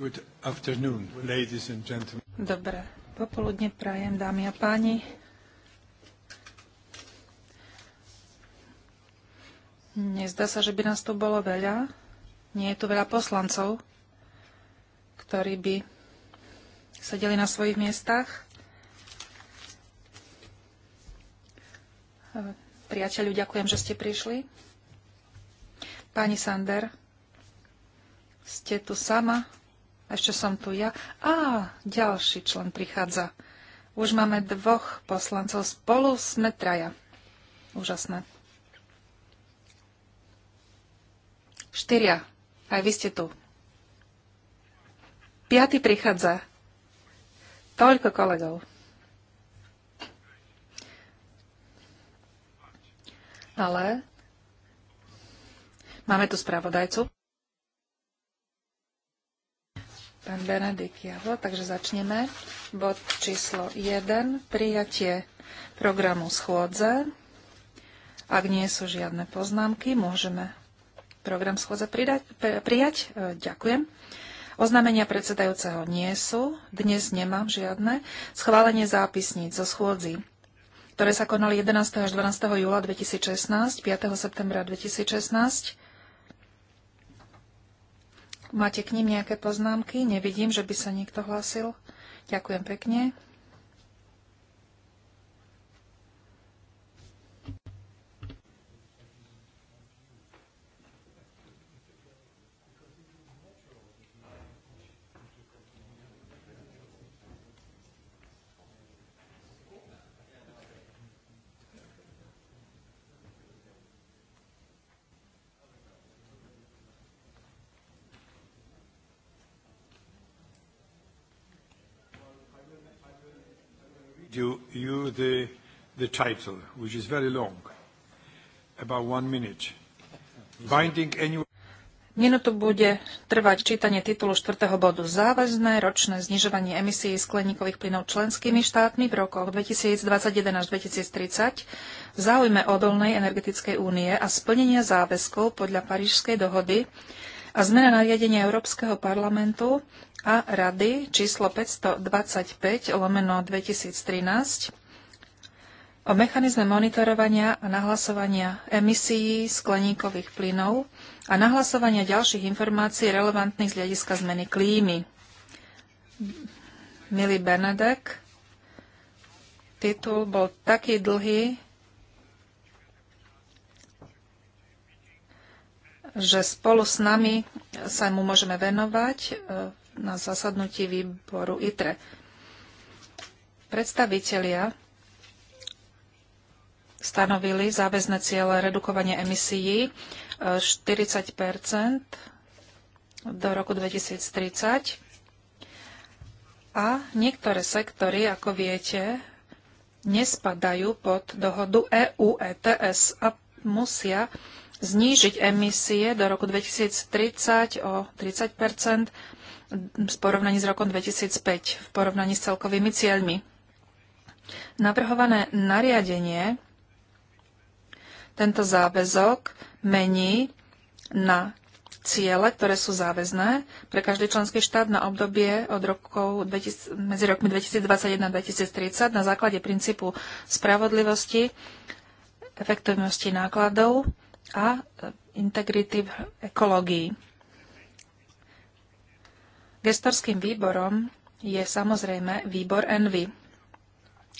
Good afternoon, ladies and gentlemen. Dobré popoludne prajem, dámy a páni. Nezdá sa, že by nás tu bolo veľa. Nie je tu veľa poslancov, ktorí by sedeli na svojich miestach. Priateľu, ďakujem, že ste prišli. Pani Sander, ste tu sama? Ešte som tu ja. Á, ďalší člen prichádza. Už máme dvoch poslancov. Spolu sme traja. Úžasné. Štyria. Aj vy ste tu. Piatý prichádza. Toľko kolegov. Ale máme tu spravodajcu pán Benedik, Javor. Takže začneme. Bod číslo 1. Prijatie programu schôdze. Ak nie sú žiadne poznámky, môžeme program schôdze pridať, prijať. E, ďakujem. Oznámenia predsedajúceho nie sú. Dnes nemám žiadne. Schválenie zápisníc zo schôdzi ktoré sa konali 11. až 12. júla 2016, 5. septembra 2016, Máte k ním nejaké poznámky? Nevidím, že by sa niekto hlásil. Ďakujem pekne. you, you the, the title, which is very long, about one minute. Binding annual... Minútu bude trvať čítanie titulu 4. bodu Záväzné ročné znižovanie emisí skleníkových plynov členskými štátmi v rokoch 2021 až 2030 v záujme odolnej energetickej únie a splnenia záväzkov podľa Parížskej dohody a zmena nariadenia Európskeho parlamentu a Rady číslo 525 lomeno 2013 o mechanizme monitorovania a nahlasovania emisií skleníkových plynov a nahlasovania ďalších informácií relevantných z hľadiska zmeny klímy. Milý Benedek, titul bol taký dlhý, že spolu s nami sa mu môžeme venovať e, na zasadnutí výboru ITRE. Predstavitelia stanovili záväzne ciele redukovania emisií 40 e, do roku 2030 a niektoré sektory, ako viete, nespadajú pod dohodu EU ETS a musia znížiť emisie do roku 2030 o 30 v porovnaní s rokom 2005, v porovnaní s celkovými cieľmi. Navrhované nariadenie tento záväzok mení na ciele, ktoré sú záväzné pre každý členský štát na obdobie od rokov 2000, medzi rokmi 2021 a 2030 na základe princípu spravodlivosti, efektivnosti nákladov a e, integrity v ekológii. Gestorským výborom je samozrejme výbor Envy.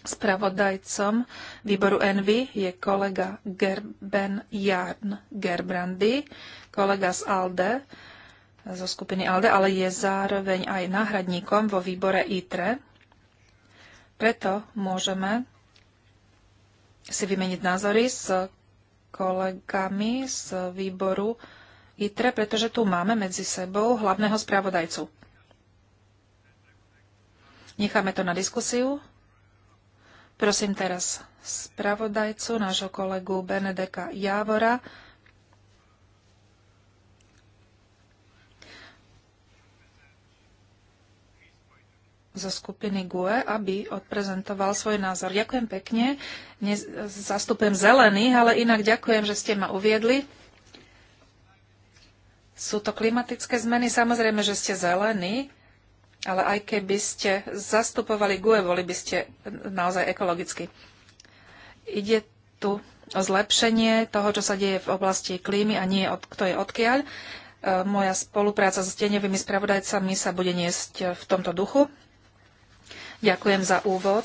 Spravodajcom výboru Envy je kolega Gerben Jarn Gerbrandy, kolega z ALDE, zo skupiny ALDE, ale je zároveň aj náhradníkom vo výbore ITRE. Preto môžeme si vymeniť názory s kolegami z výboru ITRE, pretože tu máme medzi sebou hlavného spravodajcu. Necháme to na diskusiu. Prosím teraz spravodajcu, nášho kolegu Benedeka Jávora, zo skupiny GUE, aby odprezentoval svoj názor. Ďakujem pekne. E, zastupujem zelený, ale inak ďakujem, že ste ma uviedli. Sú to klimatické zmeny, samozrejme, že ste zelení, ale aj keby ste zastupovali GUE, boli by ste naozaj ekologicky. Ide tu o zlepšenie toho, čo sa deje v oblasti klímy a nie od, kto je odkiaľ e, moja spolupráca s tenevými spravodajcami sa bude niesť v tomto duchu. Ďakujem za úvod.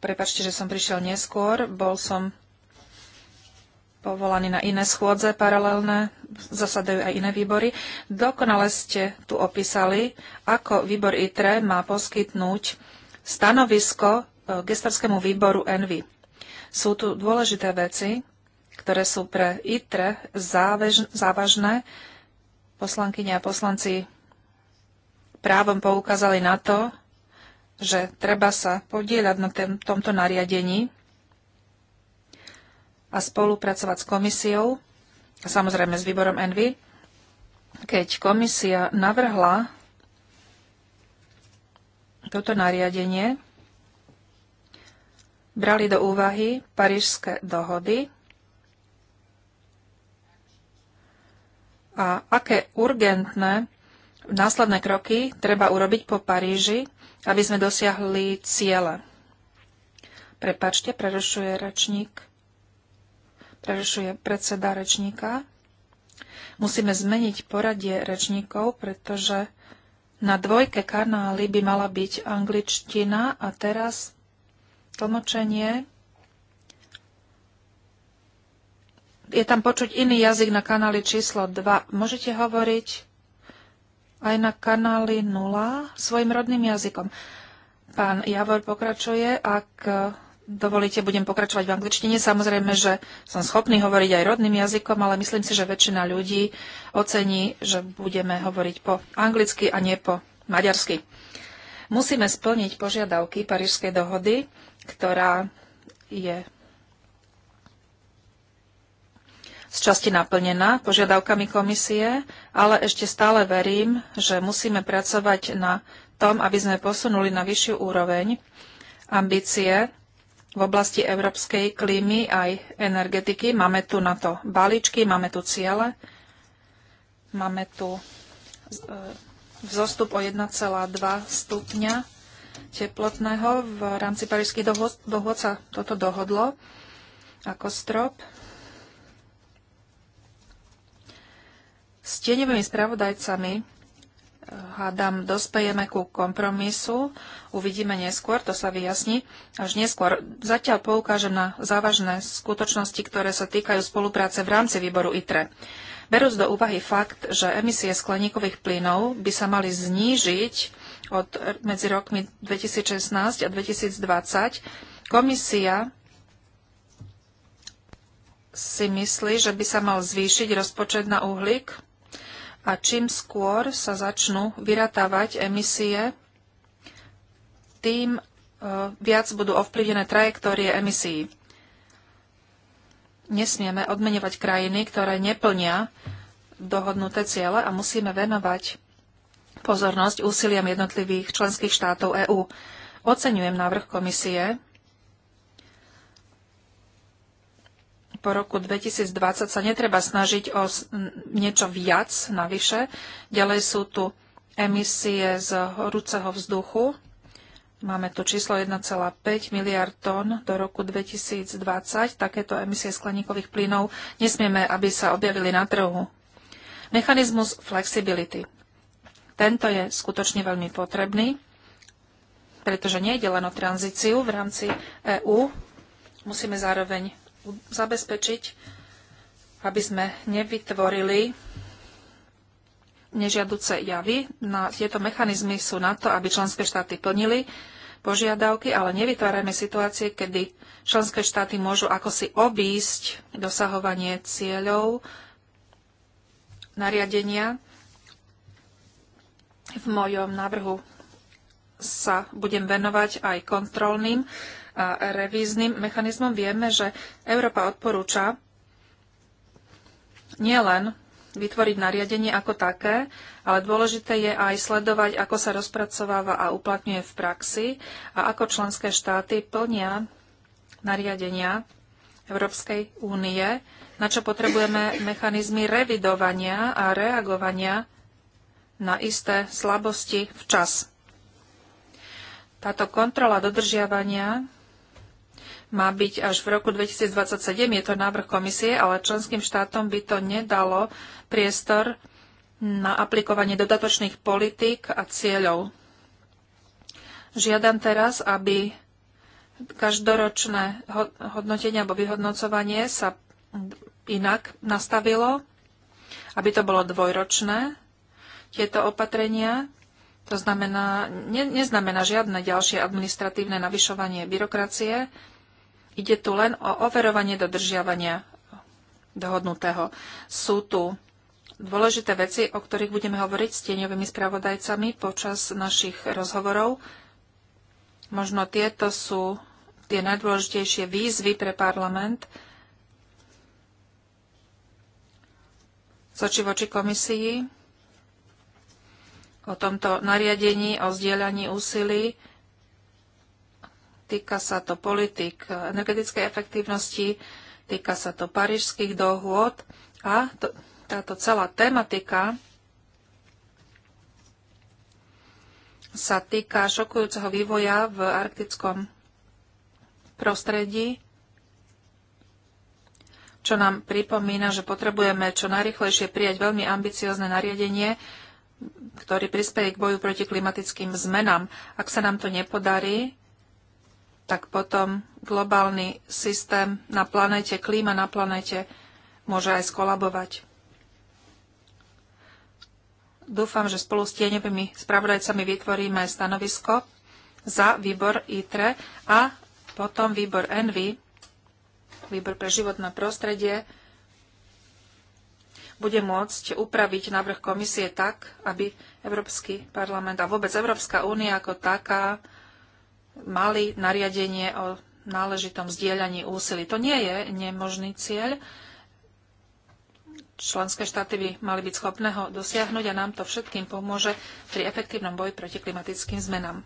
Prepačte, že som prišiel neskôr. Bol som povolaný na iné schôdze paralelné, zasadajú aj iné výbory. Dokonale ste tu opísali, ako výbor ITRE má poskytnúť stanovisko e, gestorskému výboru ENVY. Sú tu dôležité veci, ktoré sú pre ITRE závažné, poslankyne a poslanci právom poukázali na to, že treba sa podieľať na tém, tomto nariadení a spolupracovať s komisiou a samozrejme s výborom Envy. Keď komisia navrhla toto nariadenie, brali do úvahy parížské dohody a aké urgentné následné kroky treba urobiť po Paríži, aby sme dosiahli ciele. Prepačte, prerušuje rečník. Prerušuje predseda rečníka. Musíme zmeniť poradie rečníkov, pretože na dvojke kanály by mala byť angličtina a teraz tlmočenie je tam počuť iný jazyk na kanáli číslo 2. Môžete hovoriť aj na kanáli 0 svojim rodným jazykom. Pán Javor pokračuje, ak dovolíte, budem pokračovať v angličtine. Samozrejme, že som schopný hovoriť aj rodným jazykom, ale myslím si, že väčšina ľudí ocení, že budeme hovoriť po anglicky a nie po maďarsky. Musíme splniť požiadavky Parížskej dohody, ktorá je z časti naplnená požiadavkami komisie, ale ešte stále verím, že musíme pracovať na tom, aby sme posunuli na vyššiu úroveň ambície v oblasti európskej klímy aj energetiky. Máme tu na to balíčky, máme tu ciele, máme tu e, vzostup o 1,2 stupňa teplotného. V rámci parížských dohod sa toto dohodlo ako strop. S tieňovými spravodajcami eh, hádam, dospejeme ku kompromisu. Uvidíme neskôr, to sa vyjasní. Až neskôr zatiaľ poukážem na závažné skutočnosti, ktoré sa týkajú spolupráce v rámci výboru ITRE. Berúc do úvahy fakt, že emisie skleníkových plynov by sa mali znížiť od eh, medzi rokmi 2016 a 2020, komisia si myslí, že by sa mal zvýšiť rozpočet na uhlík a čím skôr sa začnú vyratávať emisie, tým e, viac budú ovplyvnené trajektórie emisií. Nesmieme odmenovať krajiny, ktoré neplnia dohodnuté ciele a musíme venovať pozornosť úsiliam jednotlivých členských štátov EÚ. Oceňujem návrh komisie po roku 2020 sa netreba snažiť o niečo viac navyše. Ďalej sú tu emisie z horúceho vzduchu. Máme tu číslo 1,5 miliard tón do roku 2020. Takéto emisie skleníkových plynov nesmieme, aby sa objavili na trhu. Mechanizmus flexibility. Tento je skutočne veľmi potrebný, pretože nejde len o tranzíciu v rámci EÚ. Musíme zároveň zabezpečiť, aby sme nevytvorili nežiaduce javy. Na, tieto mechanizmy sú na to, aby členské štáty plnili požiadavky, ale nevytvárajme situácie, kedy členské štáty môžu akosi obísť dosahovanie cieľov nariadenia. V mojom návrhu sa budem venovať aj kontrolným a revíznym mechanizmom, vieme, že Európa odporúča nielen vytvoriť nariadenie ako také, ale dôležité je aj sledovať, ako sa rozpracováva a uplatňuje v praxi a ako členské štáty plnia nariadenia Európskej únie, na čo potrebujeme mechanizmy revidovania a reagovania na isté slabosti včas. Táto kontrola dodržiavania má byť až v roku 2027. Je to návrh komisie, ale členským štátom by to nedalo priestor na aplikovanie dodatočných politík a cieľov. Žiadam teraz, aby každoročné hodnotenie alebo vyhodnocovanie sa inak nastavilo, aby to bolo dvojročné, tieto opatrenia. To znamená, ne, neznamená žiadne ďalšie administratívne navyšovanie byrokracie, Ide tu len o overovanie dodržiavania dohodnutého. Sú tu dôležité veci, o ktorých budeme hovoriť s tieňovými spravodajcami počas našich rozhovorov. Možno tieto sú tie najdôležitejšie výzvy pre parlament Soči voči komisii o tomto nariadení, o zdieľaní úsilí Týka sa to politik energetickej efektívnosti, týka sa to parížských dohôd a to, táto celá tematika sa týka šokujúceho vývoja v arktickom prostredí, čo nám pripomína, že potrebujeme čo najrychlejšie prijať veľmi ambiciozne nariadenie, ktorý prispieje k boju proti klimatickým zmenám. Ak sa nám to nepodarí, tak potom globálny systém na planéte, klíma na planéte môže aj skolabovať. Dúfam, že spolu s tieňovými spravodajcami vytvoríme stanovisko za výbor ITRE a potom výbor ENVY, výbor pre životné prostredie, bude môcť upraviť návrh komisie tak, aby Európsky parlament a vôbec Európska únia ako taká mali nariadenie o náležitom zdieľaní úsilí. To nie je nemožný cieľ. Členské štáty by mali byť schopné ho dosiahnuť a nám to všetkým pomôže pri efektívnom boji proti klimatickým zmenám.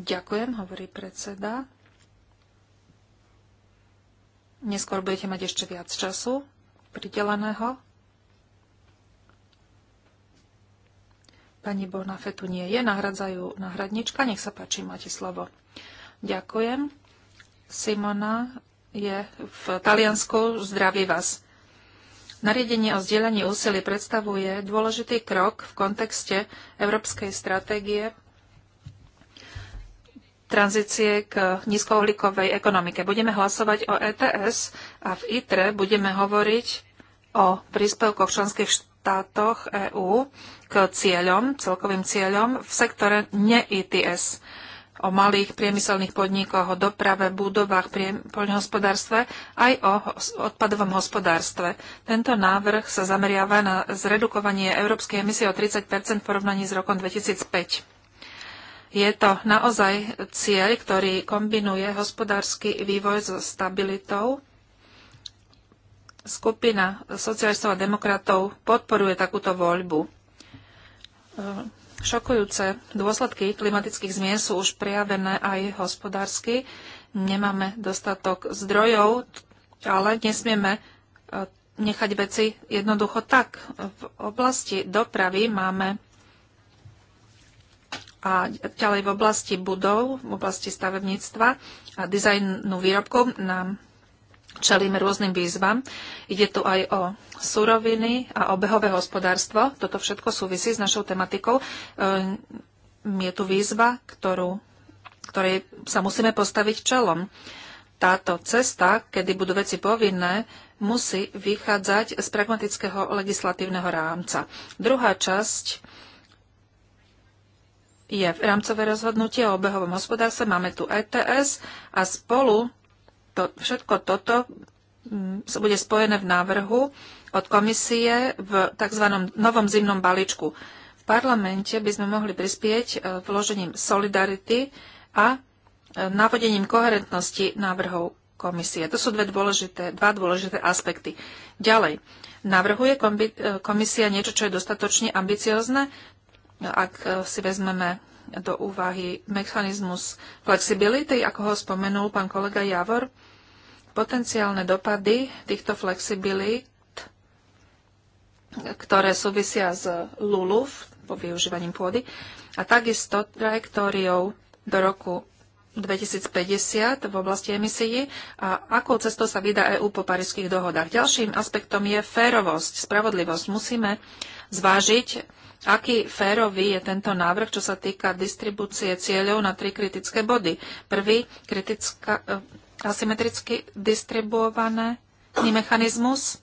Ďakujem, hovorí predseda. Neskôr budete mať ešte viac času prideleného. Pani Bonafé tu nie je, nahradzajú náhradnička. Nech sa páči, máte slovo. Ďakujem. Simona je v Taliansku. Zdraví vás. Nariadenie o zdieľaní úsilí predstavuje dôležitý krok v kontexte európskej stratégie tranzície k nízkouhlíkovej ekonomike. Budeme hlasovať o ETS a v ITRE budeme hovoriť o príspevkoch v členských štátoch EÚ k cieľom, celkovým cieľom v sektore ne-ITS o malých priemyselných podnikoch, o doprave, budovách, poľnohospodárstve, aj o odpadovom hospodárstve. Tento návrh sa zameriava na zredukovanie európskej emisie o 30 v porovnaní s rokom 2005. Je to naozaj cieľ, ktorý kombinuje hospodársky vývoj so stabilitou. Skupina socialistov a demokratov podporuje takúto voľbu. Ehm, šokujúce dôsledky klimatických zmien sú už prejavené aj hospodársky. Nemáme dostatok zdrojov, ale nesmieme ehm, nechať veci jednoducho tak. V oblasti dopravy máme a ďalej v oblasti budov, v oblasti stavebníctva a dizajnu výrobkov nám čelíme rôznym výzvam. Ide tu aj o suroviny a obehové hospodárstvo. Toto všetko súvisí s našou tematikou. Ehm, je tu výzva, ktorú, ktorej sa musíme postaviť čelom. Táto cesta, kedy budú veci povinné, musí vychádzať z pragmatického legislatívneho rámca. Druhá časť je v rámcové rozhodnutie o obehovom hospodárstve, máme tu ETS a spolu to, všetko toto mm, sa bude spojené v návrhu od komisie v tzv. novom zimnom balíčku. V parlamente by sme mohli prispieť e, vložením solidarity a e, navodením koherentnosti návrhov komisie. To sú dve dôležité, dva dôležité aspekty. Ďalej, navrhuje e, komisia niečo, čo je dostatočne ambiciozne, no, ak si vezmeme do úvahy mechanizmus flexibility, ako ho spomenul pán kolega Javor, Potenciálne dopady týchto flexibilít, ktoré súvisia s LULUV, po využívaním pôdy, a takisto trajektóriou do roku 2050 v oblasti emisií a akou cestou sa vydá EÚ po parických dohodách. Ďalším aspektom je férovosť, spravodlivosť. Musíme zvážiť, aký férový je tento návrh, čo sa týka distribúcie cieľov na tri kritické body. Prvý, kritická, asymetricky distribuovaný mechanizmus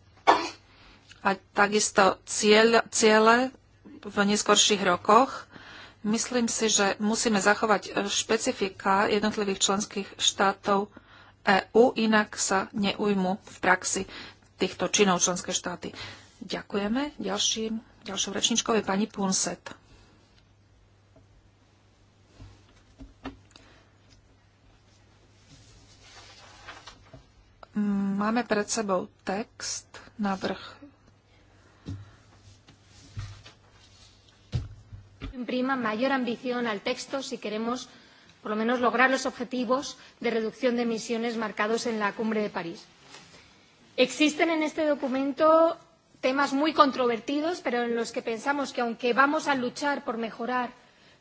a takisto cieľ, ciele v neskorších rokoch. Myslím si, že musíme zachovať špecifika jednotlivých členských štátov EÚ, inak sa neujmu v praxi týchto činov členské štáty. Ďakujeme. Ďalším, ďalšou rečničkou je pani Punset. Máme pred sebou text, návrh imprima mayor ambición al texto si queremos por lo menos lograr los objetivos de reducción de emisiones marcados en la cumbre de París. Existen en este documento temas muy controvertidos, pero en los que pensamos que aunque vamos a luchar por mejorar,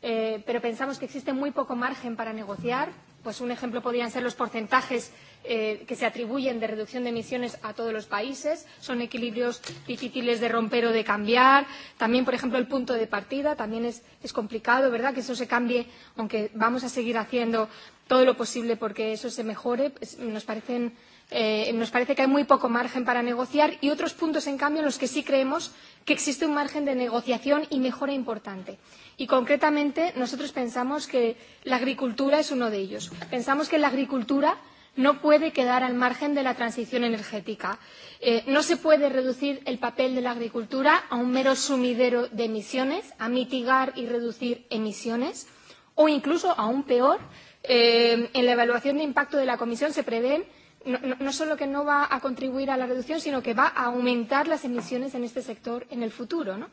eh, pero pensamos que existe muy poco margen para negociar, pues un ejemplo podrían ser los porcentajes eh, que se atribuyen de reducción de emisiones a todos los países. Son equilibrios difíciles de romper o de cambiar. También, por ejemplo, el punto de partida también es, es complicado, ¿verdad? Que eso se cambie, aunque vamos a seguir haciendo todo lo posible porque eso se mejore. Pues nos parecen eh, nos parece que hay muy poco margen para negociar y otros puntos, en cambio, en los que sí creemos que existe un margen de negociación y mejora importante. Y concretamente, nosotros pensamos que la agricultura es uno de ellos. Pensamos que la agricultura no puede quedar al margen de la transición energética. Eh, no se puede reducir el papel de la agricultura a un mero sumidero de emisiones, a mitigar y reducir emisiones, o incluso, aún peor, eh, en la evaluación de impacto de la Comisión se prevén No, no, no solo que no va a contribuir a la reducción, sino que va a aumentar las emisiones en este sector en el futuro. ¿no?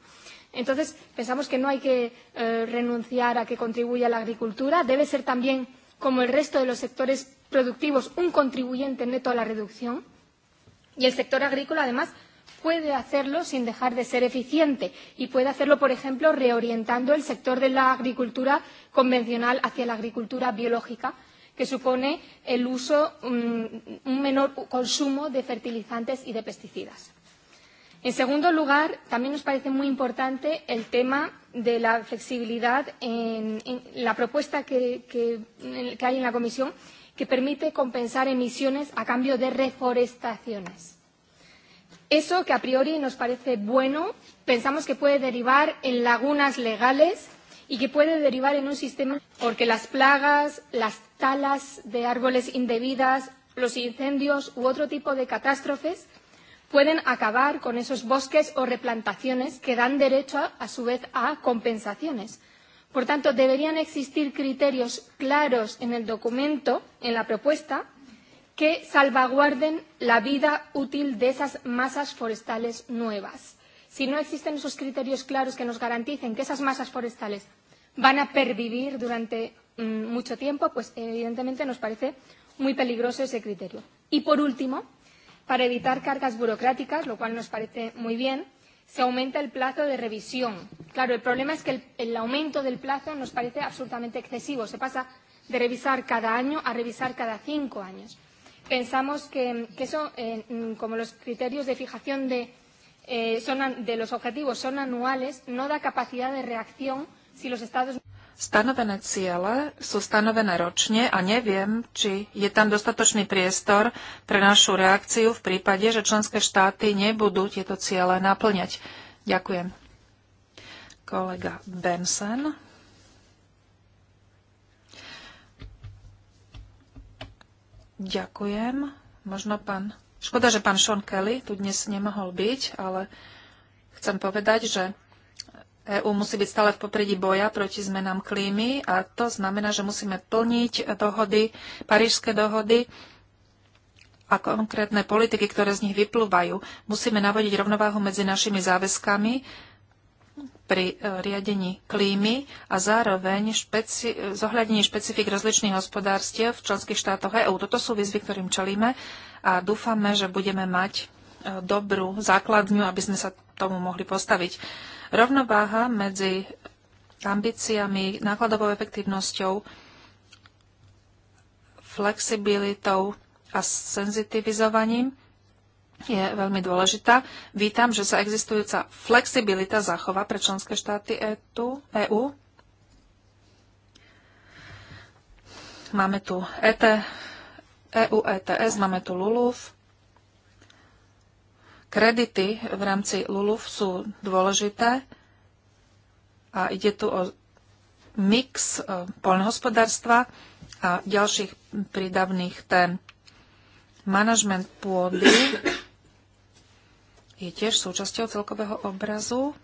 Entonces, pensamos que no hay que eh, renunciar a que contribuya a la agricultura. Debe ser también, como el resto de los sectores productivos, un contribuyente neto a la reducción. Y el sector agrícola, además, puede hacerlo sin dejar de ser eficiente y puede hacerlo, por ejemplo, reorientando el sector de la agricultura convencional hacia la agricultura biológica, que supone el uso, un, mm, un menor consumo de fertilizantes y de pesticidas. En segundo lugar, también nos parece muy importante el tema de la flexibilidad en, en la propuesta que, que, que hay en la Comisión que permite compensar emisiones a cambio de reforestaciones. Eso que a priori nos parece bueno, pensamos que puede derivar en lagunas legales y que puede derivar en un sistema porque las plagas, las talas de árboles indebidas, los incendios u otro tipo de catástrofes pueden acabar con esos bosques o replantaciones que dan derecho a, a su vez a compensaciones. Por tanto, deberían existir criterios claros en el documento, en la propuesta, que salvaguarden la vida útil de esas masas forestales nuevas. Si no existen esos criterios claros que nos garanticen que esas masas forestales van a pervivir durante mm, mucho tiempo, pues evidentemente nos parece muy peligroso ese criterio. Y por último, para evitar cargas burocráticas, lo cual nos parece muy bien, se aumenta el plazo de revisión. Claro, el problema es que el, el aumento del plazo nos parece absolutamente excesivo. Se pasa de revisar cada año a revisar cada cinco años. Pensamos que, que eso, eh, mm, como los criterios de fijación de, eh, son, de los objetivos son anuales, no da capacidad de reacción Stanovené ciele sú stanovené ročne a neviem, či je tam dostatočný priestor pre našu reakciu v prípade, že členské štáty nebudú tieto ciele naplňať. Ďakujem. Kolega Benson. Ďakujem. Možno pán... Škoda, že pán Sean Kelly tu dnes nemohol byť, ale chcem povedať, že EÚ musí byť stále v popredí boja proti zmenám klímy a to znamená, že musíme plniť dohody, parížské dohody a konkrétne politiky, ktoré z nich vyplúvajú. Musíme navodiť rovnováhu medzi našimi záväzkami pri e, riadení klímy a zároveň špeci- zohľadenie špecifik rozličných hospodárstiev v členských štátoch EÚ. Toto sú výzvy, ktorým čelíme a dúfame, že budeme mať e, dobrú základňu, aby sme sa tomu mohli postaviť. Rovnováha medzi ambíciami, nákladovou efektívnosťou, flexibilitou a senzitivizovaním je veľmi dôležitá. Vítam, že sa existujúca flexibilita zachová pre členské štáty EÚ. E máme tu EU e ETS, máme tu LULUF, Kredity v rámci LULUV sú dôležité a ide tu o mix e, poľnohospodárstva a ďalších prídavných tém. Manažment pôdy je tiež súčasťou celkového obrazu.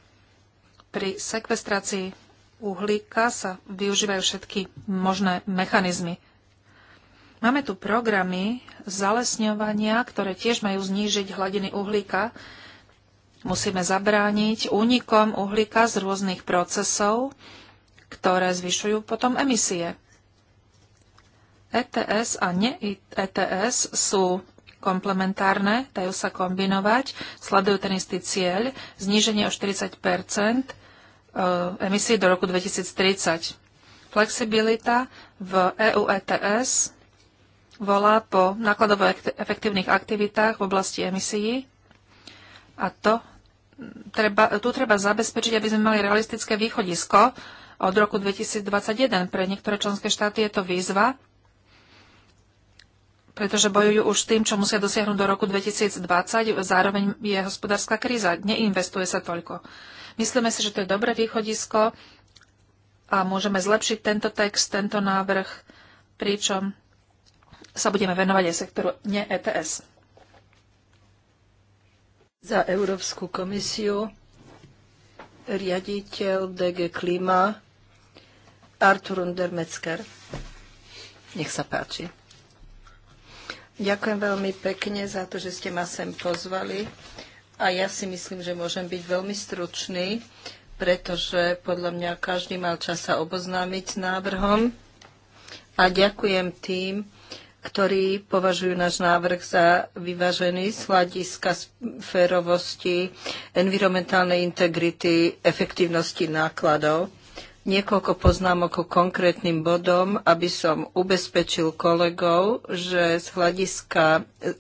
Pri sekvestrácii uhlíka sa využívajú všetky možné mechanizmy Máme tu programy zalesňovania, ktoré tiež majú znížiť hladiny uhlíka. Musíme zabrániť únikom uhlíka z rôznych procesov, ktoré zvyšujú potom emisie. ETS a ne-ETS sú komplementárne, dajú sa kombinovať, sledujú ten istý cieľ, zníženie o 40 e, emisí do roku 2030. Flexibilita v EU ETS volá po nákladovo efektívnych aktivitách v oblasti emisií a to treba, tu treba zabezpečiť, aby sme mali realistické východisko od roku 2021. Pre niektoré členské štáty je to výzva, pretože bojujú už s tým, čo musia dosiahnuť do roku 2020. Zároveň je hospodárska kríza, neinvestuje sa toľko. Myslíme si, že to je dobré východisko a môžeme zlepšiť tento text, tento návrh, pričom sa budeme venovať aj sektoru ne ETS. Za Európsku komisiu riaditeľ DG Klima Artur Undermecker. Nech sa páči. Ďakujem veľmi pekne za to, že ste ma sem pozvali. A ja si myslím, že môžem byť veľmi stručný, pretože podľa mňa každý mal čas sa oboznámiť s návrhom. A ďakujem tým, ktorí považujú náš návrh za vyvážený z hľadiska férovosti, environmentálnej integrity, efektívnosti nákladov. Niekoľko poznámok o konkrétnym bodom, aby som ubezpečil kolegov, že z hľadiska e, e,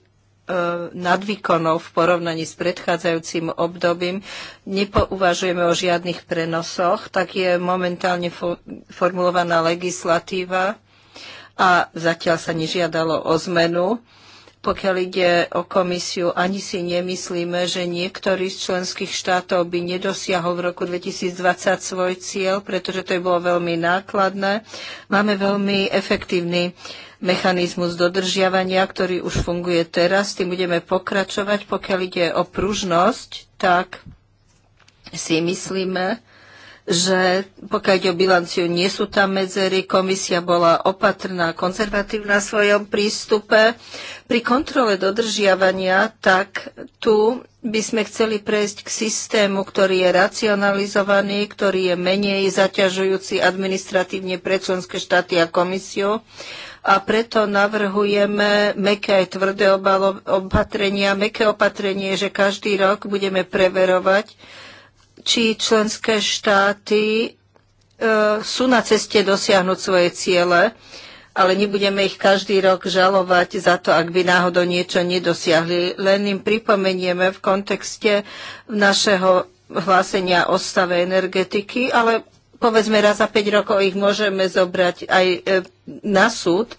nadvýkonov v porovnaní s predchádzajúcim obdobím nepouvažujeme o žiadnych prenosoch, tak je momentálne formulovaná legislatíva a zatiaľ sa nežiadalo o zmenu. Pokiaľ ide o komisiu, ani si nemyslíme, že niektorý z členských štátov by nedosiahol v roku 2020 svoj cieľ, pretože to je bolo veľmi nákladné. Máme veľmi efektívny mechanizmus dodržiavania, ktorý už funguje teraz. Tým budeme pokračovať. Pokiaľ ide o pružnosť, tak si myslíme, že pokiaľ ide o bilanciu, nie sú tam medzery. Komisia bola opatrná, konzervatívna v svojom prístupe. Pri kontrole dodržiavania, tak tu by sme chceli prejsť k systému, ktorý je racionalizovaný, ktorý je menej zaťažujúci administratívne pre členské štáty a komisiu. A preto navrhujeme meké aj tvrdé opatrenia. Meké opatrenie, že každý rok budeme preverovať, či členské štáty e, sú na ceste dosiahnuť svoje ciele, ale nebudeme ich každý rok žalovať za to, ak by náhodou niečo nedosiahli. Len im pripomenieme v kontexte našeho hlásenia o stave energetiky, ale povedzme raz za 5 rokov ich môžeme zobrať aj e, na súd,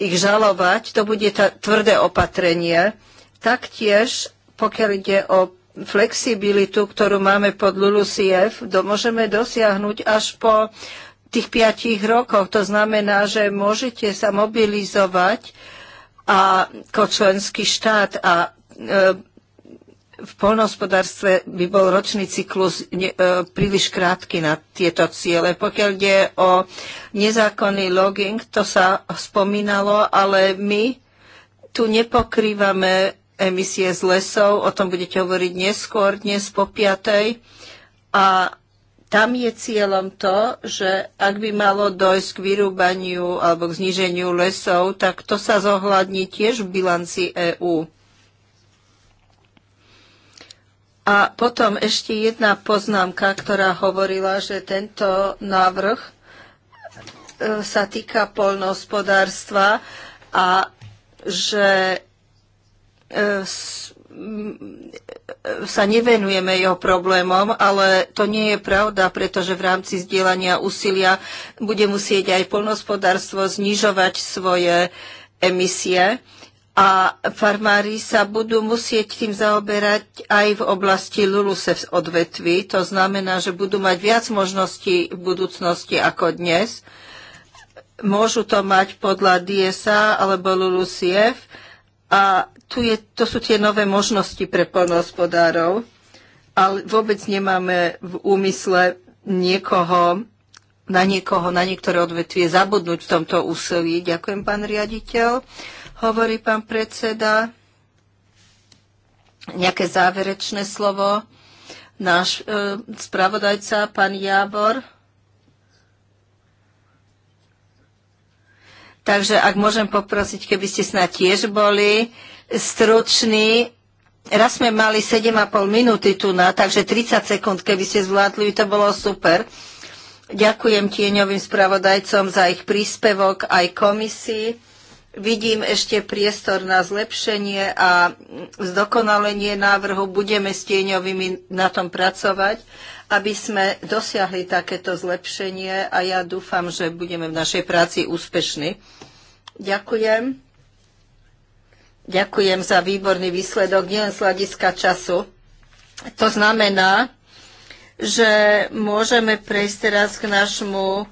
ich žalovať, to bude tvrdé opatrenie. Taktiež, pokiaľ ide o flexibilitu, ktorú máme pod LULUCF, do, môžeme dosiahnuť až po tých piatich rokoch. To znamená, že môžete sa mobilizovať ako členský štát a e, v polnohospodárstve by bol ročný cyklus ne, e, príliš krátky na tieto ciele. Pokiaľ ide o nezákonný logging, to sa spomínalo, ale my tu nepokrývame emisie z lesov, o tom budete hovoriť neskôr, dnes po piatej. A tam je cieľom to, že ak by malo dojsť k vyrúbaniu alebo k zniženiu lesov, tak to sa zohľadní tiež v bilanci EÚ. A potom ešte jedna poznámka, ktorá hovorila, že tento návrh e, sa týka polnohospodárstva a že sa nevenujeme jeho problémom, ale to nie je pravda, pretože v rámci zdieľania úsilia bude musieť aj polnospodárstvo znižovať svoje emisie a farmári sa budú musieť tým zaoberať aj v oblasti LULUSEV odvetví. To znamená, že budú mať viac možností v budúcnosti ako dnes. Môžu to mať podľa DSA alebo LULUSIEV a tu je, to sú tie nové možnosti pre polnohospodárov, ale vôbec nemáme v úmysle niekoho, na niekoho, na niektoré odvetvie zabudnúť v tomto úsilí. Ďakujem, pán riaditeľ. Hovorí pán predseda. Nejaké záverečné slovo. Náš e, spravodajca, pán Jábor. Takže ak môžem poprosiť, keby ste snad tiež boli stručný. Raz sme mali 7,5 minúty tu na, takže 30 sekúnd, keby ste zvládli, to bolo super. Ďakujem tieňovým spravodajcom za ich príspevok aj komisii. Vidím ešte priestor na zlepšenie a zdokonalenie návrhu. Budeme s tieňovými na tom pracovať, aby sme dosiahli takéto zlepšenie a ja dúfam, že budeme v našej práci úspešní. Ďakujem. Ďakujem za výborný výsledok, nielen z hľadiska času. To znamená, že môžeme prejsť teraz k našmu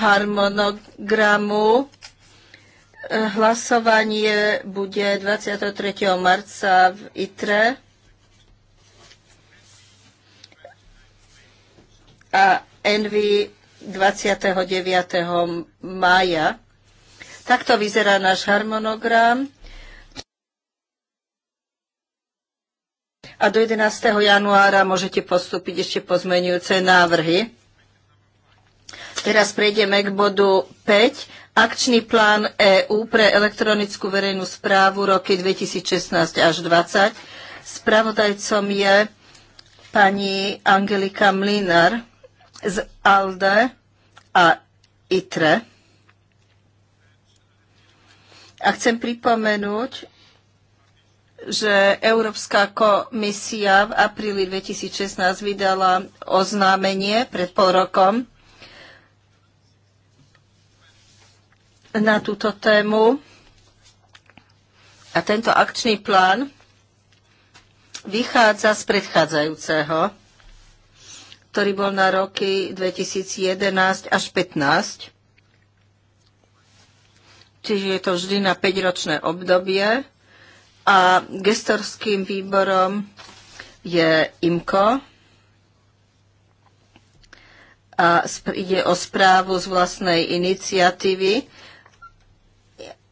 harmonogramu. Hlasovanie bude 23. marca v ITRE. A Envy 29. mája. Takto vyzerá náš harmonogram. a do 11. januára môžete postúpiť ešte pozmenujúce návrhy. Teraz prejdeme k bodu 5. Akčný plán EÚ pre elektronickú verejnú správu roky 2016 až 2020. Spravodajcom je pani Angelika Mlinar z ALDE a ITRE. A chcem pripomenúť, že Európska komisia v apríli 2016 vydala oznámenie pred pol rokom na túto tému. A tento akčný plán vychádza z predchádzajúceho, ktorý bol na roky 2011 až 2015. Čiže je to vždy na 5-ročné obdobie a gestorským výborom je IMKO. A ide o správu z vlastnej iniciatívy,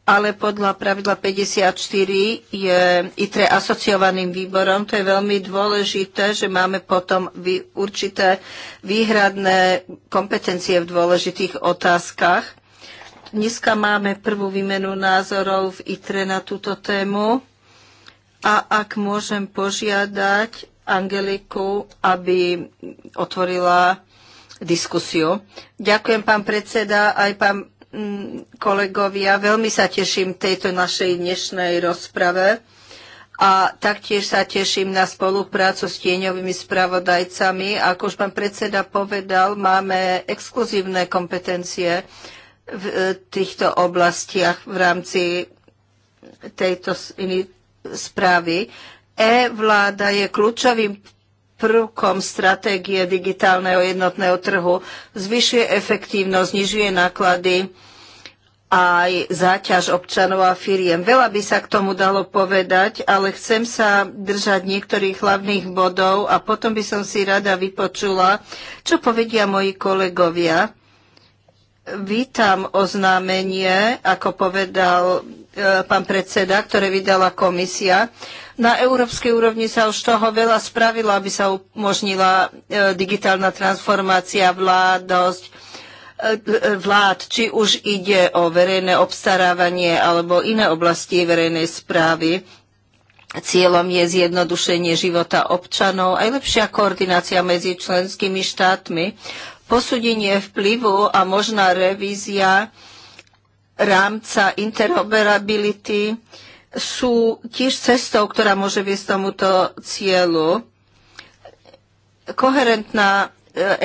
ale podľa pravidla 54 je ITRE asociovaným výborom. To je veľmi dôležité, že máme potom určité výhradné kompetencie v dôležitých otázkach. Dneska máme prvú výmenu názorov v ITRE na túto tému. A ak môžem požiadať Angeliku, aby otvorila diskusiu. Ďakujem, pán predseda, aj pán mm, kolegovia. Veľmi sa teším tejto našej dnešnej rozprave a taktiež sa teším na spoluprácu s tieňovými spravodajcami. Ako už pán predseda povedal, máme exkluzívne kompetencie v e, týchto oblastiach v rámci tejto správy. E-vláda je kľúčovým prvkom stratégie digitálneho jednotného trhu, zvyšuje efektívnosť, znižuje náklady aj záťaž občanov a firiem. Veľa by sa k tomu dalo povedať, ale chcem sa držať niektorých hlavných bodov a potom by som si rada vypočula, čo povedia moji kolegovia. Vítam oznámenie, ako povedal E, pán predseda, ktoré vydala komisia. Na európskej úrovni sa už toho veľa spravilo, aby sa umožnila e, digitálna transformácia vládosť, e, vlád, či už ide o verejné obstarávanie alebo iné oblasti verejnej správy. Cieľom je zjednodušenie života občanov aj lepšia koordinácia medzi členskými štátmi, posúdenie vplyvu a možná revízia rámca interoperability sú tiež cestou, ktorá môže viesť tomuto cieľu. Koherentná e,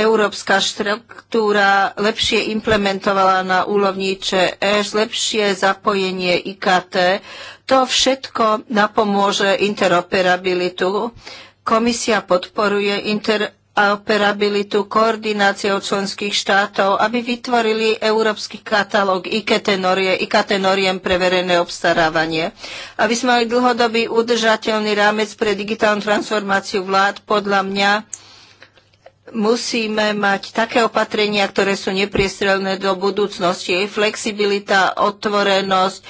európska štruktúra lepšie implementovala na úrovni ČEŠ, lepšie zapojenie IKT. To všetko napomôže interoperabilitu. Komisia podporuje interoperabilitu operabilitu, koordináciou členských štátov, aby vytvorili európsky katalóg i norie, i kategóriem pre verejné obstarávanie. Aby sme mali dlhodobý udržateľný rámec pre digitálnu transformáciu vlád, podľa mňa musíme mať také opatrenia, ktoré sú nepriestrelné do budúcnosti. Jej flexibilita, otvorenosť, e,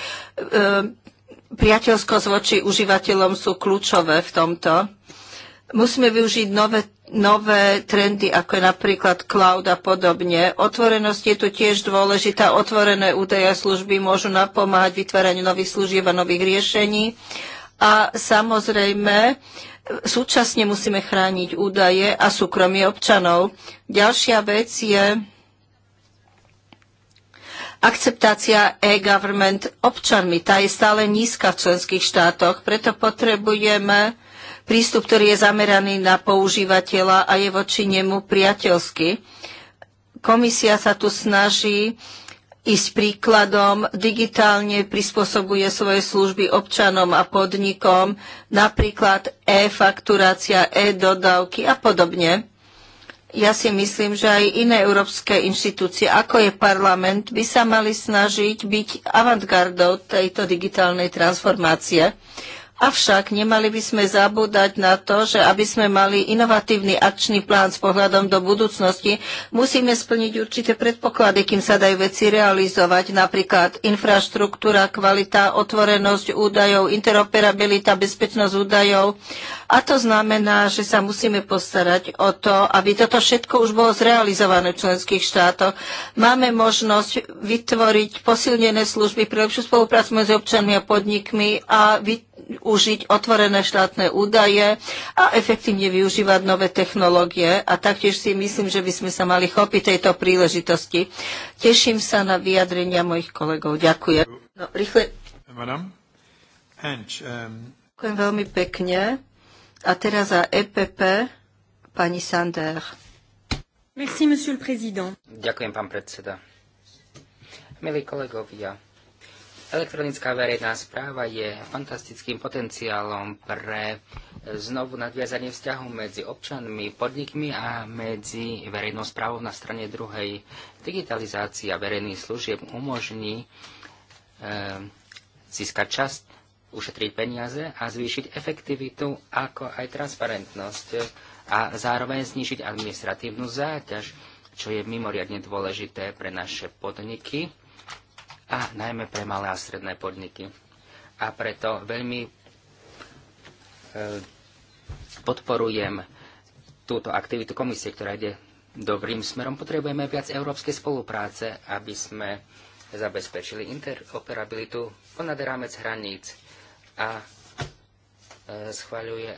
priateľskosť voči užívateľom sú kľúčové v tomto. Musíme využiť nové, nové trendy, ako je napríklad cloud a podobne. Otvorenosť je tu tiež dôležitá. Otvorené údaje a služby môžu napomáhať vytváraniu nových služieb a nových riešení. A samozrejme, súčasne musíme chrániť údaje a súkromie občanov. Ďalšia vec je akceptácia e-government občanmi. Tá je stále nízka v členských štátoch, preto potrebujeme prístup, ktorý je zameraný na používateľa a je voči nemu priateľský. Komisia sa tu snaží ísť príkladom, digitálne prispôsobuje svoje služby občanom a podnikom, napríklad e-fakturácia, e-dodávky a podobne. Ja si myslím, že aj iné európske inštitúcie, ako je parlament, by sa mali snažiť byť avantgardou tejto digitálnej transformácie. Avšak nemali by sme zabúdať na to, že aby sme mali inovatívny akčný plán s pohľadom do budúcnosti, musíme splniť určité predpoklady, kým sa dajú veci realizovať, napríklad infraštruktúra, kvalita, otvorenosť údajov, interoperabilita, bezpečnosť údajov. A to znamená, že sa musíme postarať o to, aby toto všetko už bolo zrealizované v členských štátoch. Máme možnosť vytvoriť posilnené služby pre lepšiu spoluprácu medzi občanmi a podnikmi a vytvoriť využiť otvorené štátne údaje a efektívne využívať nové technológie. A taktiež si myslím, že by sme sa mali chopiť tejto príležitosti. Teším sa na vyjadrenia mojich kolegov. Ďakujem. No, rýchle. Ďakujem veľmi pekne. A teraz za EPP pani Sander. Merci, monsieur le président. Ďakujem, pán predseda. Milí kolegovia, Elektronická verejná správa je fantastickým potenciálom pre znovu nadviazanie vzťahu medzi občanmi, podnikmi a medzi verejnou správou na strane druhej. Digitalizácia verejných služieb umožní e, získať časť, ušetriť peniaze a zvýšiť efektivitu, ako aj transparentnosť a zároveň znižiť administratívnu záťaž, čo je mimoriadne dôležité pre naše podniky a najmä pre malé a stredné podniky. A preto veľmi e, podporujem túto aktivitu komisie, ktorá ide dobrým smerom. Potrebujeme viac európskej spolupráce, aby sme zabezpečili interoperabilitu ponad rámec hraníc a e, schvaľuje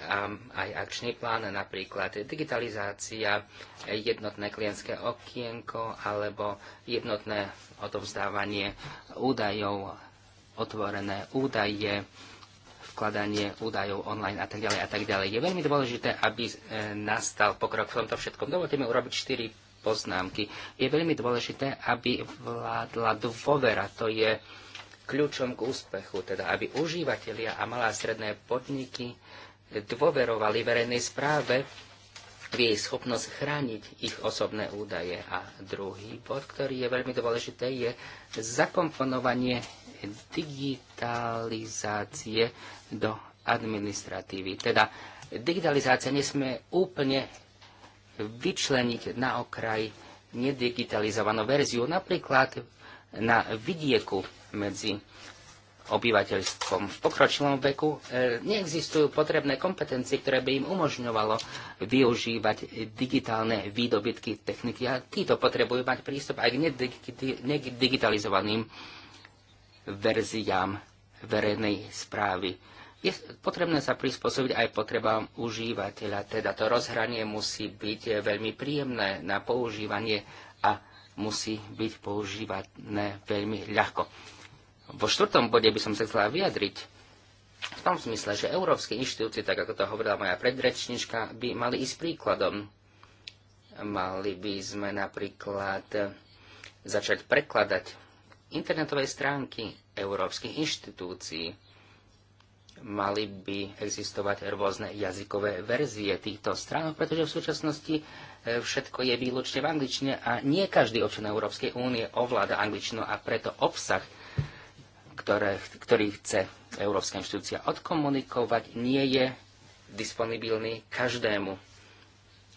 aj akčný plán, napríklad digitalizácia, jednotné klientské okienko alebo jednotné odovzdávanie údajov, otvorené údaje, vkladanie údajov online a tak ďalej a tak ďalej. Je veľmi dôležité, aby e, nastal pokrok v tomto všetkom. Dovolte mi urobiť štyri poznámky. Je veľmi dôležité, aby vládla dôvera. To je kľúčom k úspechu, teda aby užívateľia a malé a stredné podniky dôverovali verejnej správe, v jej schopnosť chrániť ich osobné údaje. A druhý bod, ktorý je veľmi dôležité, je zakomponovanie digitalizácie do administratívy. Teda digitalizácia nesme úplne vyčleniť na okraj nedigitalizovanú verziu, napríklad na vidieku medzi obyvateľstvom. V pokročilom veku e, neexistujú potrebné kompetencie, ktoré by im umožňovalo využívať digitálne výdobytky techniky a títo potrebujú mať prístup aj k nedigitalizovaným verziám verejnej správy. Je potrebné sa prispôsobiť aj potrebám užívateľa, teda to rozhranie musí byť veľmi príjemné na používanie a musí byť používané veľmi ľahko vo štvrtom bode by som sa chcela vyjadriť v tom smysle, že európske inštitúcie, tak ako to hovorila moja predrečnička, by mali ísť príkladom. Mali by sme napríklad začať prekladať internetové stránky európskych inštitúcií. Mali by existovať rôzne jazykové verzie týchto strán, pretože v súčasnosti e, všetko je výlučne v angličtine a nie každý občan Európskej únie ovláda angličtinu a preto obsah ktoré, ktorý chce Európska inštitúcia odkomunikovať, nie je disponibilný každému.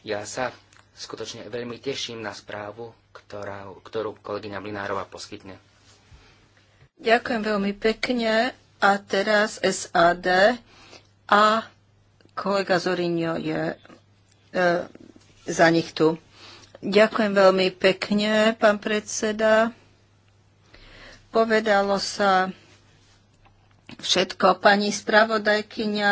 Ja sa skutočne veľmi teším na správu, ktorá, ktorú kolegyňa Mlinárova poskytne. Ďakujem veľmi pekne. A teraz SAD a kolega Zorinio je e, za nich tu. Ďakujem veľmi pekne, pán predseda. Povedalo sa všetko. Pani spravodajkyňa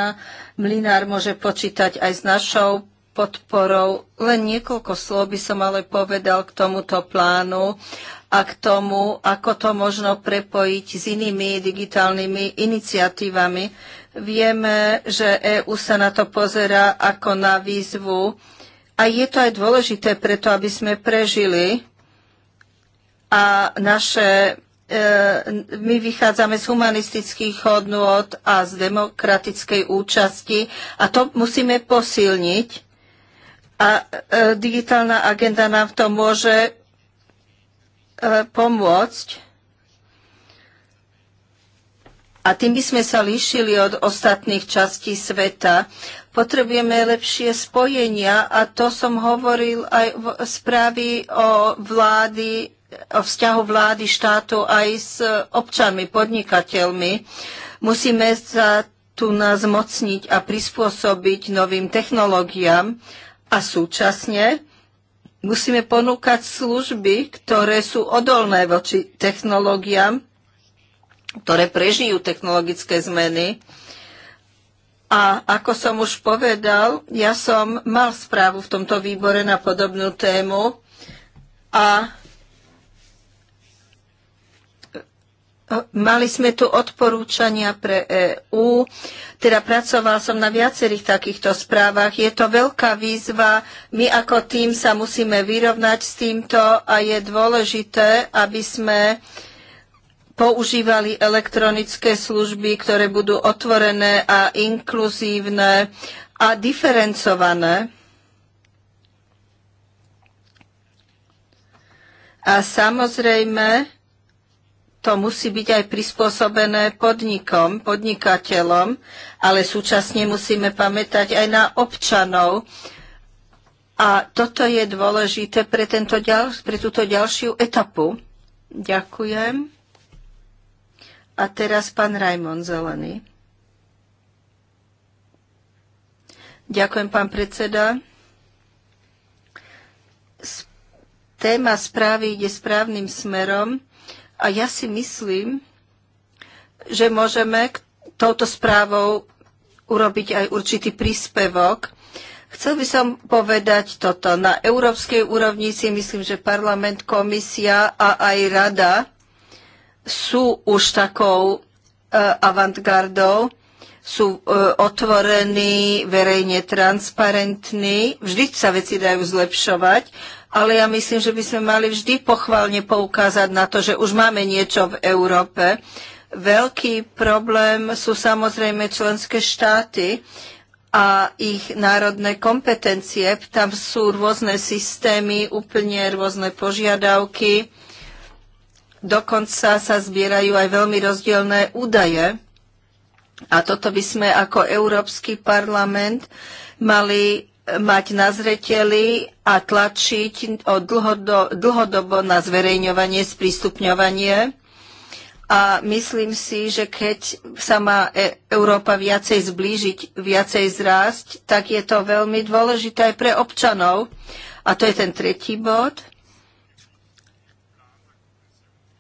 Mlinár môže počítať aj s našou podporou. Len niekoľko slov by som ale povedal k tomuto plánu a k tomu, ako to možno prepojiť s inými digitálnymi iniciatívami. Vieme, že EÚ sa na to pozera ako na výzvu a je to aj dôležité preto, aby sme prežili a naše E, my vychádzame z humanistických hodnôt a z demokratickej účasti a to musíme posilniť. A e, digitálna agenda nám to môže e, pomôcť. A tým by sme sa líšili od ostatných častí sveta. Potrebujeme lepšie spojenia a to som hovoril aj v správy o vlády o vzťahu vlády štátu aj s občanmi, podnikateľmi. Musíme sa tu nás mocniť a prispôsobiť novým technológiám a súčasne musíme ponúkať služby, ktoré sú odolné voči technológiám, ktoré prežijú technologické zmeny. A ako som už povedal, ja som mal správu v tomto výbore na podobnú tému a Mali sme tu odporúčania pre EÚ, teda pracoval som na viacerých takýchto správach. Je to veľká výzva, my ako tým sa musíme vyrovnať s týmto a je dôležité, aby sme používali elektronické služby, ktoré budú otvorené a inkluzívne a diferencované. A samozrejme, to musí byť aj prispôsobené podnikom, podnikateľom, ale súčasne musíme pamätať aj na občanov. A toto je dôležité pre, tento ďal, pre túto ďalšiu etapu. Ďakujem. A teraz pán Rajmon Zelený. Ďakujem, pán predseda. Téma správy ide správnym smerom a ja si myslím, že môžeme touto správou urobiť aj určitý príspevok. Chcel by som povedať toto. Na európskej úrovni si myslím, že parlament, komisia a aj rada sú už takou e, avantgardou, sú e, otvorení, verejne transparentní, vždy sa veci dajú zlepšovať, ale ja myslím, že by sme mali vždy pochválne poukázať na to, že už máme niečo v Európe. Veľký problém sú samozrejme členské štáty a ich národné kompetencie. Tam sú rôzne systémy, úplne rôzne požiadavky. Dokonca sa zbierajú aj veľmi rozdielne údaje. A toto by sme ako Európsky parlament mali mať na zreteli a tlačiť o dlhodo, dlhodobo na zverejňovanie, sprístupňovanie. A myslím si, že keď sa má e- Európa viacej zblížiť, viacej zrásť, tak je to veľmi dôležité aj pre občanov. A to je ten tretí bod.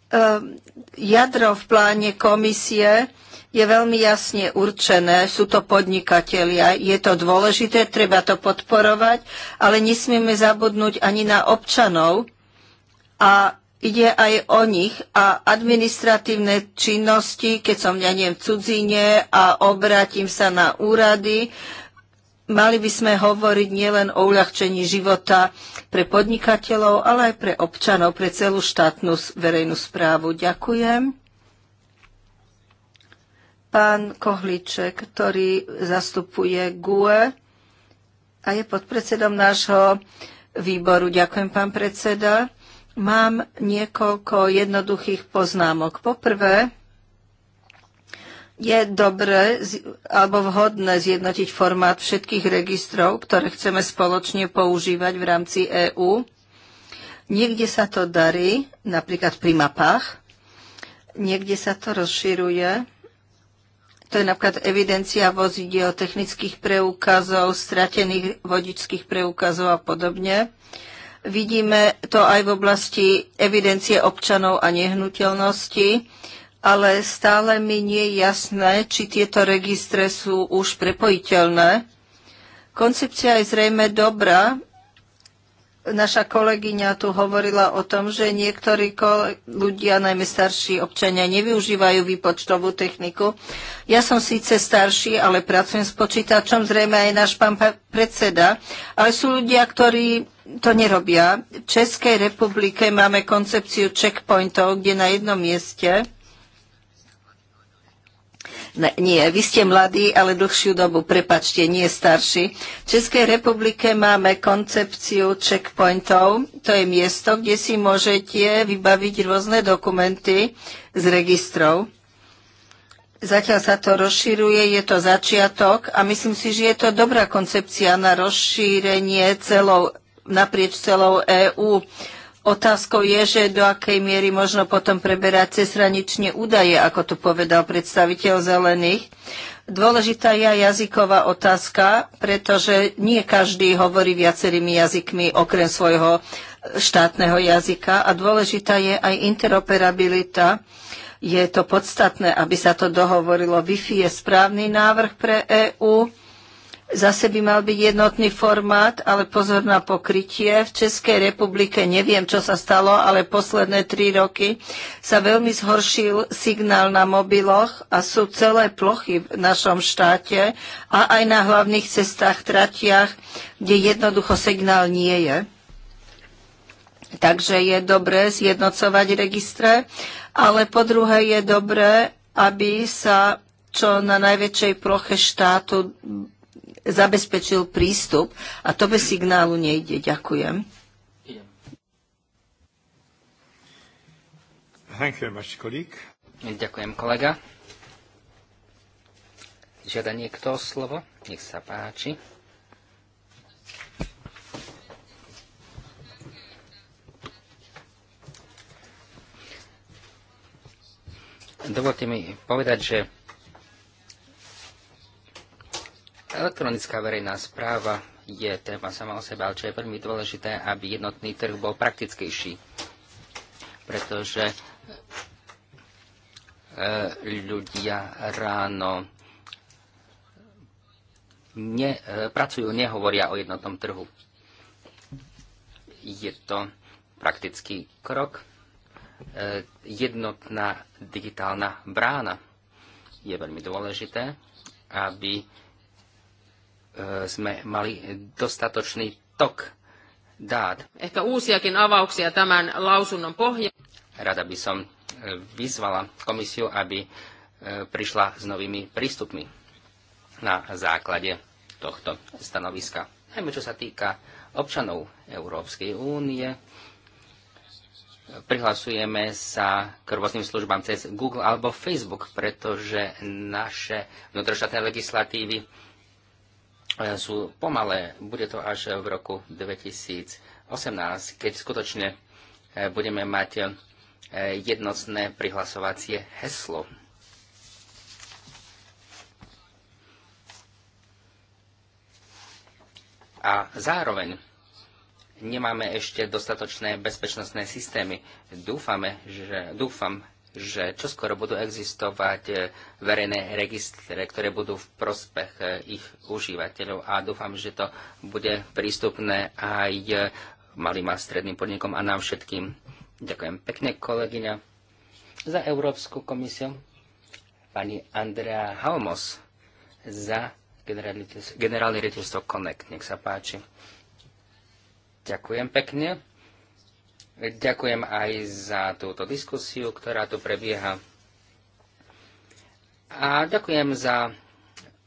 Ehm, jadro v pláne komisie je veľmi jasne určené, sú to podnikatelia, je to dôležité, treba to podporovať, ale nesmieme zabudnúť ani na občanov a ide aj o nich a administratívne činnosti, keď som, ja neviem, v cudzine a obrátim sa na úrady, mali by sme hovoriť nielen o uľahčení života pre podnikateľov, ale aj pre občanov, pre celú štátnu verejnú správu. Ďakujem pán Kohliček, ktorý zastupuje GUE a je podpredsedom nášho výboru. Ďakujem, pán predseda. Mám niekoľko jednoduchých poznámok. Poprvé, je dobre alebo vhodné zjednotiť formát všetkých registrov, ktoré chceme spoločne používať v rámci EÚ. Niekde sa to darí, napríklad pri mapách, niekde sa to rozširuje to je napríklad evidencia vozidiel, technických preukazov, stratených vodičských preukazov a podobne. Vidíme to aj v oblasti evidencie občanov a nehnuteľnosti, ale stále mi nie je jasné, či tieto registre sú už prepojiteľné. Koncepcia je zrejme dobrá, naša kolegyňa tu hovorila o tom, že niektorí ľudia, najmä starší občania, nevyužívajú výpočtovú techniku. Ja som síce starší, ale pracujem s počítačom, zrejme aj náš pán predseda, ale sú ľudia, ktorí to nerobia. V Českej republike máme koncepciu checkpointov, kde na jednom mieste Ne, nie, vy ste mladí, ale dlhšiu dobu, prepačte, nie starší. V Českej republike máme koncepciu checkpointov. To je miesto, kde si môžete vybaviť rôzne dokumenty z registrov. Zatiaľ sa to rozširuje, je to začiatok a myslím si, že je to dobrá koncepcia na rozšírenie celou, naprieč celou EÚ. Otázkou je, že do akej miery možno potom preberať cezhranične údaje, ako tu povedal predstaviteľ zelených. Dôležitá je jazyková otázka, pretože nie každý hovorí viacerými jazykmi okrem svojho štátneho jazyka a dôležitá je aj interoperabilita. Je to podstatné, aby sa to dohovorilo. Wi-Fi je správny návrh pre EÚ Zase by mal byť jednotný formát, ale pozor na pokrytie. V Českej republike neviem, čo sa stalo, ale posledné tri roky sa veľmi zhoršil signál na mobiloch a sú celé plochy v našom štáte a aj na hlavných cestách, tratiach, kde jednoducho signál nie je. Takže je dobré zjednocovať registre, ale po druhé je dobré, aby sa čo na najväčšej ploche štátu zabezpečil prístup a to bez signálu nejde. Ďakujem. Much, Ďakujem, kolega. Žiada niekto o slovo? Nech sa páči. Dovolte mi povedať, že Elektronická verejná správa je téma sama o sebe, ale čo je veľmi dôležité, aby jednotný trh bol praktickejší, pretože e, ľudia ráno ne, e, pracujú, nehovoria o jednotnom trhu. Je to praktický krok. E, jednotná digitálna brána je veľmi dôležité, aby Eh, sme mali dostatočný tok dát. Ehkä uusiakin avauksia tämän lausunnon pohja. Rada by som eh, vyzvala komisiu, aby eh, prišla s novými prístupmi na základe tohto stanoviska. Najmä čo sa týka občanov Európskej únie, prihlasujeme sa k rôznym službám cez Google alebo Facebook, pretože naše vnútroštátne legislatívy sú pomalé. Bude to až v roku 2018, keď skutočne e, budeme mať e, jednotné prihlasovacie heslo. A zároveň nemáme ešte dostatočné bezpečnostné systémy. Dúfame, že, dúfam, že čoskoro budú existovať e, verejné registre, ktoré budú v prospech e, ich užívateľov a dúfam, že to bude prístupné aj e, malým a stredným podnikom a nám všetkým. Ďakujem pekne, kolegyňa, za Európsku komisiu. Pani Andrea Halmos za generálne riaditeľstvo Connect. Nech sa páči. Ďakujem pekne. Ďakujem aj za túto diskusiu, ktorá tu prebieha. A ďakujem za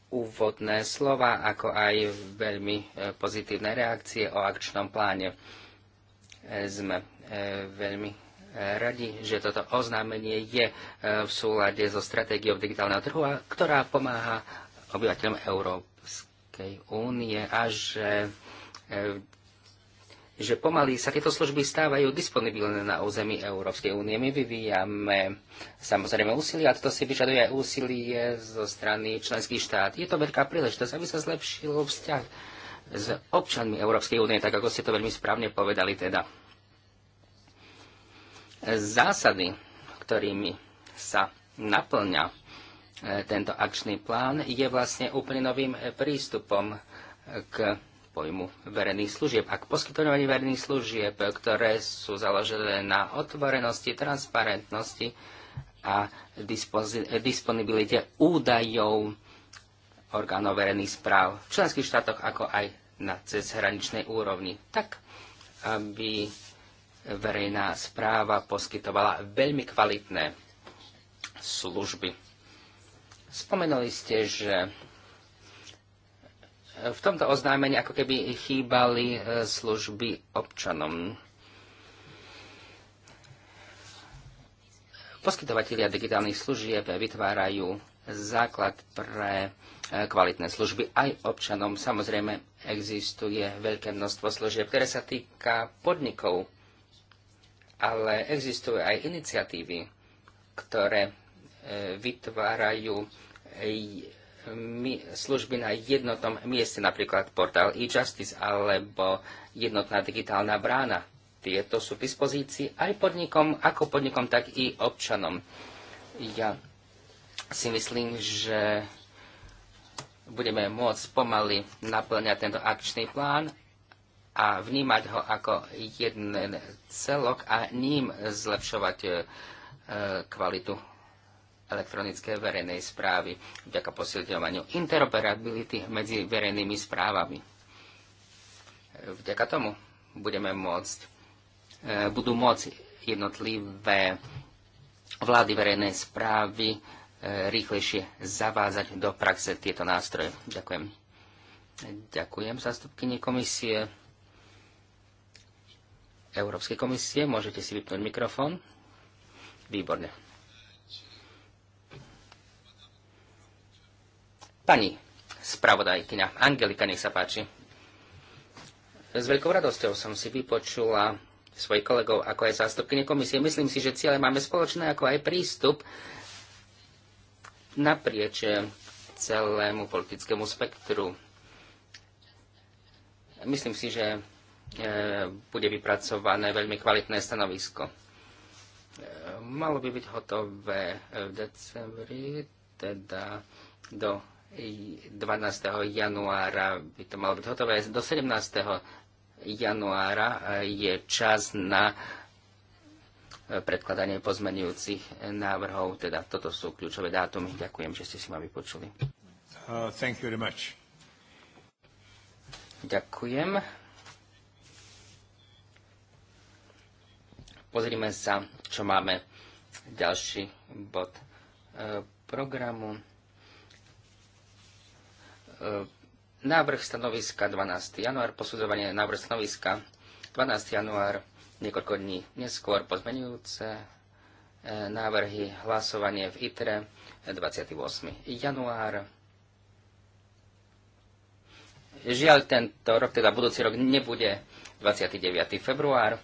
úvodné slova, ako aj veľmi e, pozitívne reakcie o akčnom pláne. E, sme e, veľmi radi, že toto oznámenie je v súlade so stratégiou digitálneho trhu, ktorá pomáha obyvateľom Európskej únie a že že pomaly sa tieto služby stávajú disponibilné na území Európskej únie. My vyvíjame samozrejme úsilie a toto si vyžaduje aj úsilie zo strany členských štát. Je to veľká príležitosť, aby sa zlepšil vzťah s občanmi Európskej únie, tak ako ste to veľmi správne povedali teda. Zásady, ktorými sa naplňa eh, tento akčný plán, je vlastne úplne novým eh, prístupom k pojmu verejných služieb. A k verejných služieb, ktoré sú založené na otvorenosti, transparentnosti a disponibilite údajov orgánov verejných správ v členských štátoch, ako aj na cezhraničnej úrovni. Tak, aby verejná správa poskytovala veľmi kvalitné služby. Spomenuli ste, že v tomto oznámení ako keby chýbali e, služby občanom. Poskytovatelia digitálnych služieb vytvárajú základ pre e, kvalitné služby aj občanom. Samozrejme, existuje veľké množstvo služieb, ktoré sa týka podnikov, ale existujú aj iniciatívy, ktoré e, vytvárajú služby na jednotnom mieste, napríklad portál e-justice alebo jednotná digitálna brána. Tieto sú k dispozícii aj podnikom, ako podnikom, tak i občanom. Ja si myslím, že budeme môcť pomaly naplňať tento akčný plán a vnímať ho ako jeden celok a ním zlepšovať e, kvalitu elektronické verejnej správy vďaka posilňovaniu interoperability medzi verejnými správami. Vďaka tomu budeme môcť, e, budú môcť jednotlivé vlády verejnej správy e, rýchlejšie zavázať do praxe tieto nástroje. Ďakujem. Ďakujem zastupkyni komisie. Európskej komisie. Môžete si vypnúť mikrofón. Výborne. Pani spravodajkyňa Angelika, nech sa páči. S veľkou radosťou som si vypočula svojich kolegov, ako aj zástupkyne komisie. Myslím si, že ciele máme spoločné, ako aj prístup naprieč celému politickému spektru. Myslím si, že e, bude vypracované veľmi kvalitné stanovisko. E, malo by byť hotové v decembri, teda do 12. januára by to malo byť hotové. Do 17. januára e, je čas na e, predkladanie pozmenujúcich návrhov. Teda toto sú kľúčové dátumy. Ďakujem, že ste si ma vypočuli. Uh, thank you very much. Ďakujem. Pozrime sa, čo máme ďalší bod e, programu. E, návrh stanoviska 12. január, posudzovanie návrh stanoviska 12. január, niekoľko dní neskôr pozmenujúce e, návrhy, hlasovanie v ITRE 28. E, január. Žiaľ, tento rok, teda budúci rok, nebude 29. február.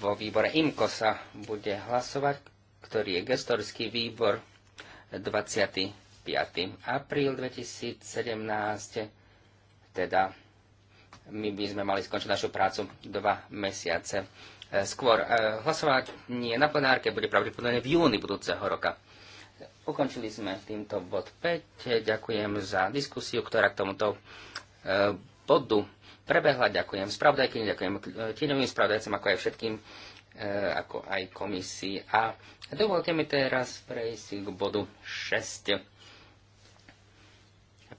Vo výbore IMKO sa bude hlasovať, ktorý je gestorský výbor 20. 5. apríl 2017, teda my by sme mali skončiť našu prácu dva mesiace skôr. E, hlasovať nie na plenárke bude pravdepodobne v júni budúceho roka. Ukončili sme týmto bod 5. Ďakujem za diskusiu, ktorá k tomuto e, bodu prebehla. Ďakujem spravodajkyni, ďakujem e, tieňovým spravodajcom, ako aj všetkým, ako aj komisii. A dovolte mi teraz prejsť k bodu 6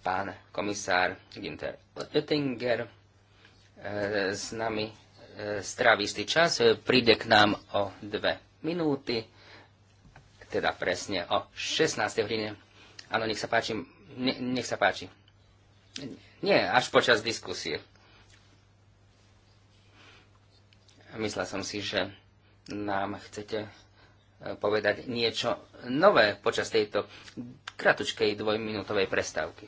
pán komisár Ginter Oettinger e, s nami e, stráví istý čas, e, príde k nám o dve minúty, teda presne o 16. hodine. Áno, nech sa páči, ne, nech sa páči. Nie, až počas diskusie. Myslel som si, že nám chcete povedať niečo nové počas tejto kratučkej dvojminútovej prestávky.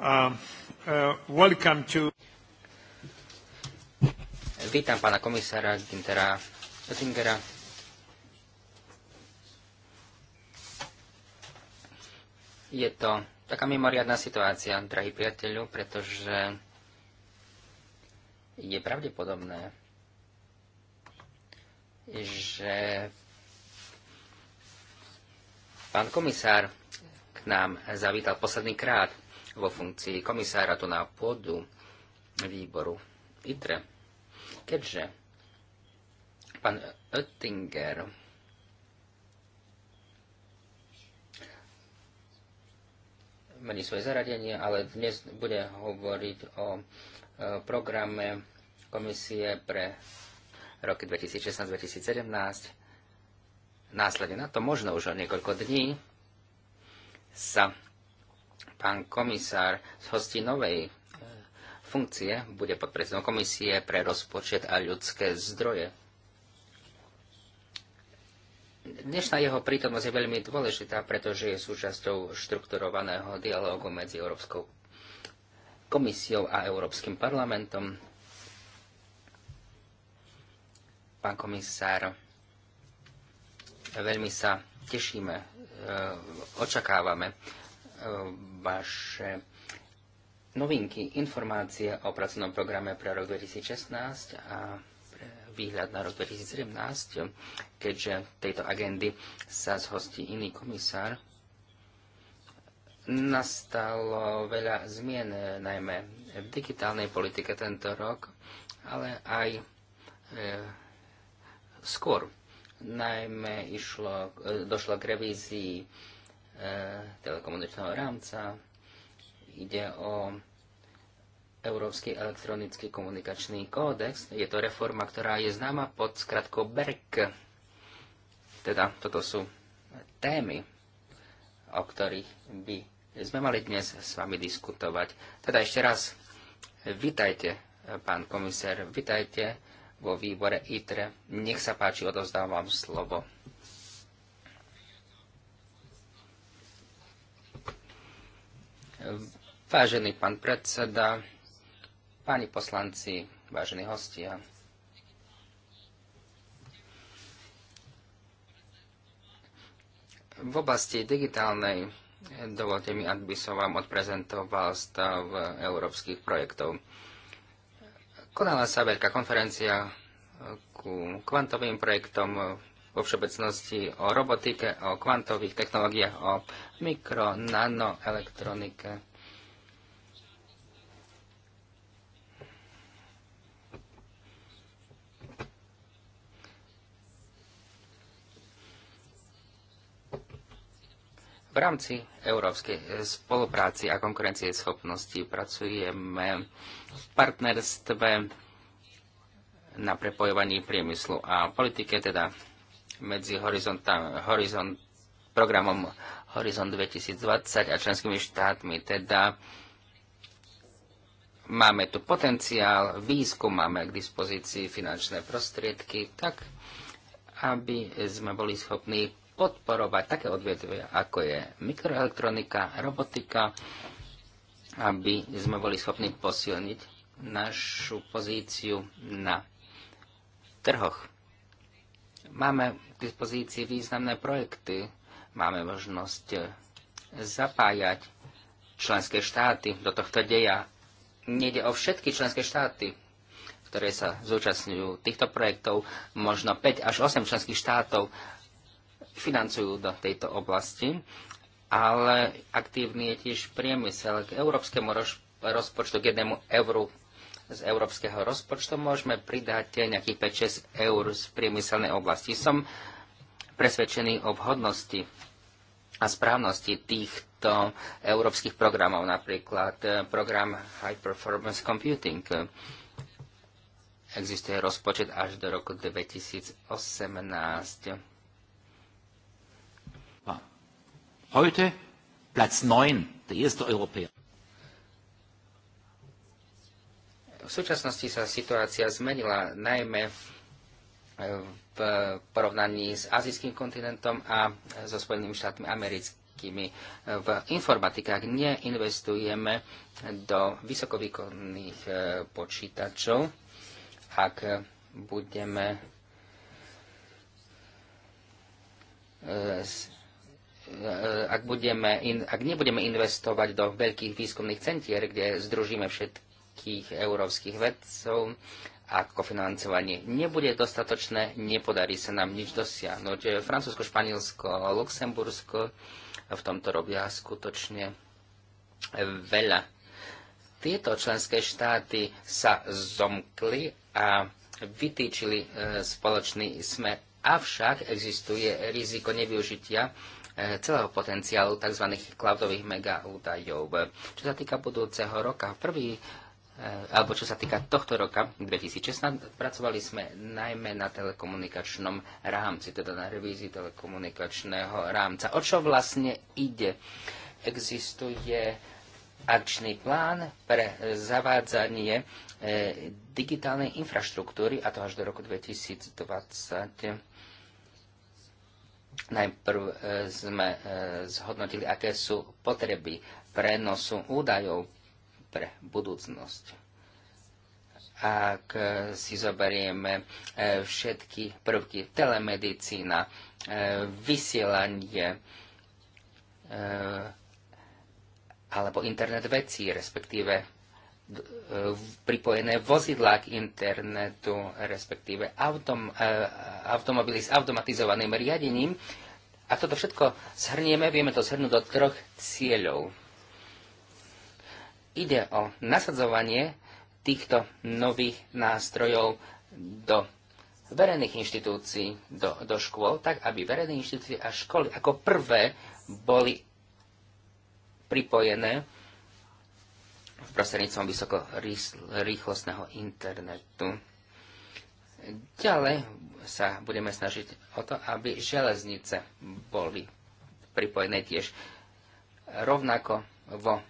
Um, uh, Vítam pána komisára Gintera Oettingera. Je to taká mimoriadná situácia, drahí priateľu, pretože je pravdepodobné, že pán komisár k nám zavítal posledný krát vo funkcii komisára tu na pôdu výboru ITRE, keďže pán Oettinger mení svoje zaradenie, ale dnes bude hovoriť o e, programe komisie pre roky 2016-2017. Následne na to možno už o niekoľko dní sa Pán komisár z hosti novej e, funkcie bude podpredsedom komisie pre rozpočet a ľudské zdroje. Dnešná jeho prítomnosť je veľmi dôležitá, pretože je súčasťou štrukturovaného dialógu medzi Európskou komisiou a Európskym parlamentom. Pán komisár, veľmi sa tešíme, e, očakávame vaše novinky, informácie o pracovnom programe pre rok 2016 a pre výhľad na rok 2017, keďže tejto agendy sa zhostí iný komisár. Nastalo veľa zmien, najmä v digitálnej politike tento rok, ale aj e, skôr. Najmä išlo, e, došlo k revízii E, telekomunikačného rámca. Ide o Európsky elektronický komunikačný kódex. Je to reforma, ktorá je známa pod skratkou Berk. Teda toto sú témy, o ktorých by sme mali dnes s vami diskutovať. Teda ešte raz, vitajte, pán komisár, vitajte vo výbore ITRE. Nech sa páči, odozdávam slovo. Vážený pán predseda, páni poslanci, vážení hostia, v oblasti digitálnej dovolte mi, aby som vám odprezentoval stav európskych projektov. Konala sa veľká konferencia ku kvantovým projektom vo všeobecnosti o robotike, o kvantových technológiách, o mikro, nano, elektronike. V rámci európskej spolupráci a konkurencie schopnosti pracujeme v partnerstve na prepojovaní priemyslu a politike, teda medzi horizont, programom Horizont 2020 a členskými štátmi. Teda máme tu potenciál, výskum máme k dispozícii finančné prostriedky, tak aby sme boli schopní podporovať také odvetvia, ako je mikroelektronika, robotika, aby sme boli schopní posilniť našu pozíciu na trhoch. Máme dispozícii významné projekty. Máme možnosť eh, zapájať členské štáty do tohto deja. Nede o všetky členské štáty, ktoré sa zúčastňujú týchto projektov. Možno 5 až 8 členských štátov financujú do tejto oblasti, ale aktívny je tiež priemysel k európskemu rozpočtu, k jednému euru z európskeho rozpočtu môžeme pridať nejakých 5-6 eur z priemyselnej oblasti. Som presvedčení o vhodnosti a správnosti týchto európskych programov, napríklad eh, program High Performance Computing. Existuje rozpočet až do roku 2018. Ah. Heute Platz 9, der erste Europäer. V súčasnosti sa situácia zmenila najmä eh, v porovnaní s azijským kontinentom a so Spojenými štátmi americkými. V informatikách. neinvestujeme do vysokovýkonných e, počítačov, ak budeme e, ak, budeme, ak nebudeme investovať do veľkých výskumných centier, kde združíme všetkých európskych vedcov, a kofinancovanie nebude dostatočné, nepodarí sa nám nič dosiahnuť. Francúzsko, Španielsko, Luxembursko v tomto robia skutočne veľa. Tieto členské štáty sa zomkli a vytýčili e, spoločný smer. Avšak existuje riziko nevyužitia e, celého potenciálu tzv. cloudových megaúdajov. Čo sa týka budúceho roka, prvý Eh, alebo čo sa týka tohto roka 2016, pracovali sme najmä na telekomunikačnom rámci, teda na revízii telekomunikačného rámca. O čo vlastne ide? Existuje akčný plán pre zavádzanie eh, digitálnej infraštruktúry, a to až do roku 2020. Najprv eh, sme zhodnotili, aké sú potreby prenosu údajov pre budúcnosť ak eh, si zoberieme eh, všetky prvky, telemedicína, eh, vysielanie alebo internet vecí, respektíve pripojené vozidlá k internetu, respektíve autom, automobily s automatizovaným riadením. A toto všetko zhrnieme, vieme to zhrnúť do troch cieľov ide o nasadzovanie týchto nových nástrojov do verejných inštitúcií, do, do škôl, tak aby verejné inštitúcie a školy ako prvé boli pripojené v prostredníctvom vysokorýchlostného internetu. Ďalej sa budeme snažiť o to, aby železnice boli pripojené tiež rovnako vo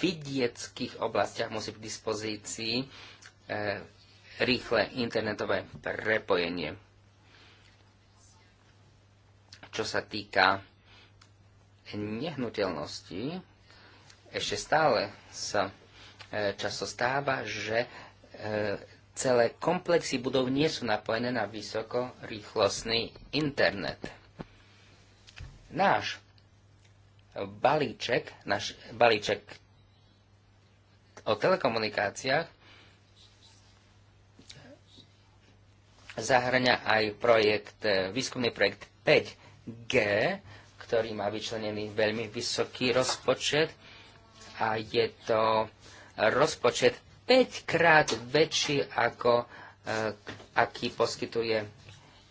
vidieckých oblastiach musí k dispozícii e, rýchle internetové prepojenie. Čo sa týka nehnuteľnosti, ešte stále sa e, často stáva, že e, celé komplexy budov nie sú napojené na vysokorýchlostný internet. Náš balíček, náš balíček o telekomunikáciách zahrňa aj projekt, e, výskumný projekt 5G, ktorý má vyčlenený veľmi vysoký rozpočet a je to rozpočet 5 krát väčší ako e, aký poskytuje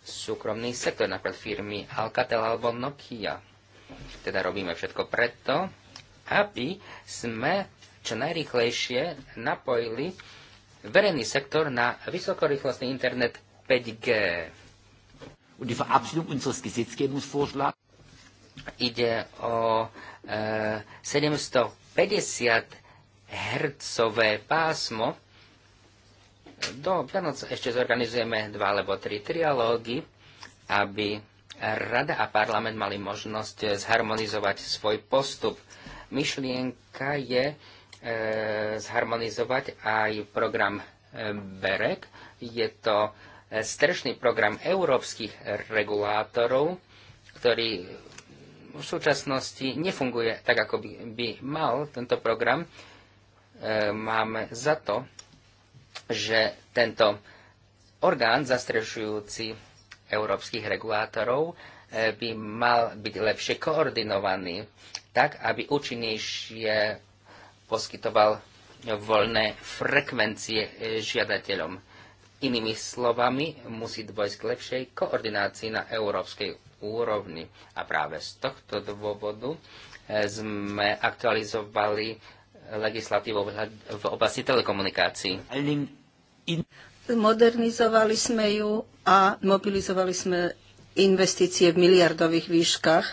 súkromný sektor, napríklad firmy Alcatel alebo Nokia. Teda robíme všetko preto, aby sme čo najrychlejšie napojili verejný sektor na vysokorýchlostný internet 5G. Ide o e, 750 hercové pásmo. Do Vianoc ešte zorganizujeme dva alebo tri trialógy, aby Rada a parlament mali možnosť zharmonizovať svoj postup. Myšlienka je e, zharmonizovať aj program e, BEREK. Je to e, strešný program európskych regulátorov, ktorý v súčasnosti nefunguje tak, ako by, by mal tento program. E, máme za to, že tento orgán zastrešujúci európskych regulátorov e, by mal byť lepšie koordinovaný, tak aby účinnejšie poskytoval voľné frekvencie e, žiadateľom. Inými slovami, musí dôjsť k lepšej koordinácii na európskej úrovni. A práve z tohto dôvodu e, sme aktualizovali legislatívu v oblasti telekomunikácií modernizovali sme ju a mobilizovali sme investície v miliardových výškach.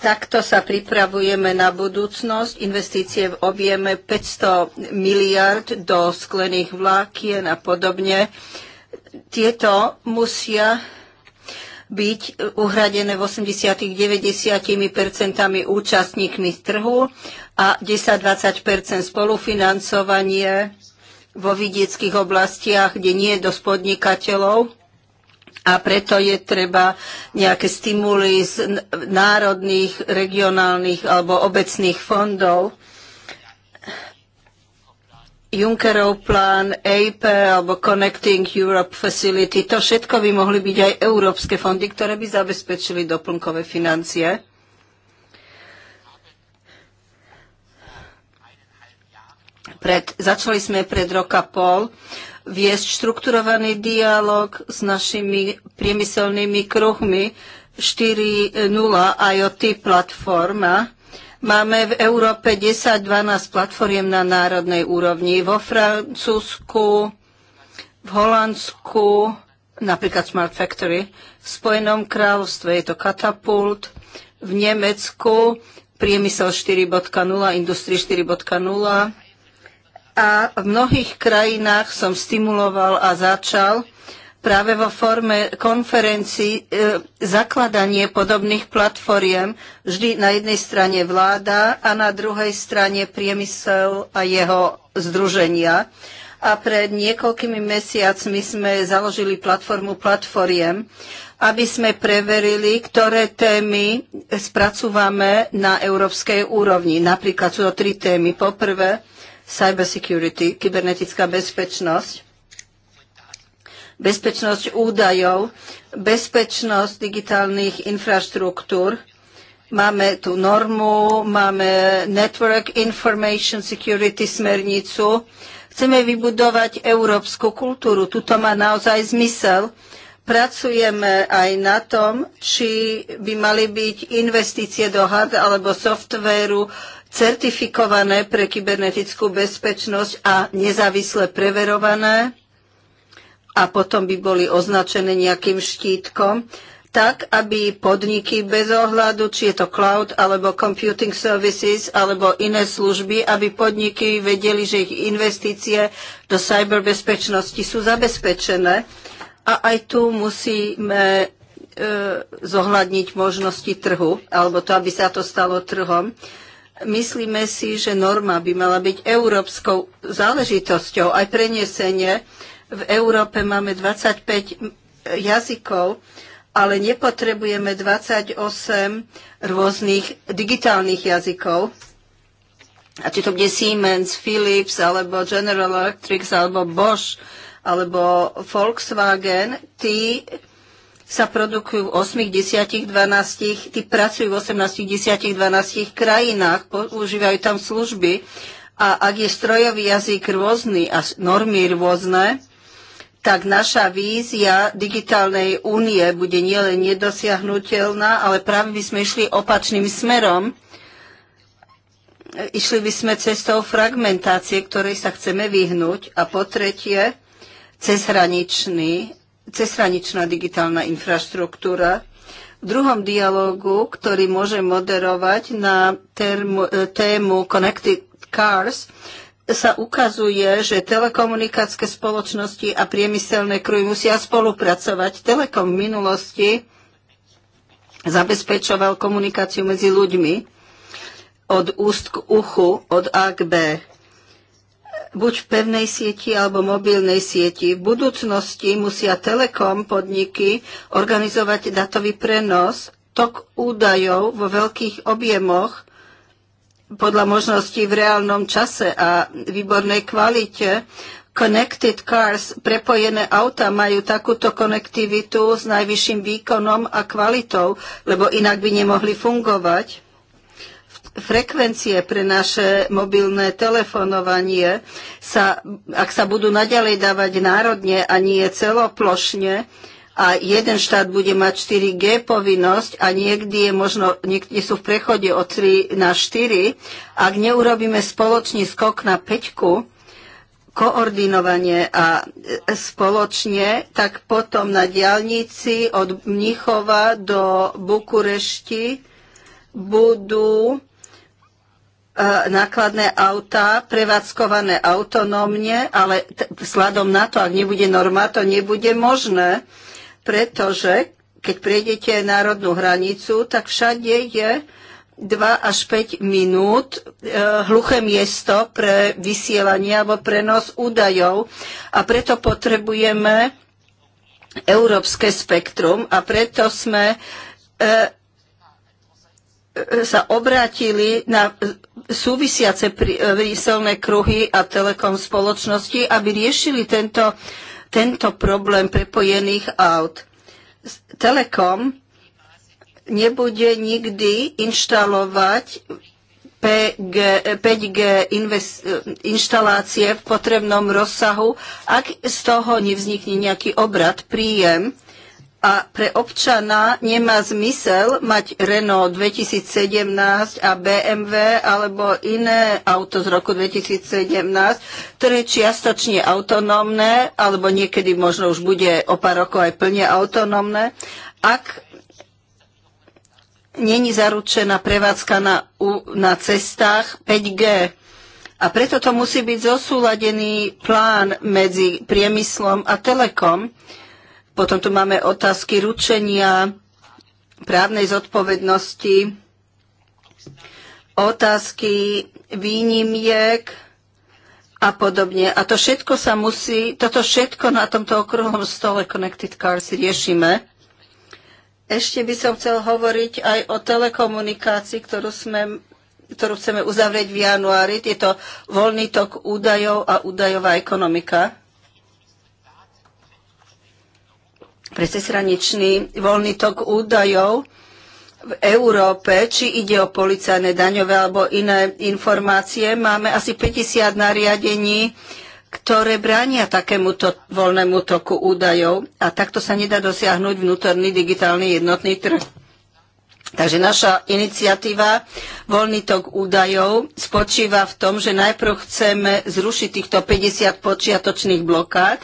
Takto sa pripravujeme na budúcnosť. Investície v objeme 500 miliard do sklených vlákien a podobne. Tieto musia byť uhradené v 80-90% účastníkmi trhu a 10-20% spolufinancovanie vo vidieckých oblastiach, kde nie je dosť podnikateľov a preto je treba nejaké stimuly z národných, regionálnych alebo obecných fondov. Junckerov plán, EIP e alebo Connecting Europe Facility, to všetko by mohli byť aj európske fondy, ktoré by zabezpečili doplnkové financie. Pred, začali sme pred roka pol viesť štrukturovaný dialog s našimi priemyselnými kruhmi 4.0 IoT platforma. Máme v Európe 10-12 platformiem na národnej úrovni. Vo Francúzsku, v Holandsku, napríklad Smart Factory, v Spojenom kráľovstve je to Katapult, v Nemecku priemysel 4.0, industrie a v mnohých krajinách som stimuloval a začal práve vo forme konferencií e, zakladanie podobných platformiem, vždy na jednej strane vláda a na druhej strane priemysel a jeho združenia. A pred niekoľkými mesiacmi sme založili platformu platformiem, aby sme preverili, ktoré témy spracúvame na európskej úrovni. Napríklad sú to tri témy. Poprvé, cybersecurity, kybernetická bezpečnosť, bezpečnosť údajov, bezpečnosť digitálnych infraštruktúr. Máme tu normu, máme Network Information Security smernicu. Chceme vybudovať európsku kultúru. Tuto má naozaj zmysel. Pracujeme aj na tom, či by mali byť investície do hard alebo softvéru certifikované pre kybernetickú bezpečnosť a nezávisle preverované a potom by boli označené nejakým štítkom, tak aby podniky bez ohľadu, či je to cloud alebo computing services alebo iné služby, aby podniky vedeli, že ich investície do cyberbezpečnosti sú zabezpečené. A aj tu musíme e, zohľadniť možnosti trhu, alebo to, aby sa to stalo trhom. E, Myslíme si, že norma by mala byť európskou záležitosťou, aj prenesenie. V Európe máme 25 jazykov, ale nepotrebujeme 28 rôznych digitálnych jazykov. A či to bude Siemens, Philips, alebo General Electric, alebo Bosch, alebo Volkswagen, tí sa produkujú v 8, 10, 12, tí pracujú v 18, 10, 12 krajinách, používajú tam služby a ak je strojový jazyk rôzny a normy rôzne, tak naša vízia digitálnej únie bude nielen nedosiahnutelná, ale práve by sme išli opačným smerom. Išli by sme cestou fragmentácie, ktorej sa chceme vyhnúť. A po tretie, cezhraničný cezhraničná digitálna infraštruktúra. V druhom dialogu, ktorý môže moderovať na termu, e, tému Connected Cars, sa ukazuje, že telekomunikácké spoločnosti a priemyselné kruhy musia spolupracovať. Telekom v minulosti zabezpečoval komunikáciu medzi ľuďmi od úst k uchu, od A k B buď v pevnej sieti alebo mobilnej sieti. V budúcnosti musia telekom podniky organizovať datový prenos, tok údajov vo veľkých objemoch podľa možností v reálnom čase a výbornej kvalite. Connected cars, prepojené auta majú takúto konektivitu s najvyšším výkonom a kvalitou, lebo inak by nemohli fungovať frekvencie pre naše mobilné telefonovanie sa, ak sa budú naďalej dávať národne a nie celoplošne, a jeden štát bude mať 4G povinnosť a niekdy je možno, niekde sú v prechode od 3 na 4, ak neurobíme spoločný skok na 5, koordinovanie a e, spoločne, tak potom na diálnici od Mnichova do Bukurešti budú E, nákladné autá prevádzkované autonómne, ale vzhľadom na to, ak nebude norma, to nebude možné, pretože keď prejdete národnú hranicu, tak všade je 2 až 5 minút e, hluché miesto pre vysielanie alebo prenos údajov a preto potrebujeme európske spektrum a preto sme e, e sa obrátili na súvisiace e, príselné kruhy a telekom spoločnosti, aby riešili tento, tento problém prepojených aut. Telekom nebude nikdy inštalovať 5G, 5G invest, e, inštalácie v potrebnom rozsahu, ak z toho nevznikne nejaký obrad, príjem a pre občana nemá zmysel mať Renault 2017 a BMW alebo iné auto z roku 2017, ktoré je čiastočne autonómne, alebo niekedy možno už bude o pár rokov aj plne autonómne, ak není zaručená prevádzka na, na cestách 5G. A preto to musí byť zosúladený plán medzi priemyslom a telekom. Potom tu máme otázky ručenia, právnej zodpovednosti, otázky výnimiek a podobne. A to všetko sa musí, toto všetko na tomto okruhom stole Connected Cars riešime. Ešte by som chcel hovoriť aj o telekomunikácii, ktorú, sme, ktorú chceme uzavrieť v januári. Je to voľný tok údajov a údajová ekonomika. pre cezhraničný voľný tok údajov v Európe, či ide o policajné daňové alebo iné informácie. Máme asi 50 nariadení, ktoré bránia takémuto voľnému toku údajov a takto sa nedá dosiahnuť vnútorný digitálny jednotný trh. Takže naša iniciatíva Voľný tok údajov spočíva v tom, že najprv chceme zrušiť týchto 50 počiatočných blokád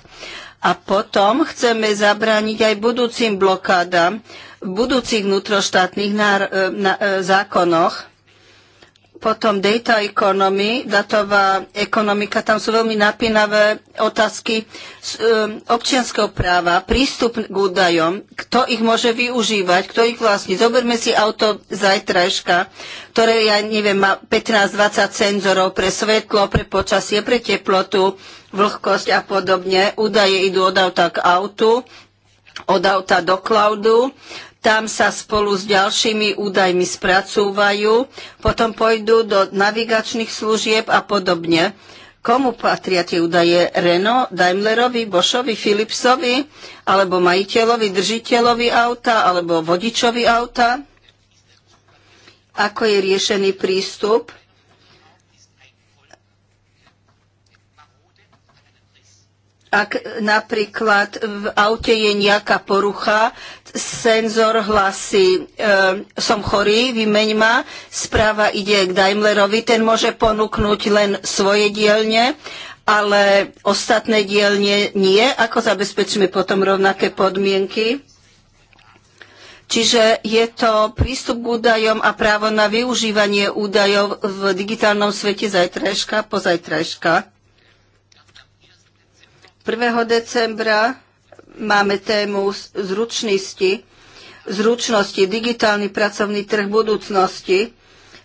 a potom chceme zabrániť aj budúcim blokádam v budúcich vnútroštátnych e, e, zákonoch. Potom data economy, datová ekonomika, tam sú veľmi napínavé otázky z e, občianského práva, prístup k údajom, kto ich môže využívať, kto ich vlastní. Zoberme si auto zajtrajška, ktoré, ja neviem, má 15-20 senzorov pre svetlo, pre počasie, pre teplotu, vlhkosť a podobne. Údaje idú od auta k autu, od auta do cloudu tam sa spolu s ďalšími údajmi spracúvajú, potom pôjdu do navigačných služieb a podobne. Komu patria tie údaje? Renault, Daimlerovi, Bošovi, Philipsovi, alebo majiteľovi, držiteľovi auta, alebo vodičovi auta? Ako je riešený prístup? ak napríklad v aute je nejaká porucha, senzor hlasí, e, som chorý, vymeň ma, správa ide k Daimlerovi, ten môže ponúknuť len svoje dielne, ale ostatné dielne nie. Ako zabezpečíme potom rovnaké podmienky? Čiže je to prístup k údajom a právo na využívanie údajov v digitálnom svete zajtrajška, pozajtrajška. 1. decembra máme tému zručnosti, zručnosti, digitálny pracovný trh budúcnosti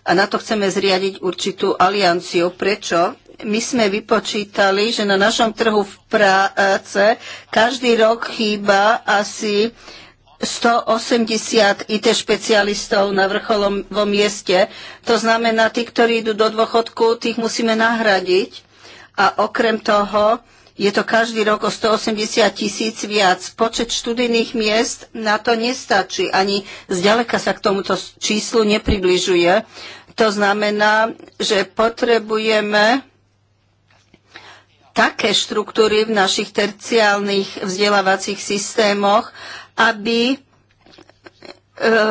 a na to chceme zriadiť určitú alianciu. Prečo? My sme vypočítali, že na našom trhu v práce každý rok chýba asi 180 IT špecialistov na vrcholovom mieste. To znamená, tí, ktorí idú do dôchodku, tých musíme nahradiť. A okrem toho, je to každý rok o 180 tisíc viac. Počet študijných miest na to nestačí. Ani zďaleka sa k tomuto číslu nepribližuje. To znamená, že potrebujeme také štruktúry v našich terciálnych vzdelávacích systémoch, aby e,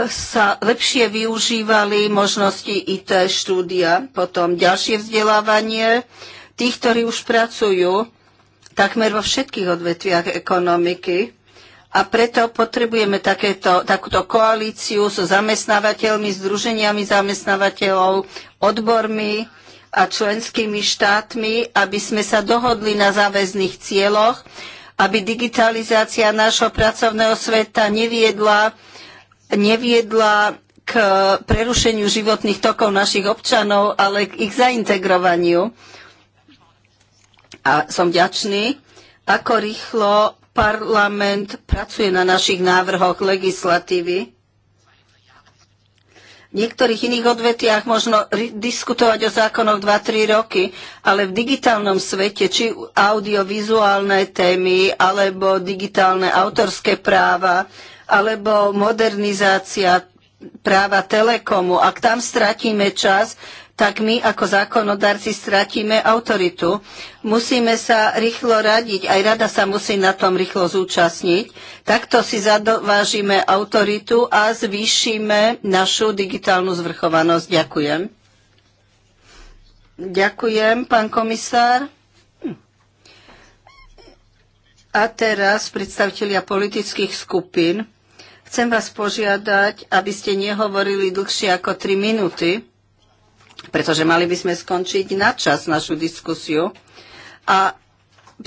sa lepšie využívali možnosti IT štúdia, potom ďalšie vzdelávanie tých, ktorí už pracujú takmer vo všetkých odvetviach ekonomiky. A preto potrebujeme takéto, takúto koalíciu so zamestnávateľmi, združeniami zamestnávateľov, odbormi a členskými štátmi, aby sme sa dohodli na záväzných cieľoch, aby digitalizácia nášho pracovného sveta neviedla, neviedla k prerušeniu životných tokov našich občanov, ale k ich zaintegrovaniu a som vďačný, ako rýchlo parlament pracuje na našich návrhoch legislatívy. V niektorých iných odvetiach možno diskutovať o zákonoch 2-3 roky, ale v digitálnom svete, či audiovizuálne témy, alebo digitálne autorské práva, alebo modernizácia práva telekomu. Ak tam stratíme čas, tak my ako zákonodarci stratíme autoritu. Musíme sa rýchlo radiť, aj rada sa musí na tom rýchlo zúčastniť. Takto si zadovážime autoritu a zvýšime našu digitálnu zvrchovanosť. Ďakujem. Ďakujem, pán komisár. A teraz predstavitelia politických skupín. Chcem vás požiadať, aby ste nehovorili dlhšie ako 3 minúty, pretože mali by sme skončiť na čas našu diskusiu. A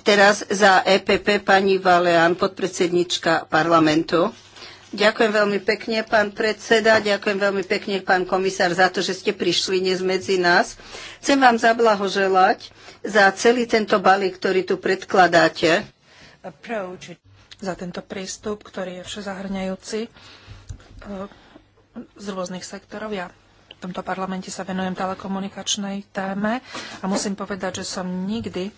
teraz za EPP pani Valean, podpredsednička parlamentu. Ďakujem veľmi pekne, pán predseda, ďakujem veľmi pekne, pán komisár, za to, že ste prišli dnes medzi nás. Chcem vám zablahoželať za celý tento balík, ktorý tu predkladáte. Za tento prístup, ktorý je všezahrňajúci eh, z rôznych sektorov. Ja tomto parlamente sa venujem telekomunikačnej téme a musím povedať, že som nikdy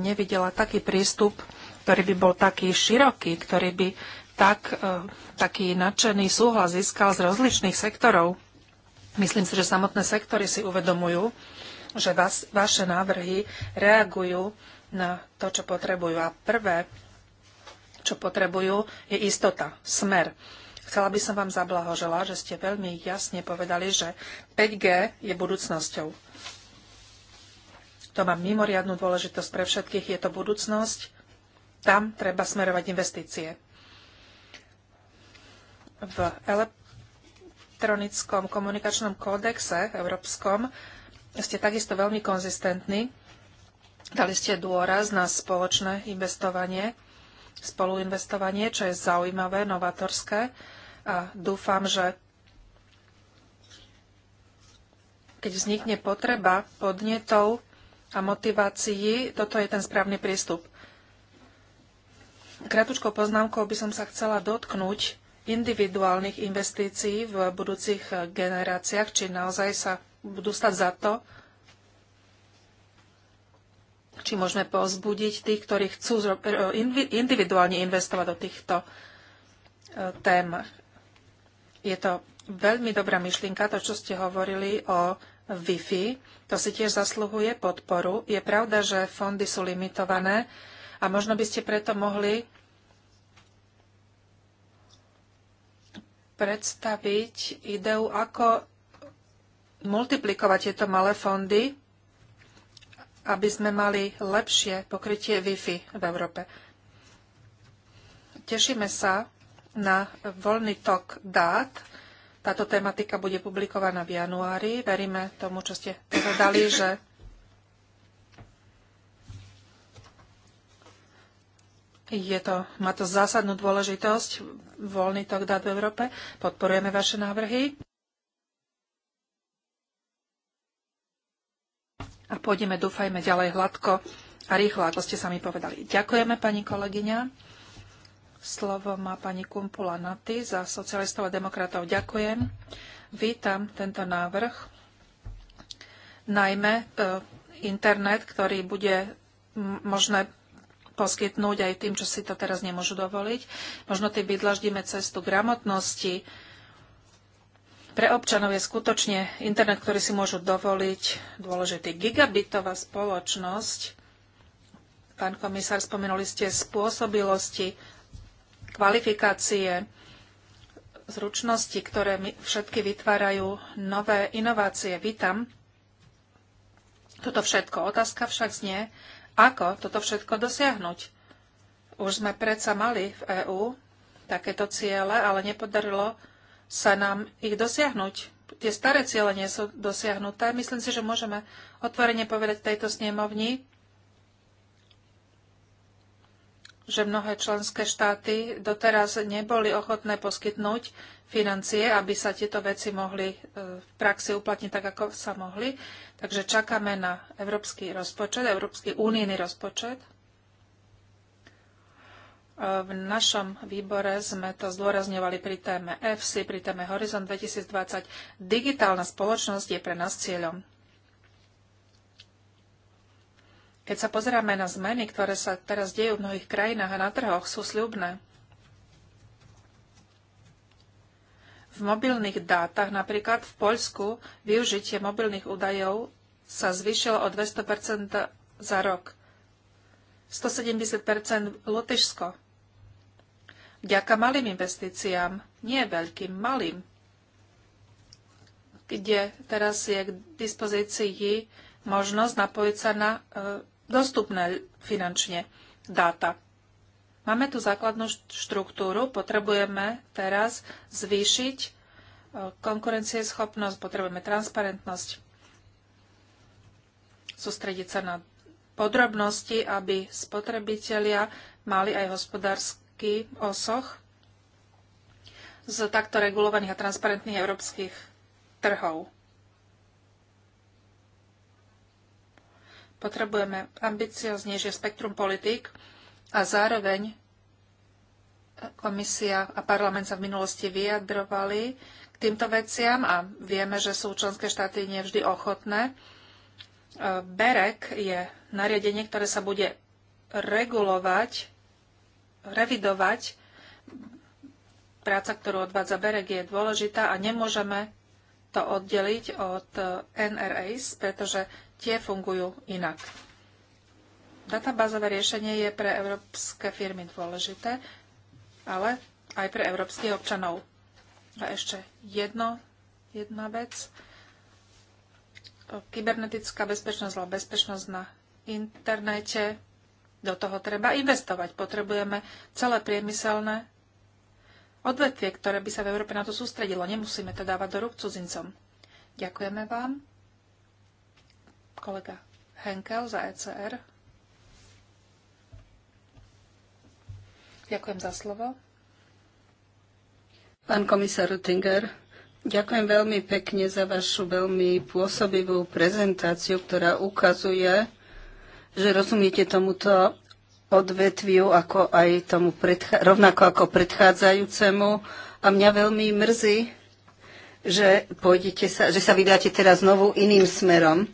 nevidela taký prístup, ktorý by bol taký široký, ktorý by tak, e, taký nadšený súhlas získal z rozličných sektorov. Myslím si, že samotné sektory si uvedomujú, že vas, vaše návrhy reagujú na to, čo potrebujú. A prvé, čo potrebujú, je istota, smer Chcela by som vám zablahožela, že ste veľmi jasne povedali, že 5G je budúcnosťou. To má mimoriadnú dôležitosť pre všetkých, je to budúcnosť. Tam treba smerovať investície. V elektronickom komunikačnom kódexe európskom ste takisto veľmi konzistentní. Dali ste dôraz na spoločné investovanie spoluinvestovanie, čo je zaujímavé, novatorské a dúfam, že keď vznikne potreba podnetov a motivácií, toto je ten správny prístup. Kratučkou poznámkou by som sa chcela dotknúť individuálnych investícií v budúcich generáciách, či naozaj sa budú stať za to, či môžeme pozbudiť tých, ktorí chcú eh, eh, individuálne investovať do týchto eh, tém. Je to veľmi dobrá myšlienka, to, čo ste hovorili o Wi-Fi. To si tiež zasluhuje podporu. Je pravda, že fondy sú limitované a možno by ste preto mohli predstaviť ideu, ako multiplikovať tieto malé fondy, aby sme mali lepšie pokrytie Wi-Fi v Európe. Tešíme sa na voľný tok dát. Táto tematika bude publikovaná v januári. Veríme tomu, čo ste povedali, že je to, má to zásadnú dôležitosť, voľný tok dát v Európe. Podporujeme vaše návrhy. A pôjdeme, dúfajme, ďalej hladko a rýchlo, ako ste sami povedali. Ďakujeme, pani kolegyňa. Slovo má pani Kumpula Naty za socialistov a demokratov. Ďakujem. Vítam tento návrh. Najmä e, internet, ktorý bude možné poskytnúť aj tým, čo si to teraz nemôžu dovoliť. Možno tým vydlaždíme cestu gramotnosti. Pre občanov je skutočne internet, ktorý si môžu dovoliť, dôležitý gigabitová spoločnosť. Pán komisár, spomenuli ste spôsobilosti kvalifikácie, zručnosti, ktoré všetky vytvárajú nové inovácie. Vítam toto všetko. Otázka však znie, ako toto všetko dosiahnuť. Už sme predsa mali v EÚ takéto ciele, ale nepodarilo sa nám ich dosiahnuť. Tie staré ciele nie sú dosiahnuté. Myslím si, že môžeme otvorene povedať tejto snemovni, že mnohé členské štáty doteraz neboli ochotné poskytnúť financie, aby sa tieto veci mohli e, v praxi uplatniť tak, ako sa mohli. Takže čakáme na európsky rozpočet, európsky únijný rozpočet. E, v našom výbore sme to zdôrazňovali pri téme EFSI, pri téme Horizon 2020. Digitálna spoločnosť je pre nás cieľom. Keď sa pozeráme na zmeny, ktoré sa teraz dejú v mnohých krajinách a na trhoch, sú sľubné. V mobilných dátach, napríklad v Poľsku, využitie mobilných údajov sa zvýšilo o 200 za rok. 170 Lotyšsko. Vďaka malým investíciám, nie veľkým, malým, kde teraz je k dispozícii možnosť napojiť sa na e, dostupné finančne dáta. Máme tu základnú štruktúru, potrebujeme teraz zvýšiť e, konkurencieschopnosť, potrebujeme transparentnosť, sústrediť sa na podrobnosti, aby spotrebitelia mali aj hospodársky osoch z takto regulovaných a transparentných európskych trhov. Potrebujeme ambicioznejšie spektrum politík a zároveň komisia a parlament sa v minulosti vyjadrovali k týmto veciam a vieme, že sú členské štáty nevždy ochotné. E, BEREK je nariadenie, ktoré sa bude regulovať, revidovať. Práca, ktorú odvádza BEREK, je dôležitá a nemôžeme to oddeliť od e, NRAs, pretože tie fungujú inak. Databázové riešenie je pre európske firmy dôležité, ale aj pre európskych občanov. A ešte jedno, jedna vec. Kybernetická bezpečnosť alebo bezpečnosť na internete. Do toho treba investovať. Potrebujeme celé priemyselné odvetvie, ktoré by sa v Európe na to sústredilo. Nemusíme to dávať do rúk cudzincom. Ďakujeme vám. Kolega Henkel za ECR. Ďakujem za slovo. Pán komisár Rutinger, ďakujem veľmi pekne za vašu veľmi pôsobivú prezentáciu, ktorá ukazuje, že rozumiete tomuto odvetviu, ako aj tomu predchá... rovnako ako predchádzajúcemu. A mňa veľmi mrzí, že, pôjdete sa, že sa vydáte teraz znovu iným smerom.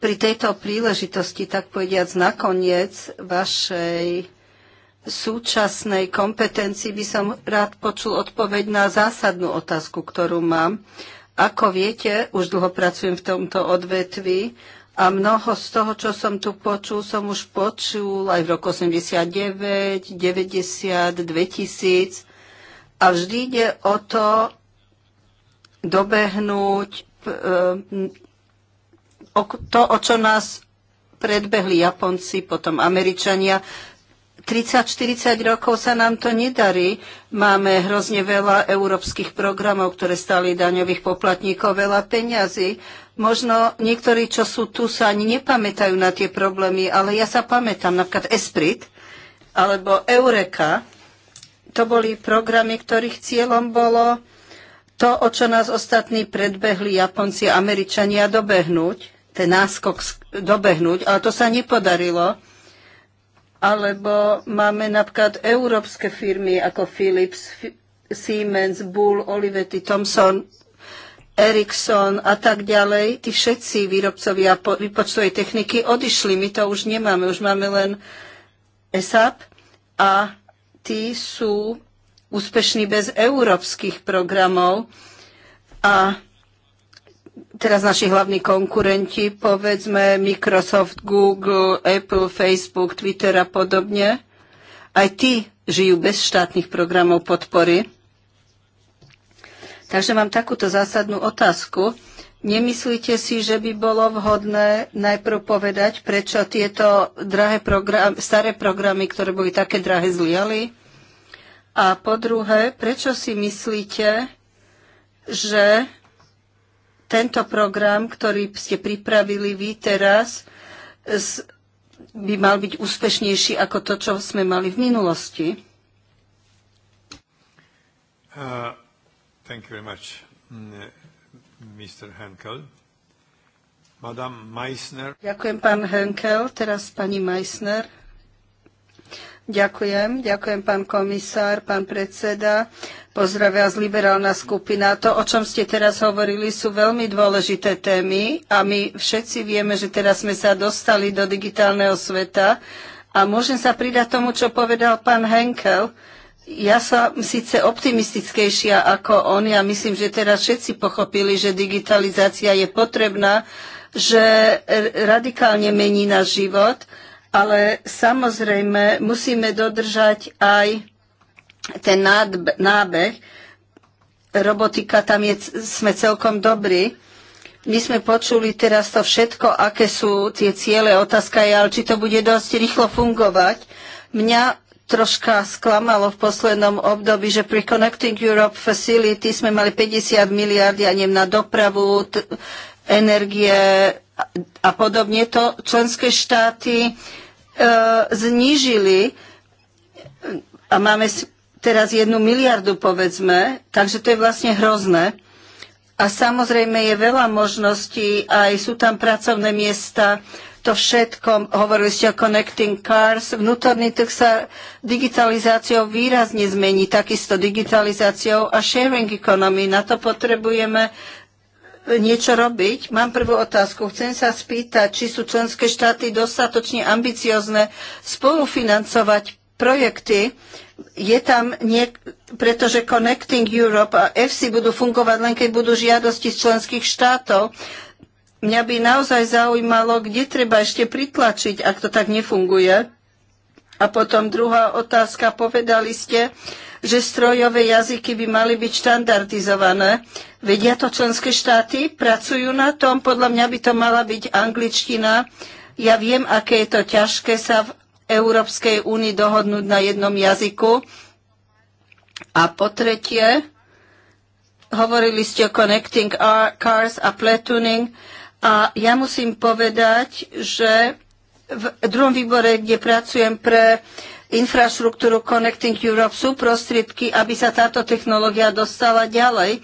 Pri tejto príležitosti, tak povediac nakoniec vašej súčasnej kompetencii by som rád počul odpoveď na zásadnú otázku, ktorú mám. Ako viete, už dlho pracujem v tomto odvetvi a mnoho z toho, čo som tu počul, som už počul aj v roku 89, 90, 2000. A vždy ide o to dobehnúť e, to, o čo nás predbehli Japonci, potom Američania, 30-40 rokov sa nám to nedarí. Máme hrozne veľa európskych programov, ktoré stali daňových poplatníkov veľa peňazí. Možno niektorí, čo sú tu, sa ani nepamätajú na tie problémy, ale ja sa pamätám, napríklad Esprit alebo Eureka. To boli programy, ktorých cieľom bolo to, o čo nás ostatní predbehli Japonci a Američania dobehnúť, ten náskok dobehnúť, ale to sa nepodarilo alebo máme napríklad európske firmy ako Philips, Siemens, Bull, Olivetti, Thomson, Ericsson a tak ďalej. Tí všetci výrobcovia vypočtovej techniky odišli. My to už nemáme. Už máme len ESAP a tí sú úspešní bez európskych programov. A teraz naši hlavní konkurenti, povedzme Microsoft, Google, Apple, Facebook, Twitter a podobne, aj tí žijú bez štátnych programov podpory. Takže mám takúto zásadnú otázku. Nemyslíte si, že by bolo vhodné najprv povedať, prečo tieto drahé program, staré programy, ktoré boli také drahé, zliali? A po druhé, prečo si myslíte, že tento program, ktorý ste pripravili vy teraz, by mal byť úspešnejší ako to, čo sme mali v minulosti. Uh, thank you very much, Mr. Mm, Henkel. Madame Meissner. Ďakujem, pán Henkel. Teraz pani Meissner. Ďakujem, ďakujem pán komisár, pán predseda pozdravia z liberálna skupina. To, o čom ste teraz hovorili, sú veľmi dôležité témy a my všetci vieme, že teraz sme sa dostali do digitálneho sveta a môžem sa pridať tomu, čo povedal pán Henkel. Ja som síce optimistickejšia ako on. Ja myslím, že teraz všetci pochopili, že digitalizácia je potrebná, že radikálne mení náš život, ale samozrejme musíme dodržať aj ten nábeh. Robotika tam je, sme celkom dobrí. My sme počuli teraz to všetko, aké sú tie ciele. Otázka je, ale či to bude dosť rýchlo fungovať. Mňa troška sklamalo v poslednom období, že pri Connecting Europe Facility sme mali 50 miliard, ja neviem, na dopravu, energie a podobne. To členské štáty e, znížili a máme teraz jednu miliardu, povedzme, takže to je vlastne hrozné. A samozrejme je veľa možností, aj sú tam pracovné miesta, to všetko, hovorili ste o Connecting Cars, vnútorný trh sa digitalizáciou výrazne zmení, takisto digitalizáciou a sharing economy. Na to potrebujeme niečo robiť. Mám prvú otázku. Chcem sa spýtať, či sú členské štáty dostatočne ambiciozne spolufinancovať projekty, je tam niek- pretože Connecting Europe a EFSI budú fungovať len keď budú žiadosti z členských štátov. Mňa by naozaj zaujímalo, kde treba ešte pritlačiť, ak to tak nefunguje. A potom druhá otázka. Povedali ste, že strojové jazyky by mali byť štandardizované. Vedia to členské štáty? Pracujú na tom? Podľa mňa by to mala byť angličtina. Ja viem, aké je to ťažké sa v Európskej únii dohodnúť na jednom jazyku. A po tretie, hovorili ste o Connecting Cars a Platooning a ja musím povedať, že v druhom výbore, kde pracujem pre uh, infraštruktúru Connecting Europe sú prostriedky, aby sa táto technológia dostala ďalej.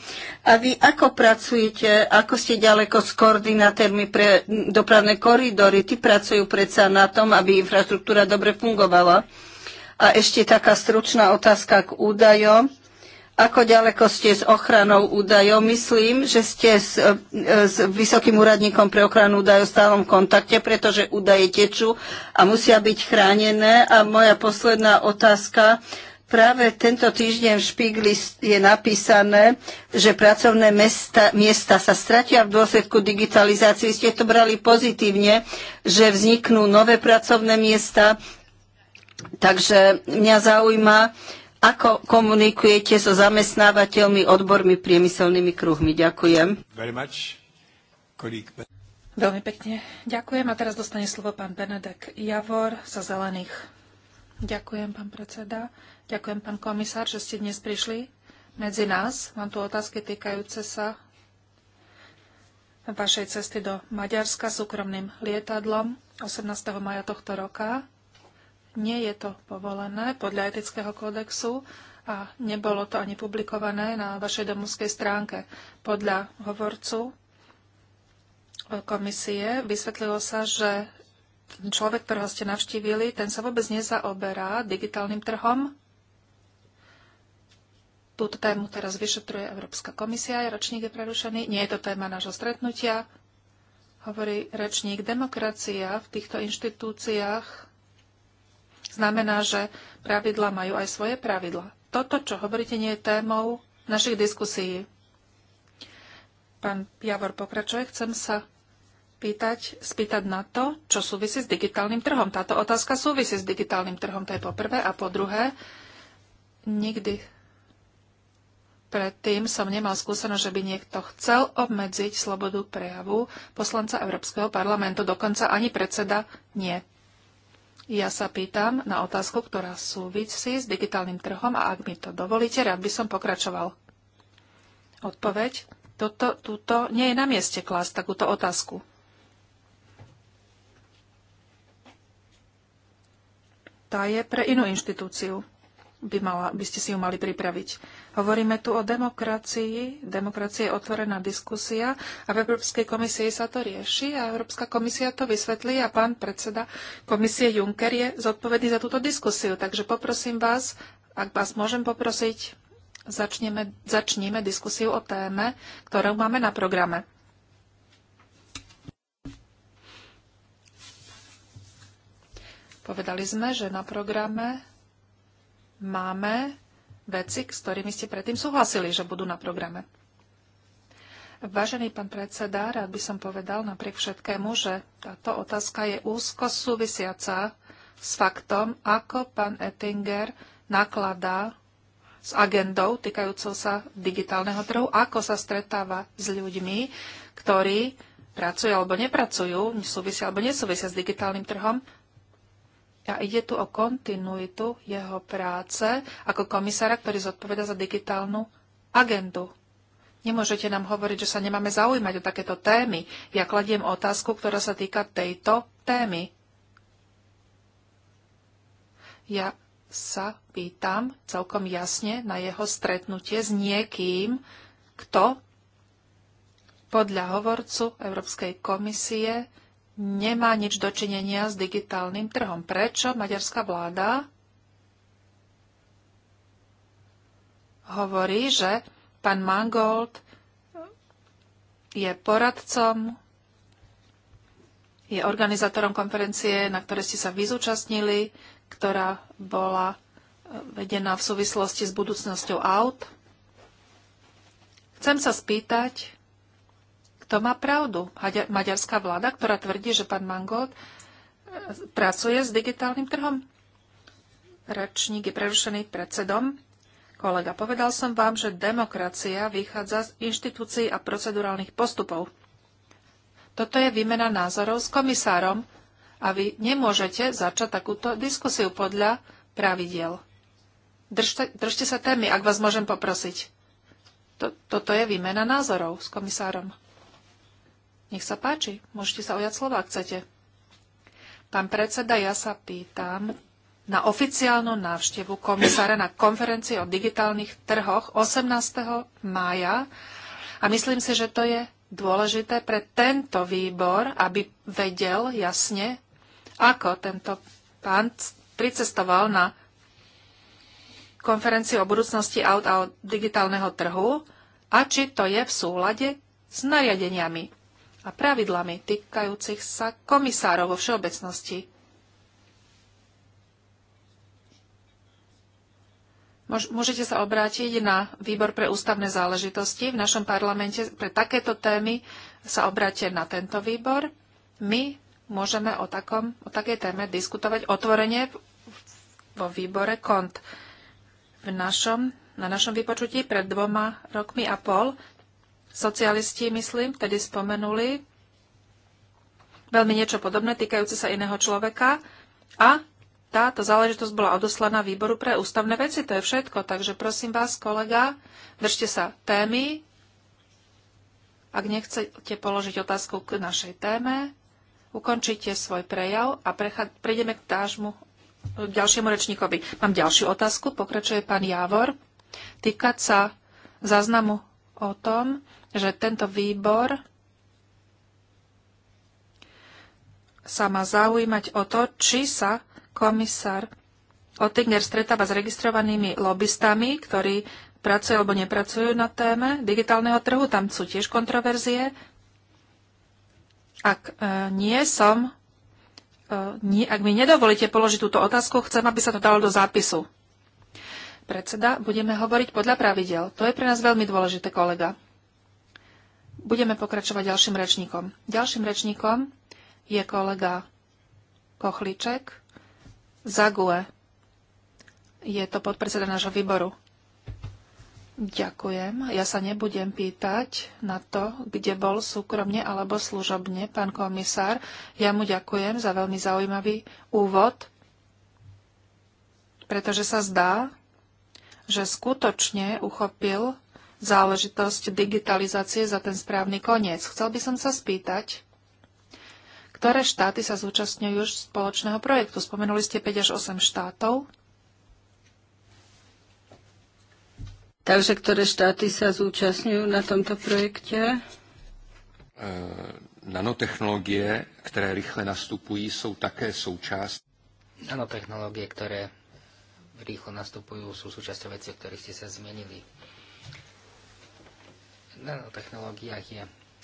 A vy ako pracujete, ako ste ďaleko s koordinátormi pre dopravné koridory? Ty pracujú predsa na tom, aby infraštruktúra dobre fungovala. A ešte taká stručná otázka k údajom ako ďaleko ste s ochranou údajov? Myslím, že ste s, e, s vysokým úradníkom pre ochranu údajov v stálom kontakte, pretože údaje tečú a musia byť chránené. A moja posledná otázka. Práve tento týždeň v Špigli je napísané, že pracovné mesta, miesta sa stratia v dôsledku digitalizácie. Ste to brali pozitívne, že vzniknú nové pracovné miesta. Takže mňa zaujíma, ako komunikujete so zamestnávateľmi, odbormi, priemyselnými kruhmi? Ďakujem. Veľmi pekne. Ďakujem. A teraz dostane slovo pán Benedek Javor za Zelených. Ďakujem, pán predseda. Ďakujem, pán komisár, že ste dnes prišli medzi nás. Mám tu otázky týkajúce sa vašej cesty do Maďarska súkromným lietadlom 18. maja tohto roka. Nie je to povolené podľa etického kódexu a nebolo to ani publikované na vašej domovskej stránke. Podľa hovorcu komisie vysvetlilo sa, že ten človek, ktorého ste navštívili, ten sa vôbec nezaoberá digitálnym trhom. Túto tému teraz vyšetruje Európska komisia, je ročník je prerušený, nie je to téma nášho stretnutia. Hovorí rečník, demokracia v týchto inštitúciách znamená, že pravidla majú aj svoje pravidla. Toto, čo hovoríte, nie je témou našich diskusí. Pán Javor pokračuje. Chcem sa pýtať, spýtať na to, čo súvisí s digitálnym trhom. Táto otázka súvisí s digitálnym trhom, to je po prvé. A po druhé, nikdy predtým som nemal skúsenosť, že by niekto chcel obmedziť slobodu prejavu poslanca Európskeho parlamentu, dokonca ani predseda nie. Ja sa pýtam na otázku, ktorá súvisí s digitálnym trhom a ak mi to dovolíte, rád by som pokračoval. Odpoveď. Toto, túto nie je na mieste klásť takúto otázku. Tá je pre inú inštitúciu by, mala, by ste si ju mali pripraviť. Hovoríme tu o demokracii. Demokracia je otvorená diskusia a v Európskej komisii sa to rieši a Európska komisia to vysvetlí a pán predseda komisie Juncker je zodpovedný za túto diskusiu. Takže poprosím vás, ak vás môžem poprosiť, začneme, začníme diskusiu o téme, ktorú máme na programe. Povedali sme, že na programe máme veci, s ktorými ste predtým súhlasili, že budú na programe. Vážený pán predseda, rád by som povedal napriek všetkému, že táto otázka je úzko súvisiaca s faktom, ako pán Ettinger nakladá s agendou týkajúcou sa digitálneho trhu, ako sa stretáva s ľuďmi, ktorí pracujú alebo nepracujú, súvisia alebo nesúvisia s digitálnym trhom a ide tu o kontinuitu jeho práce ako komisára, ktorý zodpoveda za digitálnu agendu. Nemôžete nám hovoriť, že sa nemáme zaujímať o takéto témy. Ja kladiem otázku, ktorá sa týka tejto témy. Ja sa pýtam celkom jasne na jeho stretnutie s niekým, kto podľa hovorcu Európskej komisie nemá nič dočinenia s digitálnym trhom. Prečo maďarská vláda hovorí, že pán Mangold je poradcom, je organizátorom konferencie, na ktorej ste sa vyzúčastnili, ktorá bola eh, vedená v súvislosti s budúcnosťou aut. Chcem sa spýtať, kto má pravdu? Maďarská vláda, ktorá tvrdí, že pán Mangold e, pracuje s digitálnym trhom? Račník je prerušený predsedom. Kolega, povedal som vám, že demokracia vychádza z inštitúcií a procedurálnych postupov. Toto je výmena názorov s komisárom a vy nemôžete začať takúto diskusiu podľa pravidiel. Držte, držte sa témy, ak vás môžem poprosiť. toto je výmena názorov s komisárom. Nech sa páči, môžete sa ojať slova, ak chcete. Pán predseda, ja sa pýtam na oficiálnu návštevu komisára na konferencii o digitálnych trhoch 18. mája a myslím si, že to je dôležité pre tento výbor, aby vedel jasne, ako tento pán pricestoval na konferenciu o budúcnosti aut a digitálneho trhu a či to je v súlade s nariadeniami a pravidlami týkajúcich sa komisárov vo všeobecnosti. Môžete sa obrátiť na výbor pre ústavné záležitosti. V našom parlamente pre takéto témy sa obráte na tento výbor. My môžeme o, takom, o takej téme diskutovať otvorene vo výbore KONT. V našom, na našom vypočutí pred dvoma rokmi a pol socialisti, myslím, tedy spomenuli veľmi niečo podobné týkajúce sa iného človeka a táto záležitosť bola odoslaná výboru pre ústavné veci. To je všetko, takže prosím vás, kolega, držte sa témy. Ak nechcete položiť otázku k našej téme, ukončite svoj prejav a prejdeme k tážmu k ďalšiemu rečníkovi. Mám ďalšiu otázku, pokračuje pán Javor. Týkať sa záznamu o tom, že tento výbor sa má zaujímať o to, či sa komisár Ottinger stretáva s registrovanými lobbystami, ktorí pracujú alebo nepracujú na téme digitálneho trhu. Tam sú tiež kontroverzie. Ak e, nie som, e, nie, ak mi nedovolíte položiť túto otázku, chcem, aby sa to dalo do zápisu. Predseda, budeme hovoriť podľa pravidel. To je pre nás veľmi dôležité, kolega. Budeme pokračovať ďalším rečníkom. Ďalším rečníkom je kolega Kochliček Zague. Je to podpredseda nášho výboru. Ďakujem. Ja sa nebudem pýtať na to, kde bol súkromne alebo služobne pán komisár. Ja mu ďakujem za veľmi zaujímavý úvod, pretože sa zdá, že skutočne uchopil záležitosť digitalizácie za ten správny koniec. Chcel by som sa spýtať, ktoré štáty sa zúčastňujú už spoločného projektu. Spomenuli ste 5 až 8 štátov. Takže ktoré štáty sa zúčastňujú na tomto projekte? E, nanotechnologie, ktoré rýchle nastupují, jsou také súčasť. Nanotechnologie, ktoré rýchlo nastupujú, sú súčasťou veci, o ktorých ste sa zmenili. V nanotechnológiách je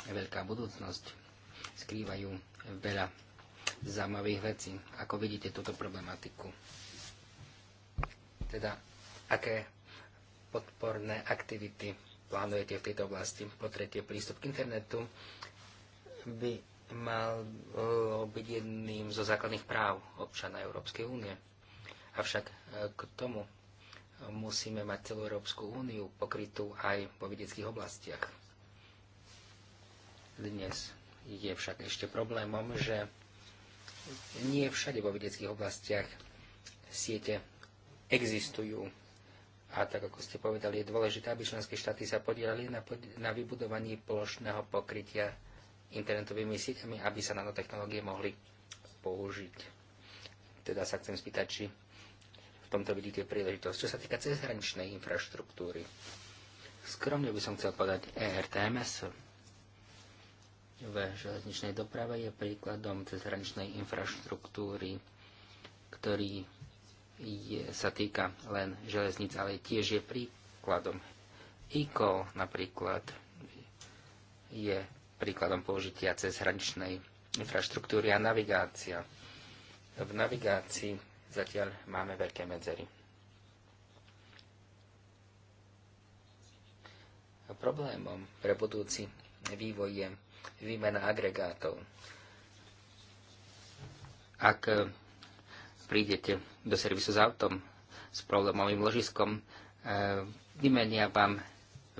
veľká budúcnosť. Skrývajú veľa zaujímavých vecí. Ako vidíte túto problematiku? Teda, aké podporné aktivity plánujete v tejto oblasti? Po tretie, prístup k internetu by mal e, byť jedným zo základných práv občana Európskej únie. Avšak e, k tomu musíme mať celú Európsku úniu pokrytú aj po vedeckých oblastiach. Dnes je však ešte problémom, že nie všade vo vedeckých oblastiach siete existujú. A tak, ako ste povedali, je dôležité, aby členské štáty sa podielali na, pod- na vybudovaní plošného pokrytia internetovými sieťami, aby sa nanotechnológie mohli použiť. Teda sa chcem spýtať, či tomto vidíte príležitosť. Čo sa týka cezhraničnej infraštruktúry, skromne by som chcel povedať ERTMS. V železničnej doprave je príkladom cezhraničnej infraštruktúry, ktorý je, sa týka len železnic, ale tiež je príkladom. ICO napríklad je príkladom použitia cezhraničnej infraštruktúry a navigácia. V navigácii Zatiaľ máme veľké medzery. Problémom pre budúci vývoj je výmena agregátov. Ak eh, prídete do servisu s autom s problémovým ložiskom, eh, vymenia vám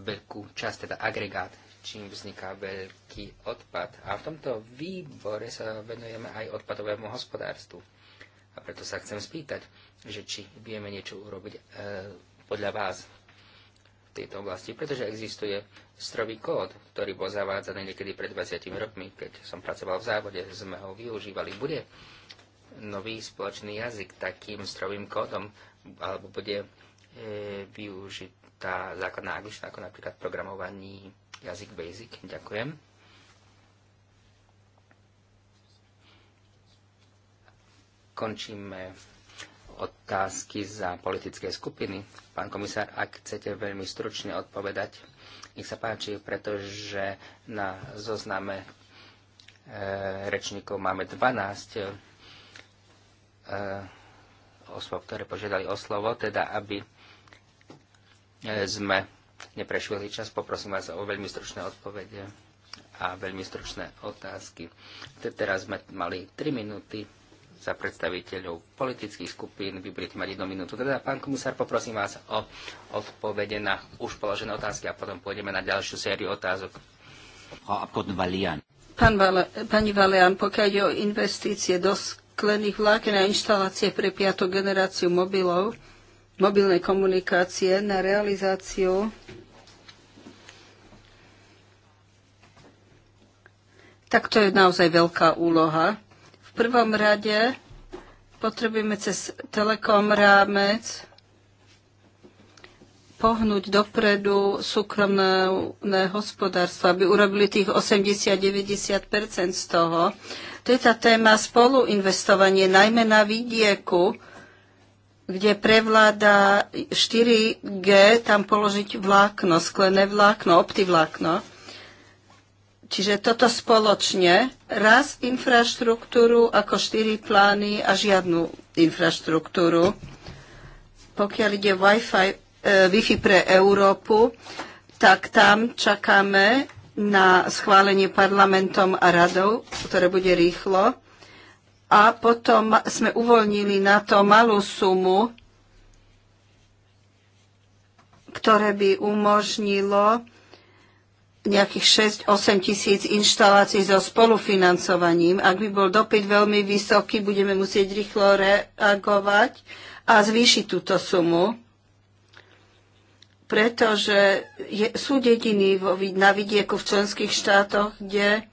veľkú časť, teda agregát, čím vzniká veľký odpad. A v tomto výbore sa venujeme aj odpadovému hospodárstvu. A preto sa chcem spýtať, že či vieme niečo urobiť e, podľa vás v tejto oblasti, pretože existuje strový kód, ktorý bol zavádzaný niekedy pred 20 rokmi, keď som pracoval v závode, sme ho využívali. Bude nový spoločný jazyk takým strovým kódom, alebo bude e, využitá základná angličtina, ako napríklad programovaní jazyk Basic. Ďakujem. Končíme otázky za politické skupiny. Pán komisár, ak chcete veľmi stručne odpovedať, nech sa páči, pretože na zozname e, rečníkov máme 12 e, osôb, ktoré požiadali o slovo, teda aby e, sme neprešvihli čas. Poprosím vás o veľmi stručné odpovede a veľmi stručné otázky. Teraz sme mali 3 minúty za predstaviteľov politických skupín. Vy budete mať jednu minútu. Teda, pán komisár, poprosím vás o odpovede na už položené otázky a potom pôjdeme na ďalšiu sériu otázok. Pán Vale, pani Valian, pokiaľ ide o investície do sklených vláken a inštalácie pre piatú generáciu mobilov, mobilnej komunikácie na realizáciu tak to je naozaj veľká úloha v prvom rade potrebujeme cez telekom rámec pohnúť dopredu súkromné hospodárstvo, aby urobili tých 80-90 z toho. To je tá téma spoluinvestovanie, najmä na vidieku, kde prevláda 4G, tam položiť vlákno, sklené vlákno, optivlákno. Čiže toto spoločne, raz infraštruktúru ako štyri plány a žiadnu infraštruktúru. Pokiaľ ide Wi-Fi, e, Wi-Fi pre Európu, tak tam čakáme na schválenie parlamentom a radou, ktoré bude rýchlo. A potom sme uvoľnili na to malú sumu, ktoré by umožnilo nejakých 6-8 tisíc inštalácií so spolufinancovaním. Ak by bol dopyt veľmi vysoký, budeme musieť rýchlo reagovať a zvýšiť túto sumu, pretože je, sú dediny vo, na vidieku v členských štátoch, kde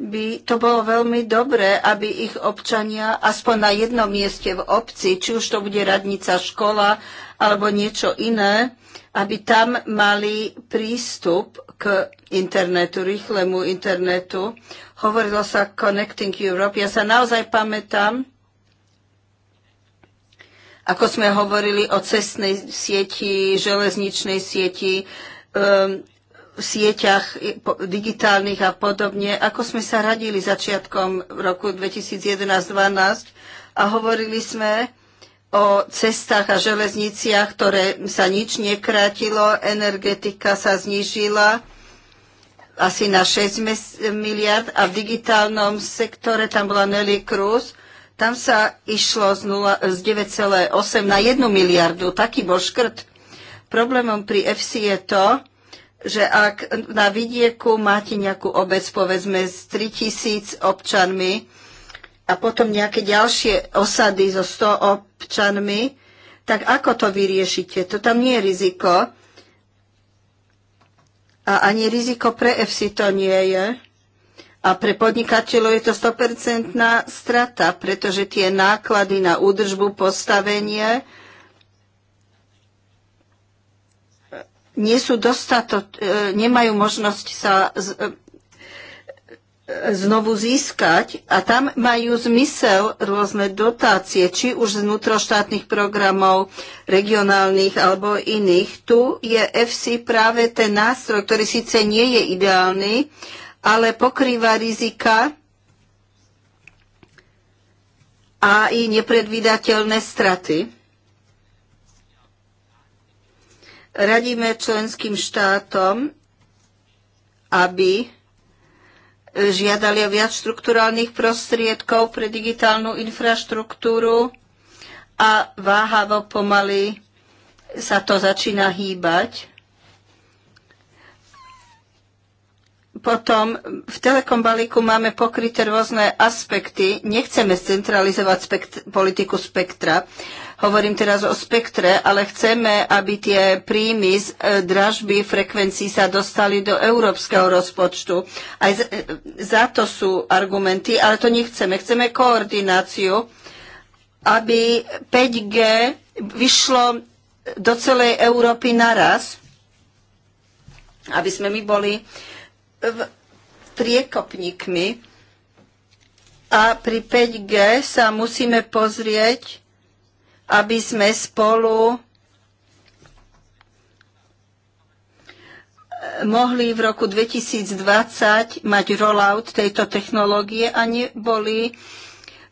by to bolo veľmi dobré, aby ich občania aspoň na jednom mieste v obci, či už to bude radnica, škola alebo niečo iné, aby tam mali prístup k internetu, rýchlemu internetu. Hovorilo sa Connecting Europe. Ja sa naozaj pamätám, ako sme hovorili o cestnej sieti, železničnej sieti, um, sieťach digitálnych a podobne, ako sme sa radili začiatkom roku 2011-2012 a hovorili sme, o cestách a železniciach, ktoré sa nič nekrátilo, energetika sa znížila asi na 6 miliard a v digitálnom sektore tam bola Nelly Cruz, tam sa išlo z, 0, z 9,8 na 1 miliardu, taký bol škrt. Problémom pri FC je to, že ak na vidieku máte nejakú obec, povedzme, s 3000 občanmi, a potom nejaké ďalšie osady so 100 občanmi, tak ako to vyriešite? To tam nie je riziko. A ani riziko pre EFSI to nie je. A pre podnikateľov je to 100% strata, pretože tie náklady na údržbu, postavenie, nie sú dostato, e, nemajú možnosť sa znovu získať a tam majú zmysel rôzne dotácie, či už z vnútroštátnych programov, regionálnych alebo iných. Tu je FC práve ten nástroj, ktorý síce nie je ideálny, ale pokrýva rizika a i nepredvídateľné straty. Radíme členským štátom, aby žiadali o viac štrukturálnych prostriedkov pre digitálnu infraštruktúru a váhavo pomaly sa to začína hýbať. Potom v telekom balíku máme pokryté rôzne aspekty. Nechceme centralizovať spekt- politiku spektra. Hovorím teraz o spektre, ale chceme, aby tie príjmy z e, dražby frekvencií sa dostali do európskeho rozpočtu. Aj e, za to sú argumenty, ale to nechceme. Chceme koordináciu, aby 5G vyšlo do celej Európy naraz, aby sme my boli priekopníkmi a pri 5G sa musíme pozrieť aby sme spolu eh, mohli v roku 2020 mať rollout tejto technológie a neboli,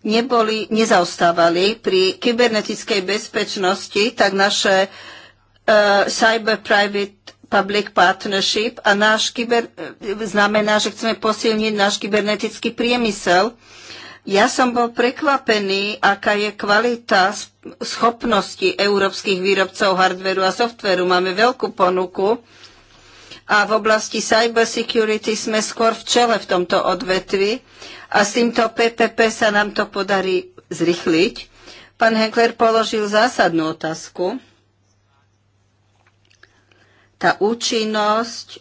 neboli, nezaostávali. Pri kybernetickej bezpečnosti tak naše uh, Cyber Private Public Partnership a náš kyber, eh, znamená, že chceme posilniť náš kybernetický priemysel ja som bol prekvapený, aká je kvalita schopnosti európskych výrobcov hardveru a softveru. Máme veľkú ponuku a v oblasti cyber security sme skôr v čele v tomto odvetvi a s týmto PPP sa nám to podarí zrychliť. Pán Henkler položil zásadnú otázku. Tá účinnosť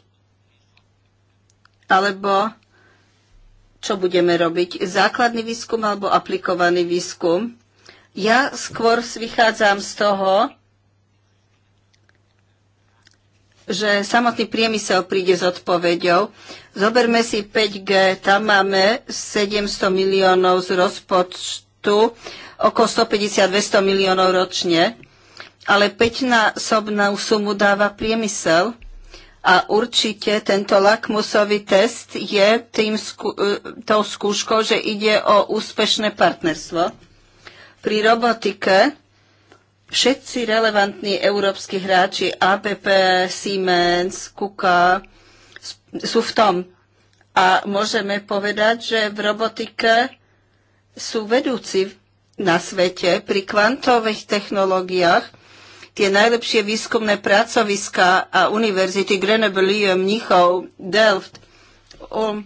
alebo čo budeme robiť, základný výskum alebo aplikovaný výskum. Ja skôr vychádzam z toho, že samotný priemysel príde s odpoveďou. Zoberme si 5G, tam máme 700 miliónov z rozpočtu, okolo 150-200 miliónov ročne, ale 5-násobnú sumu dáva priemysel. A určite tento lakmusový test je tým skú, e, tou skúškou, že ide o úspešné partnerstvo. Pri robotike všetci relevantní európsky hráči ABP, Siemens, Kuka sú v tom. A môžeme povedať, že v robotike sú vedúci na svete pri kvantových technológiách tie najlepšie výskumné pracoviska a univerzity Grenoble, Mnichov, Delft. O,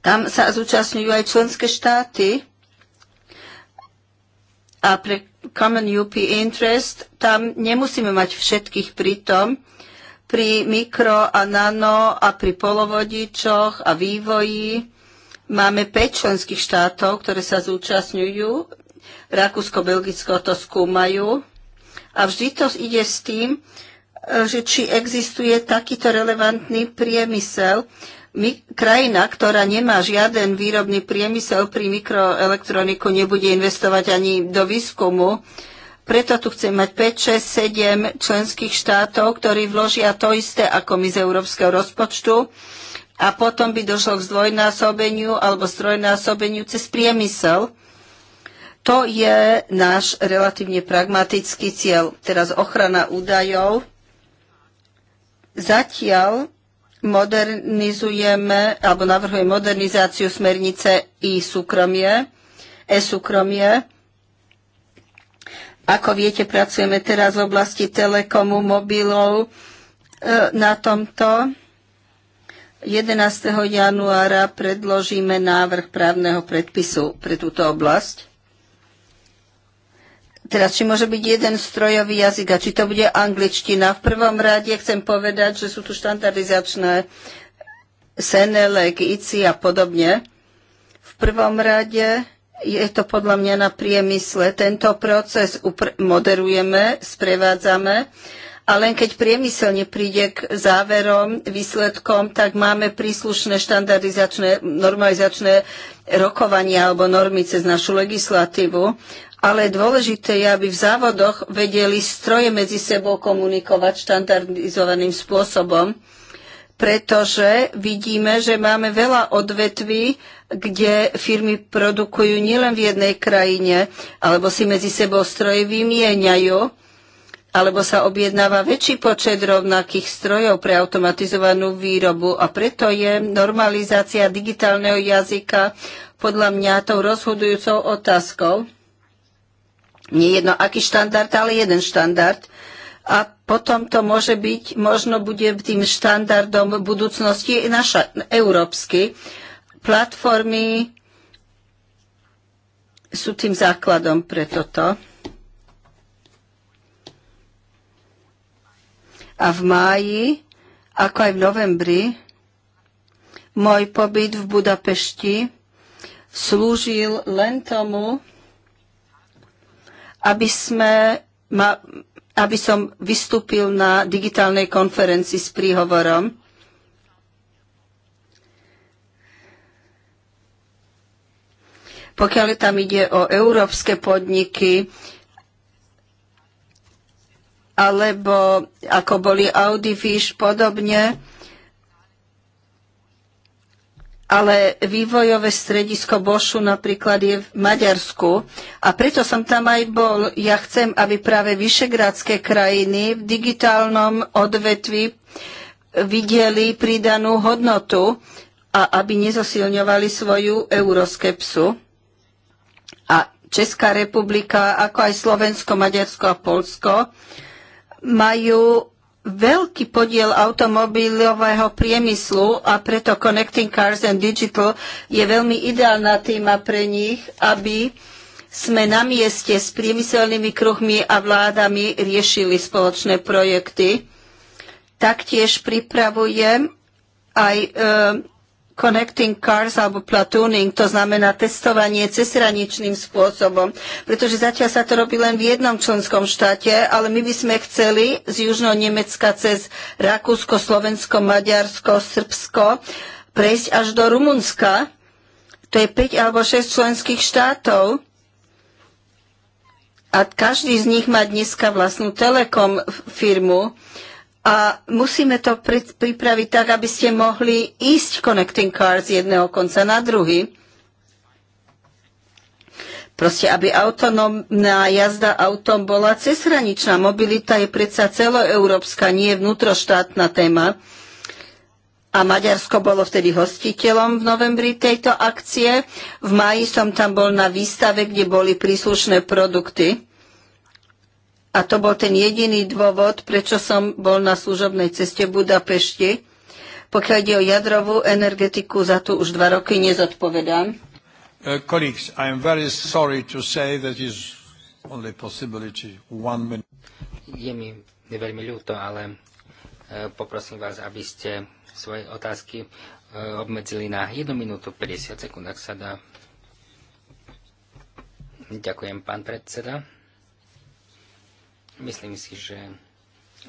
tam sa zúčastňujú aj členské štáty a pre Common UP Interest tam nemusíme mať všetkých pritom, pri mikro a nano a pri polovodičoch a vývoji máme 5 členských štátov, ktoré sa zúčastňujú Rakúsko, Belgicko to skúmajú. A vždy to ide s tým, e, že či existuje takýto relevantný priemysel. My, krajina, ktorá nemá žiaden výrobný priemysel pri mikroelektroniku, nebude investovať ani do výskumu. Preto tu chcem mať 5, 6, 7 členských štátov, ktorí vložia to isté ako my z európskeho rozpočtu a potom by došlo k zdvojnásobeniu alebo strojnásobeniu cez priemysel. To je náš relatívne pragmatický cieľ. Teraz ochrana údajov. Zatiaľ modernizujeme alebo navrhuje modernizáciu smernice i súkromie, e-súkromie. Ako viete, pracujeme teraz v oblasti telekomu, mobilov e, na tomto. 11. januára predložíme návrh právneho predpisu pre túto oblasť. Teraz, či môže byť jeden strojový jazyk a či to bude angličtina. V prvom rade chcem povedať, že sú tu štandardizačné Senelek, ICI a podobne. V prvom rade je to podľa mňa na priemysle. Tento proces moderujeme, sprevádzame a len keď priemysel nepríde k záverom, výsledkom, tak máme príslušné štandardizačné, normalizačné rokovania alebo normy cez našu legislatívu ale dôležité je, aby v závodoch vedeli stroje medzi sebou komunikovať štandardizovaným spôsobom, pretože vidíme, že máme veľa odvetví, kde firmy produkujú nielen v jednej krajine, alebo si medzi sebou stroje vymieňajú, alebo sa objednáva väčší počet rovnakých strojov pre automatizovanú výrobu a preto je normalizácia digitálneho jazyka podľa mňa tou rozhodujúcou otázkou nie jedno aký štandard, ale jeden štandard. A potom to môže byť, možno bude tým štandardom budúcnosti naša, európsky. Platformy sú tým základom pre toto. A v máji, ako aj v novembri, môj pobyt v Budapešti slúžil len tomu, aby, sme, ma, aby som vystúpil na digitálnej konferencii s príhovorom. Pokiaľ tam ide o európske podniky, alebo ako boli Audifish podobne, ale vývojové stredisko Bošu napríklad je v Maďarsku a preto som tam aj bol. Ja chcem, aby práve vyšegrádske krajiny v digitálnom odvetvi videli pridanú hodnotu a aby nezosilňovali svoju euroskepsu. A Česká republika, ako aj Slovensko, Maďarsko a Polsko majú veľký podiel automobilového priemyslu a preto Connecting Cars and Digital je veľmi ideálna téma pre nich, aby sme na mieste s priemyselnými kruhmi a vládami riešili spoločné projekty. Taktiež pripravujem aj e, connecting cars alebo platooning, to znamená testovanie cezhraničným spôsobom, pretože zatiaľ sa to robí len v jednom členskom štáte, ale my by sme chceli z Južného Nemecka cez Rakúsko, Slovensko, Maďarsko, Srbsko prejsť až do Rumunska. To je 5 alebo 6 členských štátov. A každý z nich má dneska vlastnú telekom firmu a musíme to pripraviť tak, aby ste mohli ísť connecting car z jedného konca na druhý. Proste, aby autonómna jazda autom bola cezhraničná. Mobilita je predsa celoeurópska, nie vnútroštátna téma. A Maďarsko bolo vtedy hostiteľom v novembri tejto akcie. V máji som tam bol na výstave, kde boli príslušné produkty. A to bol ten jediný dôvod, prečo som bol na služobnej ceste v Budapešti. Pokiaľ ide o jadrovú energetiku, za tu už dva roky nezodpovedám. Uh, Je mi veľmi ľúto, ale uh, poprosím vás, aby ste svoje otázky uh, obmedzili na 1 minútu 50 sekúnd, ak sa dá. Ďakujem, pán predseda. Myslím si, že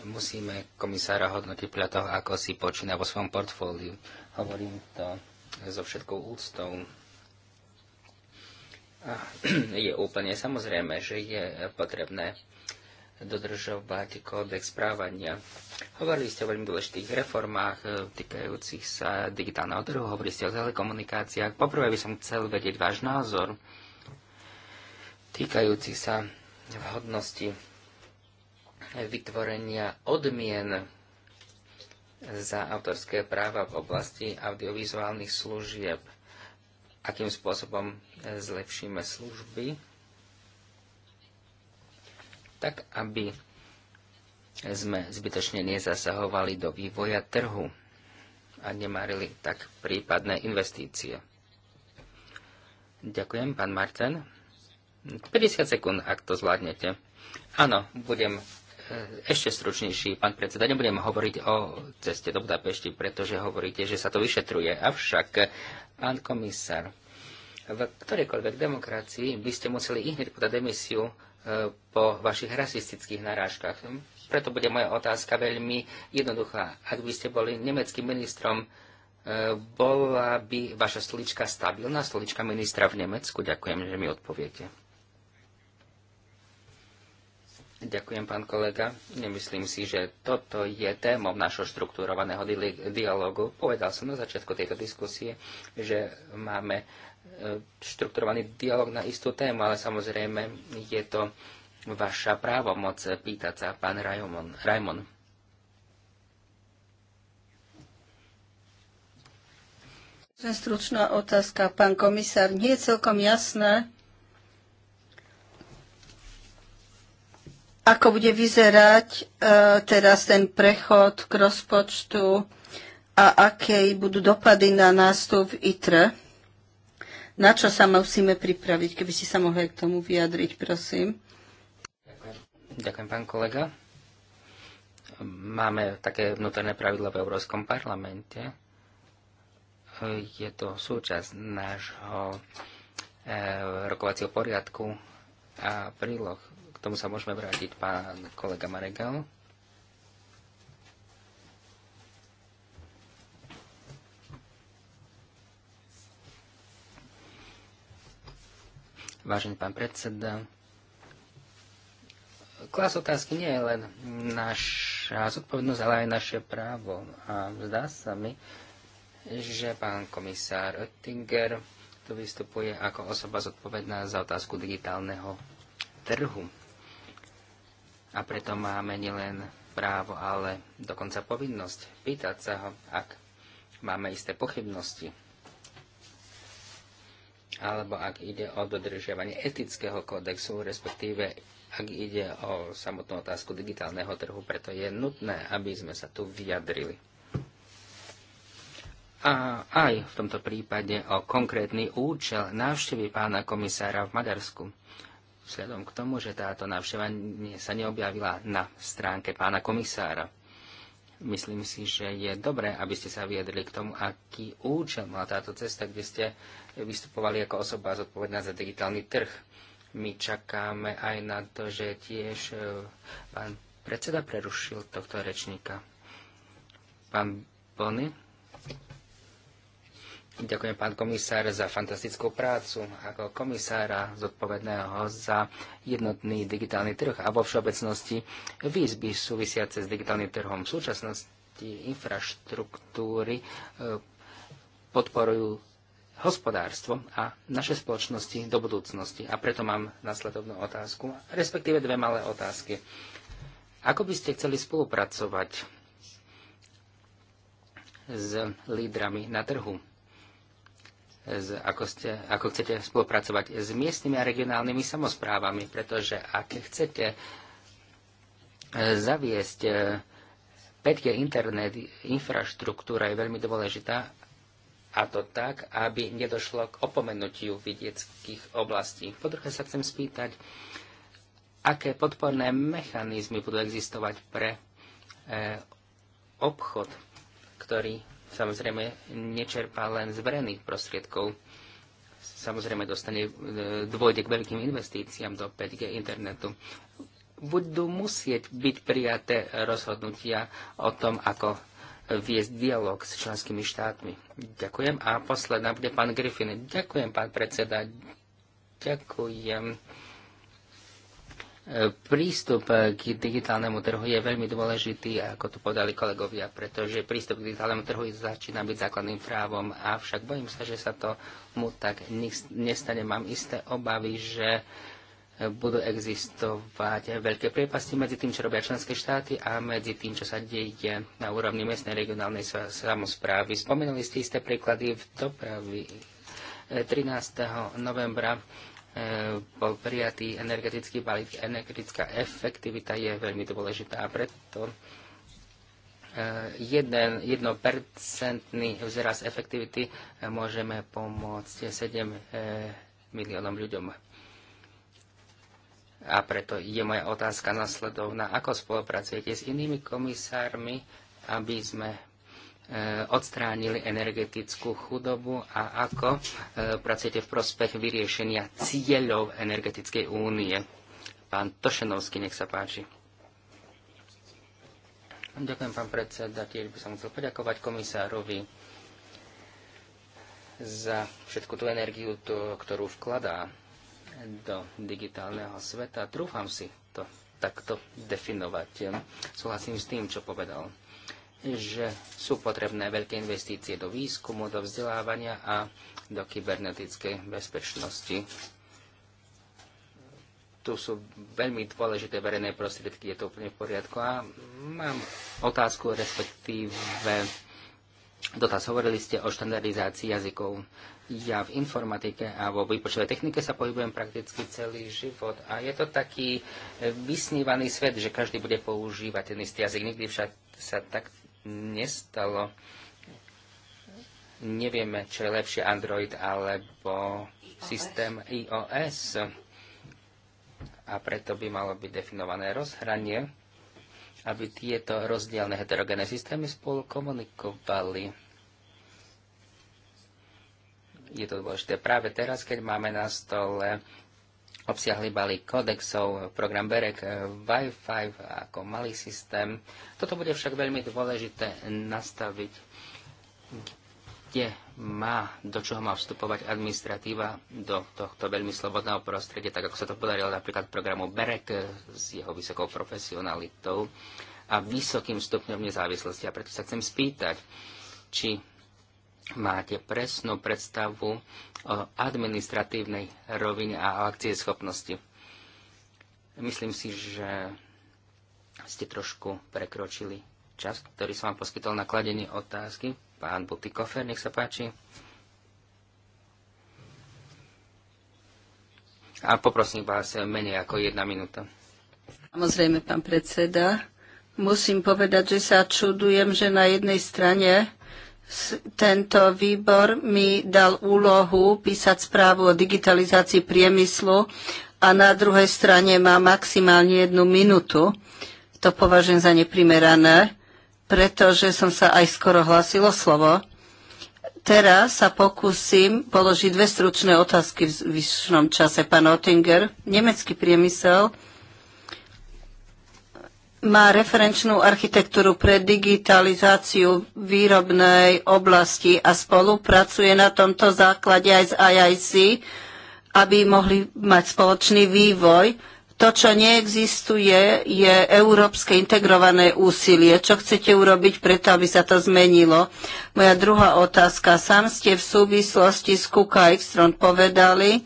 musíme komisára hodnotiť podľa toho, ako si počína vo svojom portfóliu. Hovorím to so všetkou úctou. A je úplne samozrejme, že je potrebné dodržovať kódex správania. Hovorili ste o veľmi dôležitých reformách e, týkajúcich sa digitálneho trhu, hovorili ste o telekomunikáciách. Poprvé by som chcel vedieť váš názor týkajúci sa vhodnosti vytvorenia odmien za autorské práva v oblasti audiovizuálnych služieb, akým spôsobom zlepšíme služby, tak aby sme zbytočne nezasahovali do vývoja trhu a nemarili tak prípadné investície. Ďakujem, pán Martin. 50 sekúnd, ak to zvládnete. Áno, budem ešte stručnejší, pán predseda. Nebudem hovoriť o ceste do Budapešti, pretože hovoríte, že sa to vyšetruje. Avšak, pán komisár, v ktorejkoľvek demokracii by ste museli ihneď podať demisiu e, po vašich rasistických narážkach. Preto bude moja otázka veľmi jednoduchá. Ak by ste boli nemeckým ministrom, e, bola by vaša stolička stabilná, stolička ministra v Nemecku? Ďakujem, že mi odpoviete. Ďakujem, pán kolega. Nemyslím si, že toto je témom našho štruktúrovaného dialogu. Povedal som na začiatku tejto diskusie, že máme e, štrukturovaný dialog na istú tému, ale samozrejme je to vaša právomoc pýtať sa, pán Raimon. Raimon. Stručná otázka, pán komisár. Nie je celkom jasné, ako bude vyzerať e, teraz ten prechod k rozpočtu a aké budú dopady na nástup v ITRE. Na čo sa musíme pripraviť, keby ste sa mohli k tomu vyjadriť, prosím. Ďakujem, Ďakujem pán kolega. Máme také vnútorné pravidlo v Európskom parlamente. Je to súčasť nášho e, rokovacieho poriadku a príloh tomu sa môžeme vrátiť, pán kolega Maregal. Vážený pán predseda, klas otázky nie je len naša zodpovednosť, ale aj naše právo. A zdá sa mi, že pán komisár Oettinger tu vystupuje ako osoba zodpovedná za otázku digitálneho trhu. A preto máme nielen právo, ale dokonca povinnosť pýtať sa ho, ak máme isté pochybnosti. Alebo ak ide o dodržiavanie etického kódexu, respektíve ak ide o samotnú otázku digitálneho trhu, preto je nutné, aby sme sa tu vyjadrili. A aj v tomto prípade o konkrétny účel návštevy pána komisára v Maďarsku vzhľadom k tomu, že táto návšteva sa neobjavila na stránke pána komisára. Myslím si, že je dobré, aby ste sa vyjadrili k tomu, aký účel mala táto cesta, kde ste vystupovali ako osoba zodpovedná za digitálny trh. My čakáme aj na to, že tiež e, pán predseda prerušil tohto rečníka. Pán Bony? Ďakujem, pán komisár, za fantastickú prácu ako komisára zodpovedného za jednotný digitálny trh a vo všeobecnosti výzby súvisiace s digitálnym trhom v súčasnosti infraštruktúry e, podporujú hospodárstvo a naše spoločnosti do budúcnosti. A preto mám nasledovnú otázku, respektíve dve malé otázky. Ako by ste chceli spolupracovať s lídrami na trhu? ako, ste, ako chcete spolupracovať s miestnymi a regionálnymi samozprávami, pretože ak chcete e, zaviesť e, 5G internet, infraštruktúra je veľmi dôležitá a to tak, aby nedošlo k opomenutiu vidieckých oblastí. Po druhé sa chcem spýtať, aké podporné mechanizmy budú existovať pre e, obchod, ktorý samozrejme nečerpá len z verejných prostriedkov. Samozrejme dostane, e, dôjde k veľkým investíciám do 5G internetu. Budú musieť byť prijaté rozhodnutia o tom, ako viesť dialog s členskými štátmi. Ďakujem. A posledná bude pán Griffin. Ďakujem, pán predseda. Ďakujem Prístup k digitálnemu trhu je veľmi dôležitý, ako to podali kolegovia, pretože prístup k digitálnemu trhu začína byť základným právom, avšak bojím sa, že sa to mu tak nestane. Mám isté obavy, že budú existovať veľké priepasti medzi tým, čo robia členské štáty a medzi tým, čo sa deje na úrovni miestnej regionálnej samozprávy. Spomenuli ste isté príklady v dopravy 13. E, novembra E, bol prijatý energetický balík. Energetická efektivita je veľmi dôležitá a preto e, jeden, jednopercentný vzraz efektivity e, môžeme pomôcť 7 miliónom ľuďom. A preto je moja otázka nasledovná. Ako spolupracujete s inými komisármi, aby sme Eh, odstránili energetickú chudobu a ako eh, pracujete v prospech vyriešenia cieľov energetickej únie. Pán Tošenovský, nech sa páči. Ďakujem, pán predseda. Tiež by som chcel poďakovať komisárovi za všetku tú energiu, tú, ktorú vkladá do digitálneho sveta. Trúfam si to takto definovať. Súhlasím s tým, čo povedal že sú potrebné veľké investície do výskumu, do vzdelávania a do kybernetickej bezpečnosti. Tu sú veľmi dôležité verejné prostriedky, je to úplne v poriadku. A mám otázku, respektíve dotaz. Hovorili ste o štandardizácii jazykov. Ja v informatike a vo výpočtovej technike sa pohybujem prakticky celý život. A je to taký vysnívaný svet, že každý bude používať ten istý jazyk. Nikdy však sa tak nestalo. Nevieme, čo je lepšie Android alebo iOS. systém iOS. A preto by malo byť definované rozhranie, aby tieto rozdielne heterogénne systémy spolu komunikovali. Je to dôležité práve teraz, keď máme na stole obsiahli balík kodexov, program BEREK, eh, Wi-Fi ako malý systém. Toto bude však veľmi dôležité nastaviť, kde má, do čoho má vstupovať administratíva do tohto veľmi slobodného prostredia, tak ako sa to podarilo napríklad programu BEREK eh, s jeho vysokou profesionalitou a vysokým stupňom nezávislosti. A preto sa chcem spýtať, či máte presnú predstavu o administratívnej rovine a o schopnosti. Myslím si, že ste trošku prekročili čas, ktorý som vám poskytol na kladenie otázky. Pán Butikofer, nech sa páči. A poprosím vás menej ako jedna minúta. Samozrejme, pán predseda, musím povedať, že sa čudujem, že na jednej strane tento výbor mi dal úlohu písať správu o digitalizácii priemyslu a na druhej strane má maximálne jednu minútu. To považujem za neprimerané, pretože som sa aj skoro hlásilo slovo. Teraz sa pokúsim položiť dve stručné otázky v zvyšnom čase. Pán Ottinger, nemecký priemysel má referenčnú architektúru pre digitalizáciu výrobnej oblasti a spolupracuje na tomto základe aj s IIC, aby mohli mať spoločný vývoj. To, čo neexistuje, je európske integrované úsilie. Čo chcete urobiť preto, aby sa to zmenilo? Moja druhá otázka. Sám ste v súvislosti s Kuka Extron povedali,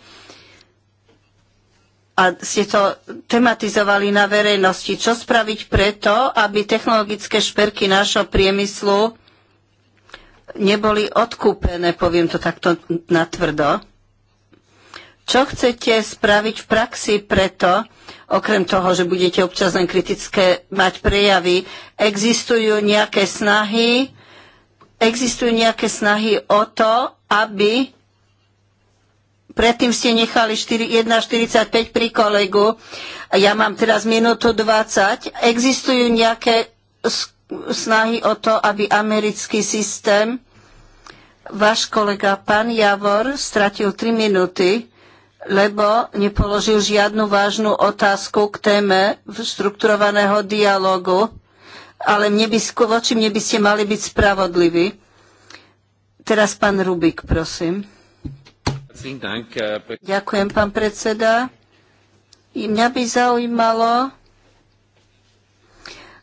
a ste to tematizovali na verejnosti. Čo spraviť preto, aby technologické šperky nášho priemyslu neboli odkúpené, poviem to takto natvrdo? Čo chcete spraviť v praxi preto, okrem toho, že budete občas len kritické mať prejavy, existujú nejaké snahy, existujú nejaké snahy o to, aby Predtým ste nechali 1,45 pri kolegu. Ja mám teraz minútu 20. Existujú nejaké snahy o to, aby americký systém váš kolega pán Javor stratil 3 minúty, lebo nepoložil žiadnu vážnu otázku k téme štrukturovaného dialogu, ale mne by, voči mne by ste mali byť spravodliví. Teraz pán Rubik, prosím. Äh, Ďakujem, pán predseda. Mňa by zaujímalo,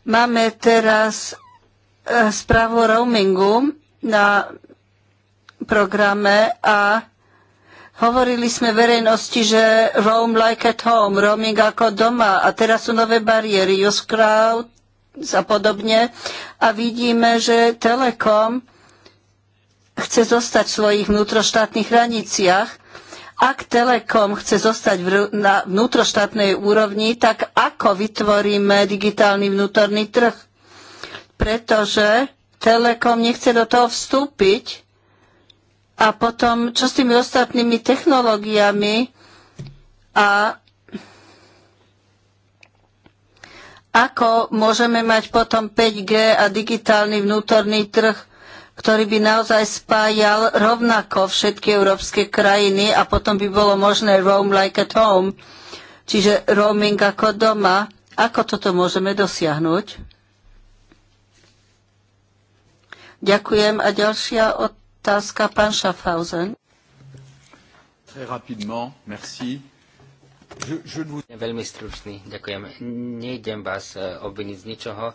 máme teraz e, správu roamingu na programe a hovorili sme verejnosti, že roam like at home, roaming ako doma a teraz sú nové bariéry, use crowd a podobne a vidíme, že Telekom chce zostať v svojich vnútroštátnych hraniciach. Ak Telekom chce zostať na vnútroštátnej úrovni, tak ako vytvoríme digitálny vnútorný trh? Pretože Telekom nechce do toho vstúpiť a potom čo s tými ostatnými technológiami a ako môžeme mať potom 5G a digitálny vnútorný trh ktorý by naozaj spájal rovnako všetky európske krajiny a potom by bolo možné roam like at home, čiže roaming ako doma. Ako toto môžeme dosiahnuť? Ďakujem. A ďalšia otázka, pán Schaffhausen. Très rapidement, merci. Je, je... Veľmi stručný, ďakujem. Nejdem vás eh, obviniť z ničoho.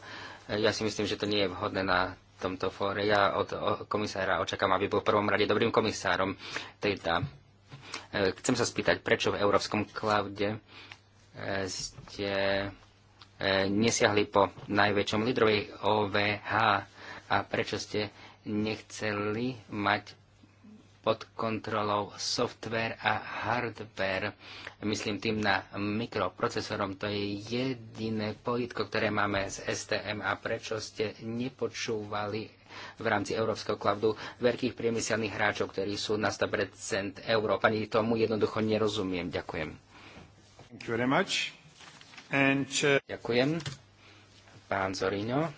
Eh, ja si myslím, že to nie je vhodné na tomto fóre. Ja od komisára očakám, aby bol v prvom rade dobrým komisárom. Teda, chcem sa spýtať, prečo v Európskom klaude e, ste e, nesiahli po najväčšom lídrovi OVH a prečo ste nechceli mať pod kontrolou software a hardware. Myslím tým na mikroprocesorom. To je jediné pojitko, ktoré máme z STM. A prečo ste nepočúvali v rámci Európskeho kladu veľkých priemyselných hráčov, ktorí sú na 100% Pani, Tomu jednoducho nerozumiem. Ďakujem. Thank you very much. And, uh... Ďakujem. Pán Zorino.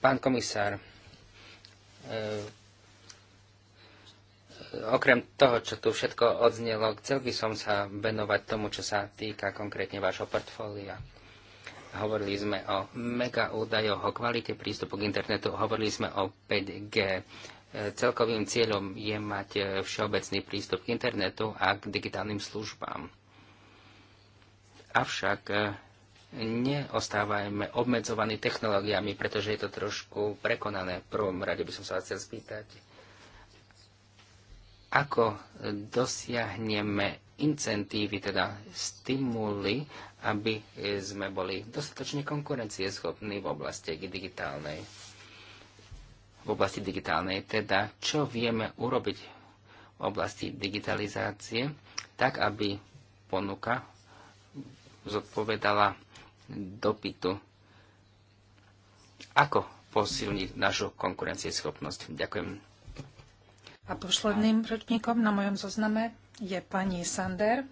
Pán komisár, e, okrem toho, čo tu všetko odznelo, chcel by som sa venovať tomu, čo sa týka konkrétne vášho portfólia. Hovorili sme o mega údajoch, o kvalite prístupu k internetu, hovorili sme o 5G. E, celkovým cieľom je mať e, všeobecný prístup k internetu a k digitálnym službám. Avšak neostávajme obmedzovaní technológiami, pretože je to trošku prekonané. V prvom rade by som sa vás chcel spýtať, ako dosiahneme incentívy, teda stimuly, aby sme boli dostatočne konkurencieschopní v oblasti digitálnej. V oblasti digitálnej, teda čo vieme urobiť v oblasti digitalizácie, tak aby ponuka zodpovedala dopytu. Ako posilniť našu konkurencieschopnosť? Ďakujem. A posledným ročníkom na mojom zozname je pani Sander.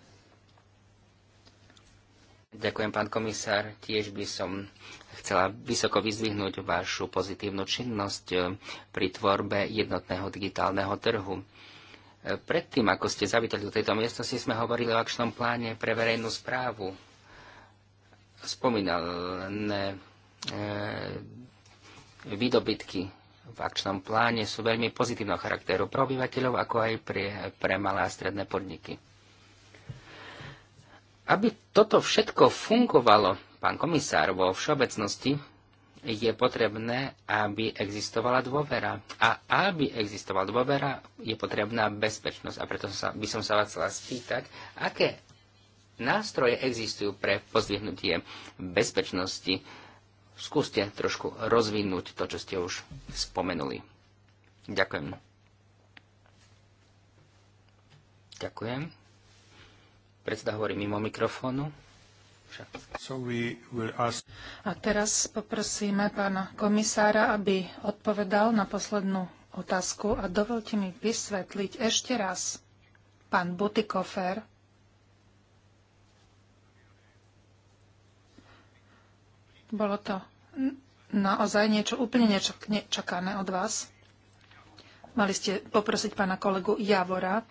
Ďakujem, pán komisár. Tiež by som chcela vysoko vyzvihnúť vašu pozitívnu činnosť eh, pri tvorbe jednotného digitálneho trhu. Eh, predtým, ako ste zavítali do tejto miestnosti, sme hovorili o akčnom pláne pre verejnú správu spomínané eh, výdobytky v akčnom pláne sú veľmi pozitívneho charakteru pre obyvateľov, ako aj pre, pre malé a stredné podniky. Aby toto všetko fungovalo, pán komisár, vo všeobecnosti je potrebné, aby existovala dôvera. A aby existovala dôvera, je potrebná bezpečnosť. A preto sa, by som sa vás chcela spýtať, aké nástroje existujú pre pozdvihnutie bezpečnosti. Skúste trošku rozvinúť to, čo ste už spomenuli. Ďakujem. Ďakujem. Predseda hovorí mimo mikrofónu. So ask... A teraz poprosíme pána komisára, aby odpovedal na poslednú otázku a dovolte mi vysvetliť ešte raz, pán Butikofer, Bolo to naozaj niečo úplne nečakané od vás. Mali ste poprosiť pána kolegu Javora,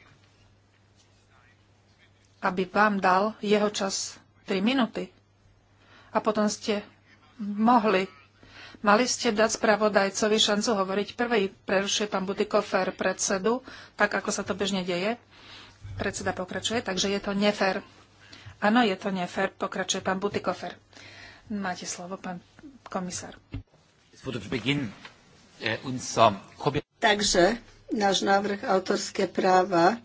aby vám dal jeho čas 3 minúty. A potom ste mohli. Mali ste dať spravodajcovi šancu hovoriť prvý, prerušuje pán Butikofer predsedu, tak ako sa to bežne deje. Predseda pokračuje, takže je to nefér. Áno, je to nefér, pokračuje pán Butikofer. Máte slovo, pán komisár. Äh, Takže náš návrh autorské práva,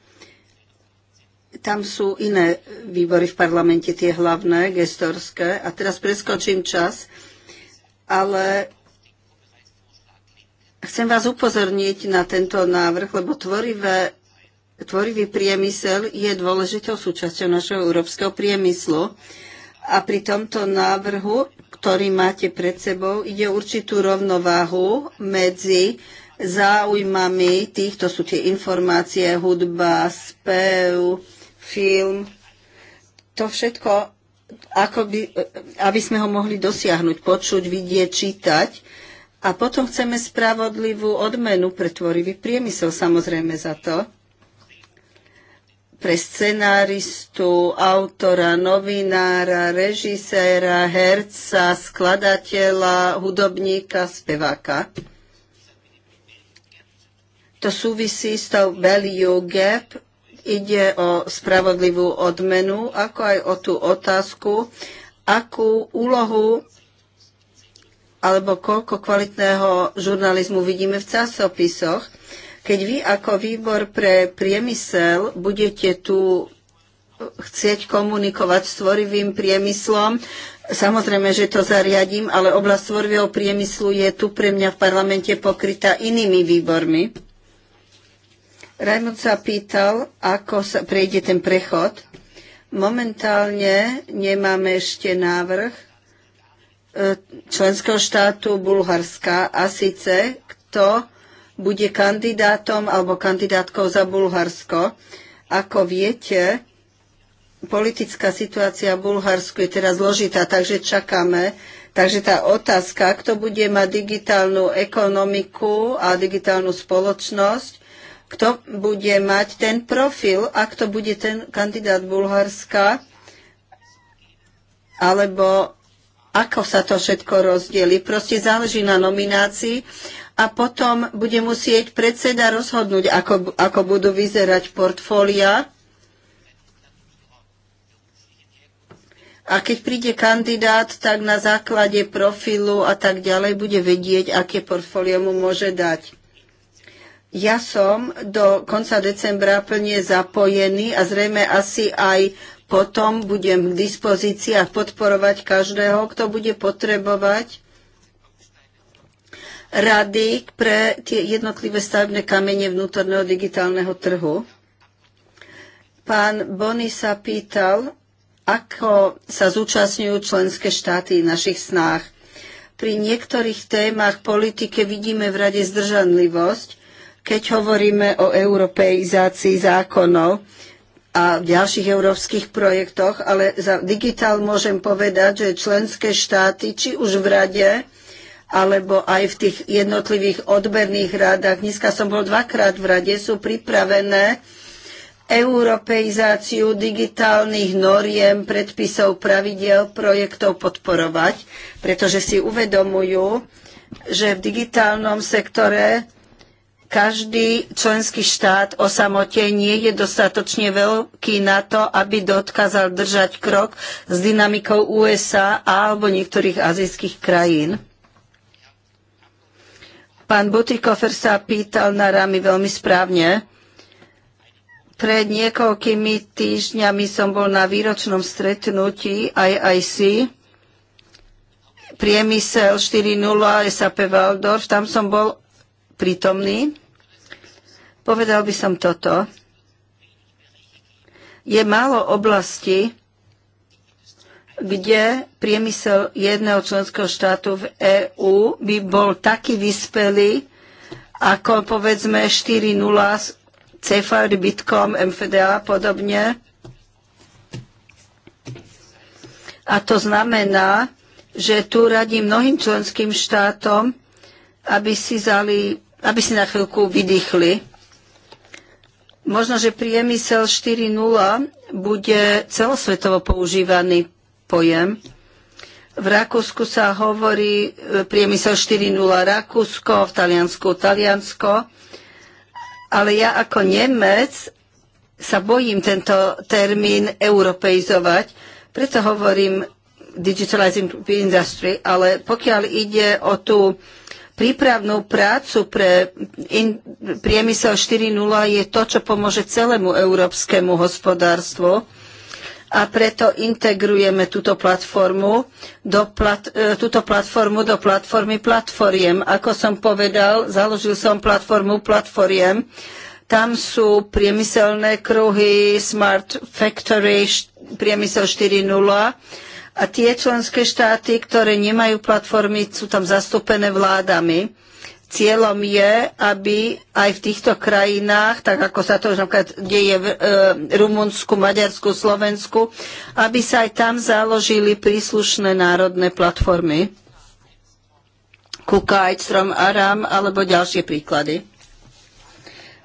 tam sú iné výbory v parlamente, tie hlavné, gestorské. A teraz preskočím čas, ale chcem vás upozorniť na tento návrh, lebo tvorivé Tvorivý priemysel je dôležitou súčasťou našeho európskeho priemyslu a pri tomto návrhu, ktorý máte pred sebou, ide určitú rovnováhu medzi záujmami tých, to sú tie informácie, hudba, spev, film, to všetko, ako by, aby sme ho mohli dosiahnuť, počuť, vidieť, čítať. A potom chceme spravodlivú odmenu pre tvorivý priemysel samozrejme za to pre scenáristu, autora, novinára, režiséra, herca, skladateľa, hudobníka, speváka. To súvisí s tou value gap, ide o spravodlivú odmenu, ako aj o tú otázku, akú úlohu alebo koľko kvalitného žurnalizmu vidíme v časopisoch. Keď vy ako výbor pre priemysel budete tu eh, chcieť komunikovať s tvorivým priemyslom, Samozrejme, že to zariadím, ale oblasť tvorivého priemyslu je tu pre mňa v parlamente pokrytá inými výbormi. Raimund sa pýtal, ako sa prejde ten prechod. Momentálne nemáme ešte návrh eh, členského štátu Bulharska a síce kto bude kandidátom alebo kandidátkou za Bulharsko. Ako viete, politická situácia v Bulharsku je teraz zložitá, takže čakáme. Takže tá otázka, kto bude mať digitálnu ekonomiku a digitálnu spoločnosť, kto bude mať ten profil, ak to bude ten kandidát Bulharska, alebo ako sa to všetko rozdeli. Proste záleží na nominácii a potom bude musieť predseda rozhodnúť, ako, ako budú vyzerať portfólia. A keď príde kandidát, tak na základe profilu a tak ďalej bude vedieť, aké portfólio mu môže dať. Ja som do konca decembra plne zapojený a zrejme asi aj potom budem k dispozícii a podporovať každého, kto bude potrebovať rady pre tie jednotlivé stavebné kamene vnútorného digitálneho trhu. Pán Bony sa pýtal, ako sa zúčastňujú členské štáty v našich snách. Pri niektorých témach politike vidíme v rade zdržanlivosť, keď hovoríme o europeizácii zákonov a v ďalších európskych projektoch, ale za digitál môžem povedať, že členské štáty, či už v rade, alebo aj v tých jednotlivých odberných radách. Dneska som bol dvakrát v rade, sú pripravené europeizáciu digitálnych noriem, predpisov, pravidel, projektov podporovať, pretože si uvedomujú, že v digitálnom sektore každý členský štát o samote nie je dostatočne veľký na to, aby dokázal držať krok s dynamikou USA alebo niektorých azijských krajín. Pán Butikofer sa pýtal na rámy veľmi správne. Pred niekoľkými týždňami som bol na výročnom stretnutí IIC, priemysel 4.0 SAP Waldorf, tam som bol prítomný. Povedal by som toto. Je málo oblasti, kde priemysel jedného členského štátu v EÚ by bol taký vyspelý, ako povedzme 4.0 CFR, Cefar, Bitkom, MFDA a podobne. A to znamená, že tu radím mnohým členským štátom, aby si, zali, aby si na chvíľku vydýchli. Možno, že priemysel 4.0 bude celosvetovo používaný pojem. V Rakúsku sa hovorí e, priemysel 4.0 Rakúsko, v Taliansku Taliansko, ale ja ako Nemec sa bojím tento termín europeizovať, preto hovorím digitalizing industry, ale pokiaľ ide o tú prípravnú prácu pre in, priemysel 4.0 je to, čo pomôže celému európskemu hospodárstvu a preto integrujeme túto platformu do, plat, e, túto platformu do platformy platformiem. Ako som povedal, založil som platformu platforiem, Tam sú priemyselné kruhy, Smart Factory, priemysel 4.0 a tie členské štáty, ktoré nemajú platformy, sú tam zastúpené vládami. Cieľom je, aby aj v týchto krajinách, tak ako sa to už napríklad deje v e, Rumunsku, Maďarsku, Slovensku, aby sa aj tam založili príslušné národné platformy. Kukajt, Strom Aram alebo ďalšie príklady.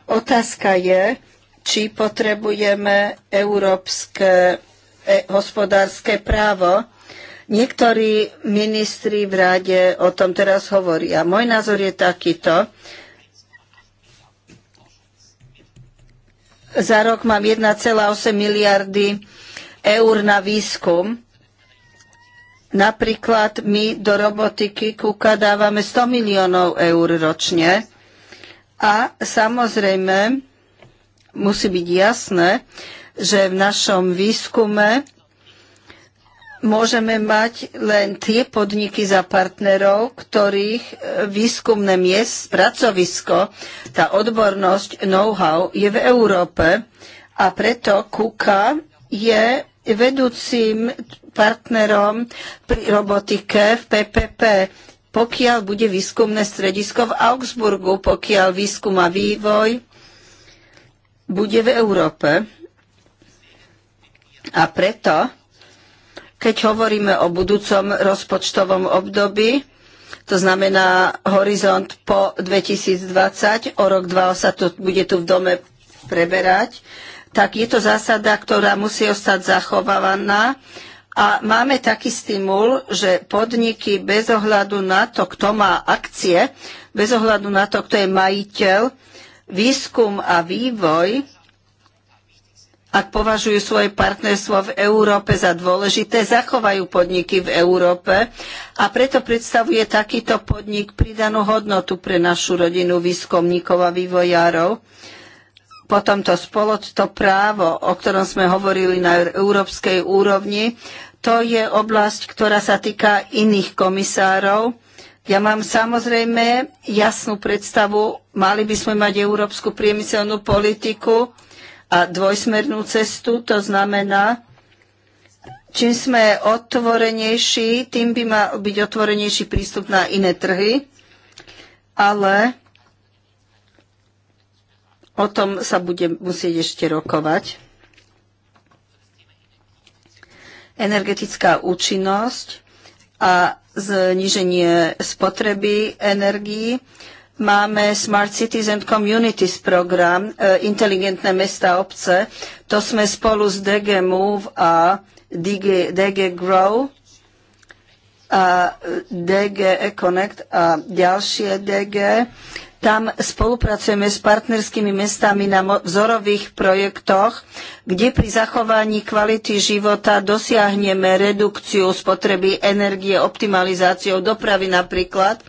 Otázka je, či potrebujeme európske e, hospodárske právo, Niektorí ministri v rade o tom teraz hovoria. Môj názor je takýto. Za rok mám 1,8 miliardy eur na výskum. Napríklad my do robotiky KUKA dávame 100 miliónov eur ročne. A samozrejme musí byť jasné, že v našom výskume môžeme mať len tie podniky za partnerov, ktorých e, výskumné miest, pracovisko, tá odbornosť, know-how je v Európe a preto KUKA je vedúcim partnerom pri robotike v PPP pokiaľ bude výskumné stredisko v Augsburgu, pokiaľ výskum a vývoj bude v Európe. A preto keď hovoríme o budúcom rozpočtovom období, to znamená horizont po 2020, o rok 2020 sa to bude tu v dome preberať, tak je to zásada, ktorá musí ostať zachovávaná. A máme taký stimul, že podniky bez ohľadu na to, kto má akcie, bez ohľadu na to, kto je majiteľ, výskum a vývoj ak považujú svoje partnerstvo v Európe za dôležité, zachovajú podniky v Európe a preto predstavuje takýto podnik pridanú hodnotu pre našu rodinu výskumníkov a vývojárov. Potom to spolo, to právo, o ktorom sme hovorili na európskej úrovni, to je oblasť, ktorá sa týka iných komisárov. Ja mám samozrejme jasnú predstavu, mali by sme mať európsku priemyselnú politiku, a dvojsmernú cestu. To znamená, čím sme otvorenejší, tým by mal byť otvorenejší prístup na iné trhy, ale o tom sa bude musieť ešte rokovať. Energetická účinnosť a zníženie spotreby energií. Máme Smart Cities and Communities program, e, inteligentné mesta a obce. To sme spolu s DG Move a DG, DG Grow a e, DG Econnect a ďalšie DG. Tam spolupracujeme s partnerskými mestami na vzorových projektoch, kde pri zachovaní kvality života dosiahneme redukciu spotreby energie optimalizáciou dopravy napríklad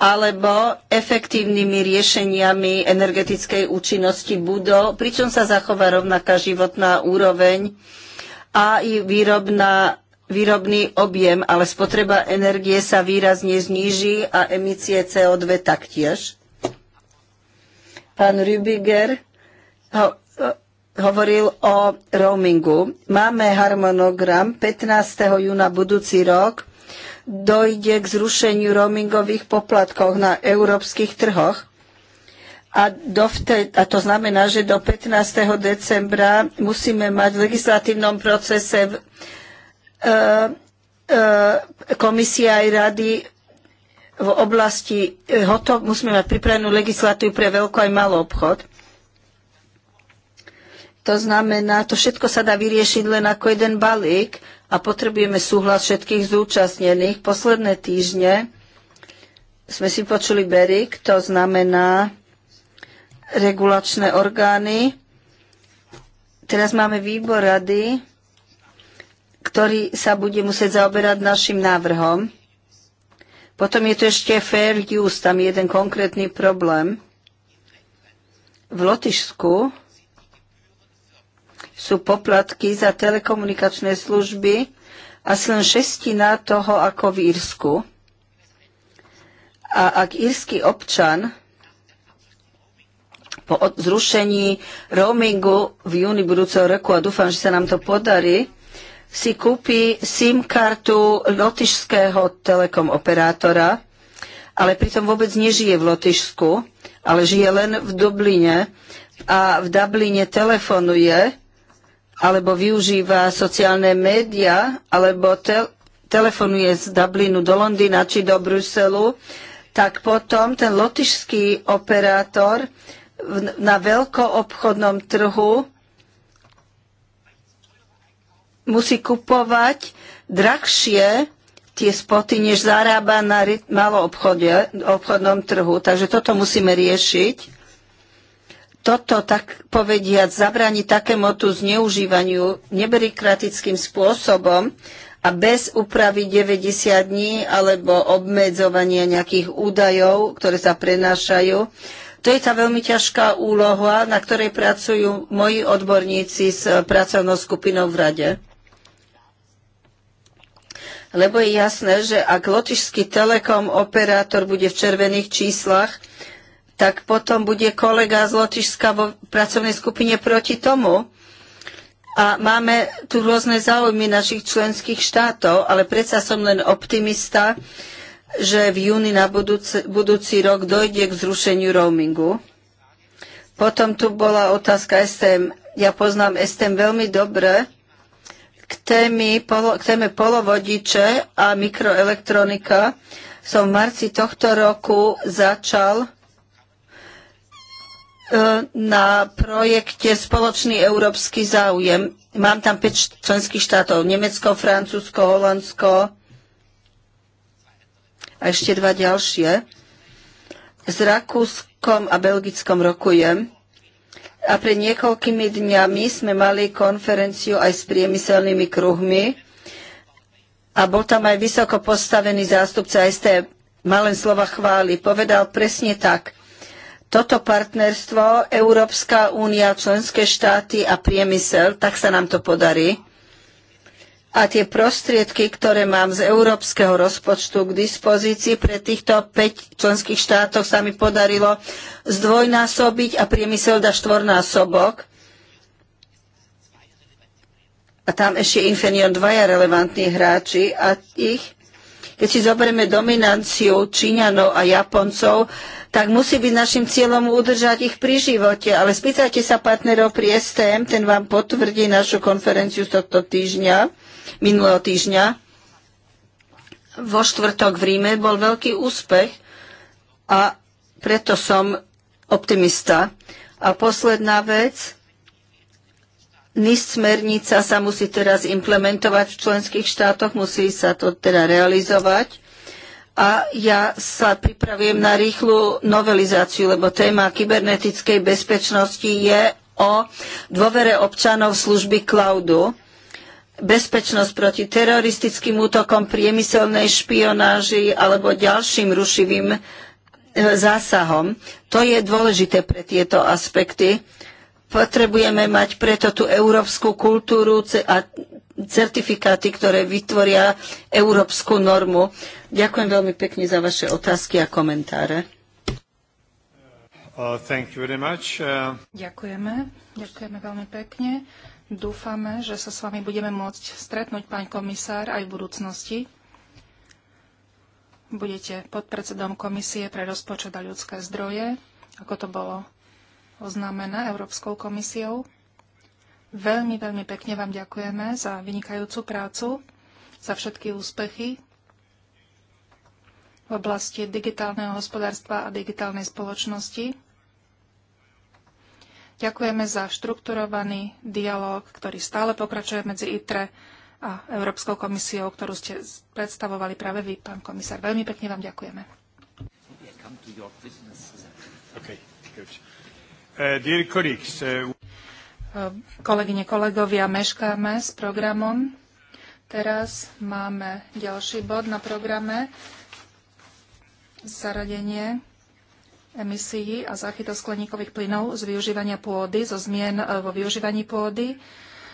alebo efektívnymi riešeniami energetickej účinnosti budov, pričom sa zachová rovnaká životná úroveň a i výrobná, výrobný objem, ale spotreba energie sa výrazne zníži a emisie CO2 taktiež. Pán Rübiger ho, hovoril o roamingu. Máme harmonogram 15. júna budúci rok dojde k zrušeniu roamingových poplatkov na európskych trhoch. A, dovte, a to znamená, že do 15. decembra musíme mať v legislatívnom procese v, e, e, komisia aj rady v oblasti e, hotov, musíme mať pripravenú legislatívu pre veľký aj malý obchod. To znamená, to všetko sa dá vyriešiť len ako jeden balík a potrebujeme súhlas všetkých zúčastnených. Posledné týždne sme si počuli BERIC, to znamená regulačné orgány. Teraz máme výbor rady, ktorý sa bude musieť zaoberať našim návrhom. Potom je tu ešte fair use, tam je jeden konkrétny problém. V Lotyšsku sú poplatky za telekomunikačné služby asi len šestina toho ako v Írsku. A ak írsky občan po zrušení roamingu v júni budúceho roku, a dúfam, že sa nám to podarí, si kúpi SIM kartu lotyšského telekom operátora, ale pritom vôbec nežije v Lotyšsku, ale žije len v Dubline a v Dubline telefonuje alebo využíva sociálne médiá, alebo te- telefonuje z Dublinu do Londýna či do Bruselu, tak potom ten lotišský operátor na veľkoobchodnom trhu musí kupovať drahšie tie spoty, než zarába na maloobchodnom trhu. Takže toto musíme riešiť toto tak povediať zabráni takémuto zneužívaniu neberikratickým spôsobom a bez úpravy 90 dní alebo obmedzovania nejakých údajov, ktoré sa prenášajú. To je tá veľmi ťažká úloha, na ktorej pracujú moji odborníci s pracovnou skupinou v Rade. Lebo je jasné, že ak lotišský telekom operátor bude v červených číslach, tak potom bude kolega z Lotyšska vo pracovnej skupine proti tomu. A máme tu rôzne záujmy našich členských štátov, ale predsa som len optimista, že v júni na budúci, budúci rok dojde k zrušeniu roamingu. Potom tu bola otázka STM. Ja poznám STM veľmi dobre k, témy, polo, k téme polovodiče a mikroelektronika. Som v marci tohto roku začal E, na projekte Spoločný európsky záujem. Mám tam 5 členských štátov. Nemecko, Francúzsko, Holandsko a ešte dva ďalšie. S Rakúskom a Belgickom rokujem. A pred niekoľkými dňami sme mali konferenciu aj s priemyselnými kruhmi a bol tam aj vysoko postavený zástupca ST. Má slova chváli. Povedal presne tak – toto partnerstvo Európska únia, členské štáty a priemysel, tak sa nám to podarí. A tie prostriedky, ktoré mám z európskeho rozpočtu k dispozícii pre týchto 5 členských štátov sa mi podarilo zdvojnásobiť a priemysel dá štvornásobok. A tam ešte Infineon dvaja relevantní hráči a ich keď si zoberieme dominanciu Číňanov a Japoncov, tak musí byť našim cieľom udržať ich pri živote. Ale spýtajte sa partnerov pri STM, ten vám potvrdí našu konferenciu z tohto týždňa, minulého týždňa. Vo štvrtok v Ríme bol veľký úspech a preto som optimista. A posledná vec, NIS smernica sa musí teraz implementovať v členských štátoch, musí sa to teda realizovať. A ja sa pripravujem na rýchlu novelizáciu, lebo téma kybernetickej bezpečnosti je o dôvere občanov služby cloudu bezpečnosť proti teroristickým útokom, priemyselnej špionáži alebo ďalším rušivým e, zásahom. To je dôležité pre tieto aspekty. Potrebujeme mať preto tú európsku kultúru a certifikáty, ktoré vytvoria európsku normu. Ďakujem veľmi pekne za vaše otázky a komentáre. Uh, uh, Ďakujeme. Ďakujeme veľmi pekne. Dúfame, že sa s vami budeme môcť stretnúť, pán komisár, aj v budúcnosti. Budete podpredsedom Komisie pre rozpočet a ľudské zdroje, ako to bolo oznámené Európskou komisiou. Veľmi, veľmi pekne vám ďakujeme za vynikajúcu prácu, za všetky úspechy v oblasti digitálneho hospodárstva a digitálnej spoločnosti. Ďakujeme za štrukturovaný dialog, ktorý stále pokračuje medzi ITRE a Európskou komisiou, ktorú ste predstavovali práve vy, pán komisár. Veľmi pekne vám ďakujeme. Eh, eh, Kolegyne, kolegovia, meškáme s programom. Teraz máme ďalší bod na programe. Zaradenie emisií a záchyta skleníkových plynov z využívania pôdy, zo zmien eh, vo využívaní pôdy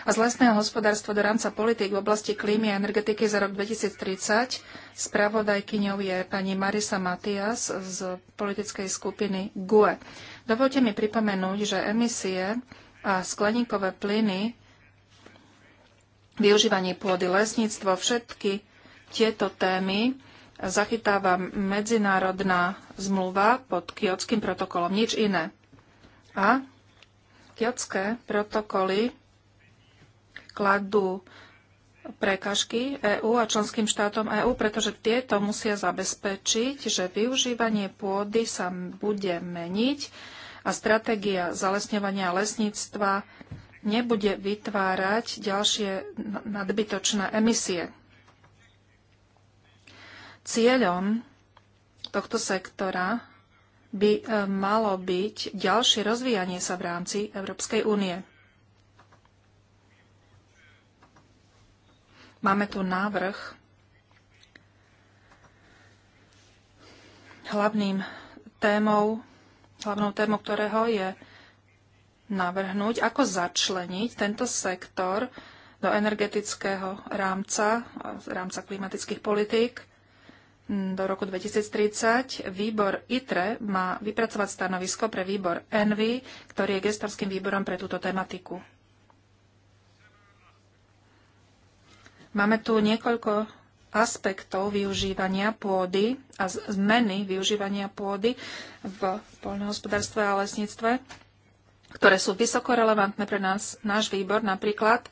a z lesného hospodárstva do rámca politik v oblasti klímy a energetiky za rok 2030. Spravodajkyňou je pani Marisa Matias z politickej skupiny GUE. Dovolte mi pripomenúť, že emisie a skleníkové plyny, využívanie pôdy, lesníctvo, všetky tieto témy zachytáva medzinárodná zmluva pod kiotským protokolom, nič iné. A kiotské protokoly kladú prekažky EÚ a členským štátom EÚ, pretože tieto musia zabezpečiť, že využívanie pôdy sa bude meniť a stratégia zalesňovania lesníctva nebude vytvárať ďalšie nadbytočné emisie. Cieľom tohto sektora by e, malo byť ďalšie rozvíjanie sa v rámci Európskej únie. Máme tu návrh. Hlavným témou hlavnou tému ktorého je navrhnúť, ako začleniť tento sektor do energetického rámca, rámca klimatických politík do roku 2030. Výbor ITRE má vypracovať stanovisko pre výbor ENVY, ktorý je gestorským výborom pre túto tematiku. Máme tu niekoľko aspektov využívania pôdy a zmeny využívania pôdy v poľnohospodárstve a lesníctve, ktoré sú vysoko relevantné pre nás, náš výbor, napríklad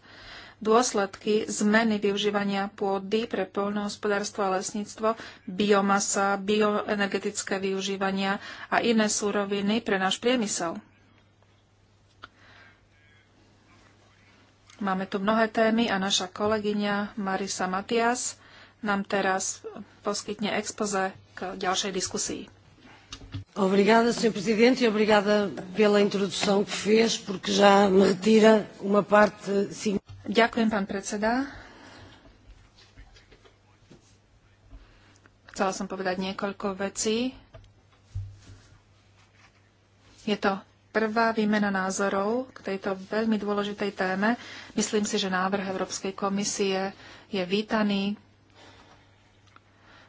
dôsledky zmeny využívania pôdy pre poľnohospodárstvo a lesníctvo, biomasa, bioenergetické využívania a iné súroviny pre náš priemysel. Máme tu mnohé témy a naša kolegyňa Marisa Matias nám teraz poskytne expoze k ďalšej diskusii. Obrigada, Sr. Presidente, e obrigada pela introdução que fez, porque já me retira uma parte... Ďakujem, pán predseda. Chcela som povedať niekoľko vecí. Je to prvá výmena názorov k tejto veľmi dôležitej téme. Myslím si, že návrh Európskej komisie je vítaný,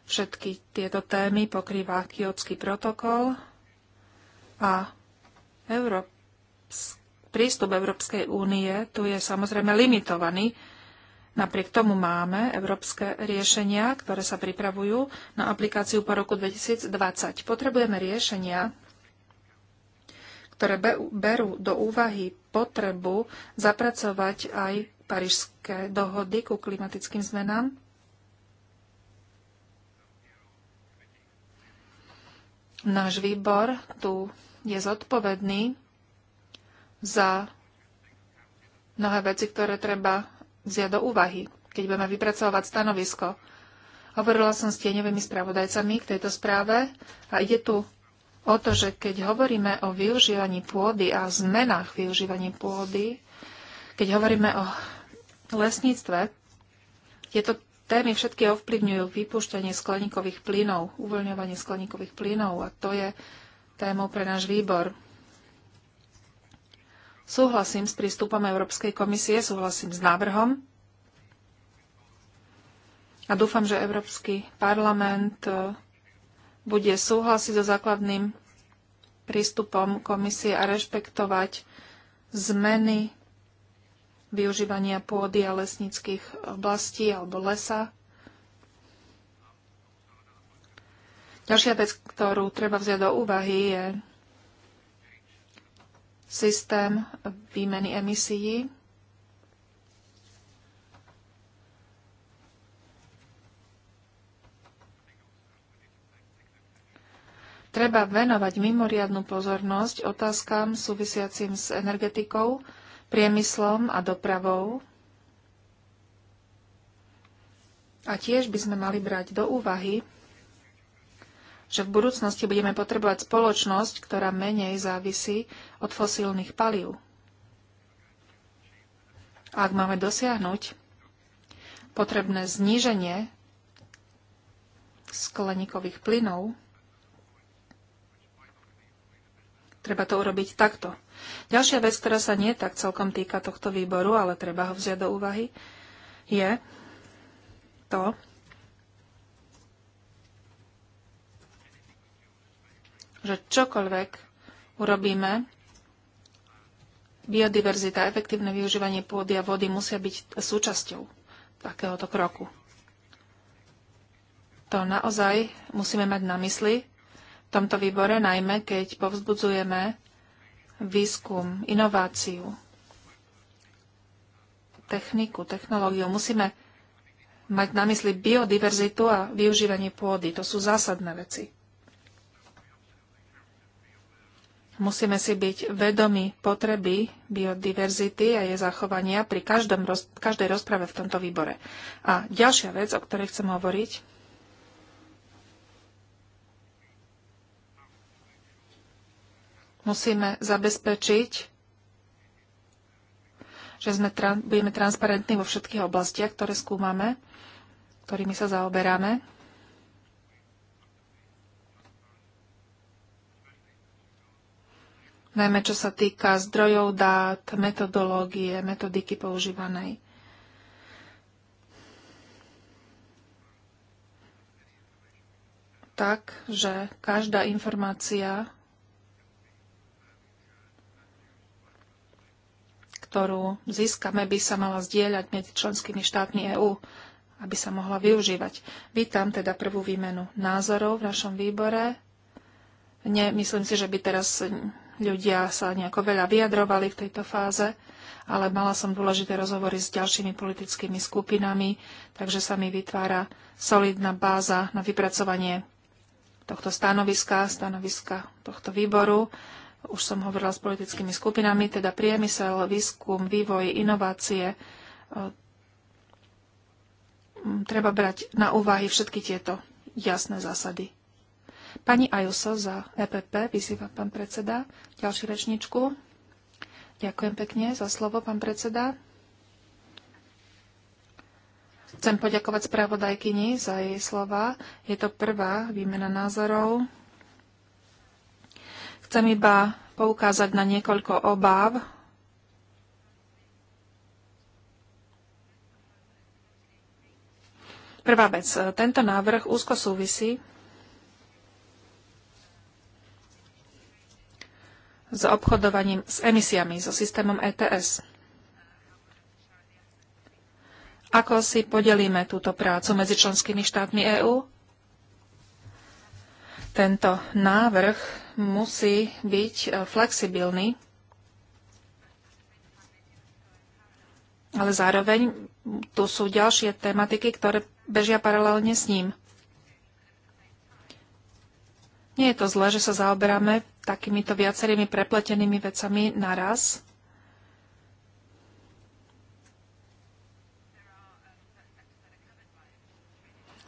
Všetky tieto témy pokrýva kiotský protokol a Európs- prístup Európskej únie tu je samozrejme limitovaný. Napriek tomu máme európske riešenia, ktoré sa pripravujú na aplikáciu po roku 2020. Potrebujeme riešenia, ktoré berú do úvahy potrebu zapracovať aj parížské dohody ku klimatickým zmenám Náš výbor tu je zodpovedný za mnohé veci, ktoré treba vziať do úvahy, keď budeme vypracovať stanovisko. Hovorila som s tieňovými spravodajcami k tejto správe a ide tu o to, že keď hovoríme o využívaní pôdy a zmenách využívaní pôdy, keď hovoríme o lesníctve, je to témy všetky ovplyvňujú vypúšťanie skleníkových plynov, uvoľňovanie skleníkových plynov a to je témou pre náš výbor. Súhlasím s prístupom Európskej komisie, súhlasím s návrhom a dúfam, že Európsky parlament e, bude súhlasiť so základným prístupom komisie a rešpektovať zmeny využívania pôdy a lesnických oblastí alebo lesa. Ďalšia vec, ktorú treba vziať do úvahy, je systém výmeny emisií. Treba venovať mimoriadnu pozornosť otázkam súvisiacim s energetikou, priemyslom a dopravou. A tiež by sme mali brať do úvahy, že v budúcnosti budeme potrebovať spoločnosť, ktorá menej závisí od fosílnych palív. Ak máme dosiahnuť potrebné zníženie skleníkových plynov, treba to urobiť takto. Ďalšia vec, ktorá sa nie tak celkom týka tohto výboru, ale treba ho vziať do úvahy, je to, že čokoľvek urobíme, biodiverzita, efektívne využívanie pôdy a vody musia byť súčasťou takéhoto kroku. To naozaj musíme mať na mysli v tomto výbore, najmä keď povzbudzujeme výskum, inováciu, techniku, technológiu. Musíme mať na mysli biodiverzitu a využívanie pôdy. To sú zásadné veci. Musíme si byť vedomi potreby biodiverzity a jej zachovania pri každom, každej rozprave v tomto výbore. A ďalšia vec, o ktorej chcem hovoriť, Musíme zabezpečiť, že sme, budeme transparentní vo všetkých oblastiach, ktoré skúmame, ktorými sa zaoberáme. najmä čo sa týka zdrojov dát, metodológie, metodiky používanej. Tak, že každá informácia ktorú získame, by sa mala zdieľať medzi členskými štátmi EÚ, aby sa mohla využívať. Vítam teda prvú výmenu názorov v našom výbore. Nie, myslím si, že by teraz ľudia sa nejako veľa vyjadrovali v tejto fáze, ale mala som dôležité rozhovory s ďalšími politickými skupinami, takže sa mi vytvára solidná báza na vypracovanie tohto stanoviska, stanoviska tohto výboru už som hovorila s politickými skupinami, teda priemysel, výskum, vývoj, inovácie. E, treba brať na úvahy všetky tieto jasné zásady. Pani Ajuso za EPP vyzýva pán predseda. Ďalšiu rečničku. Ďakujem pekne za slovo, pán predseda. Chcem poďakovať spravodajkyni za jej slova. Je to prvá výmena názorov Chcem iba poukázať na niekoľko obáv, Prvá vec. Tento návrh úzko súvisí s obchodovaním s emisiami, so systémom ETS. Ako si podelíme túto prácu medzi členskými štátmi EÚ? Tento návrh musí byť e, flexibilný, ale zároveň tu sú ďalšie tematiky, ktoré bežia paralelne s ním. Nie je to zle, že sa zaoberáme takýmito viacerými prepletenými vecami naraz.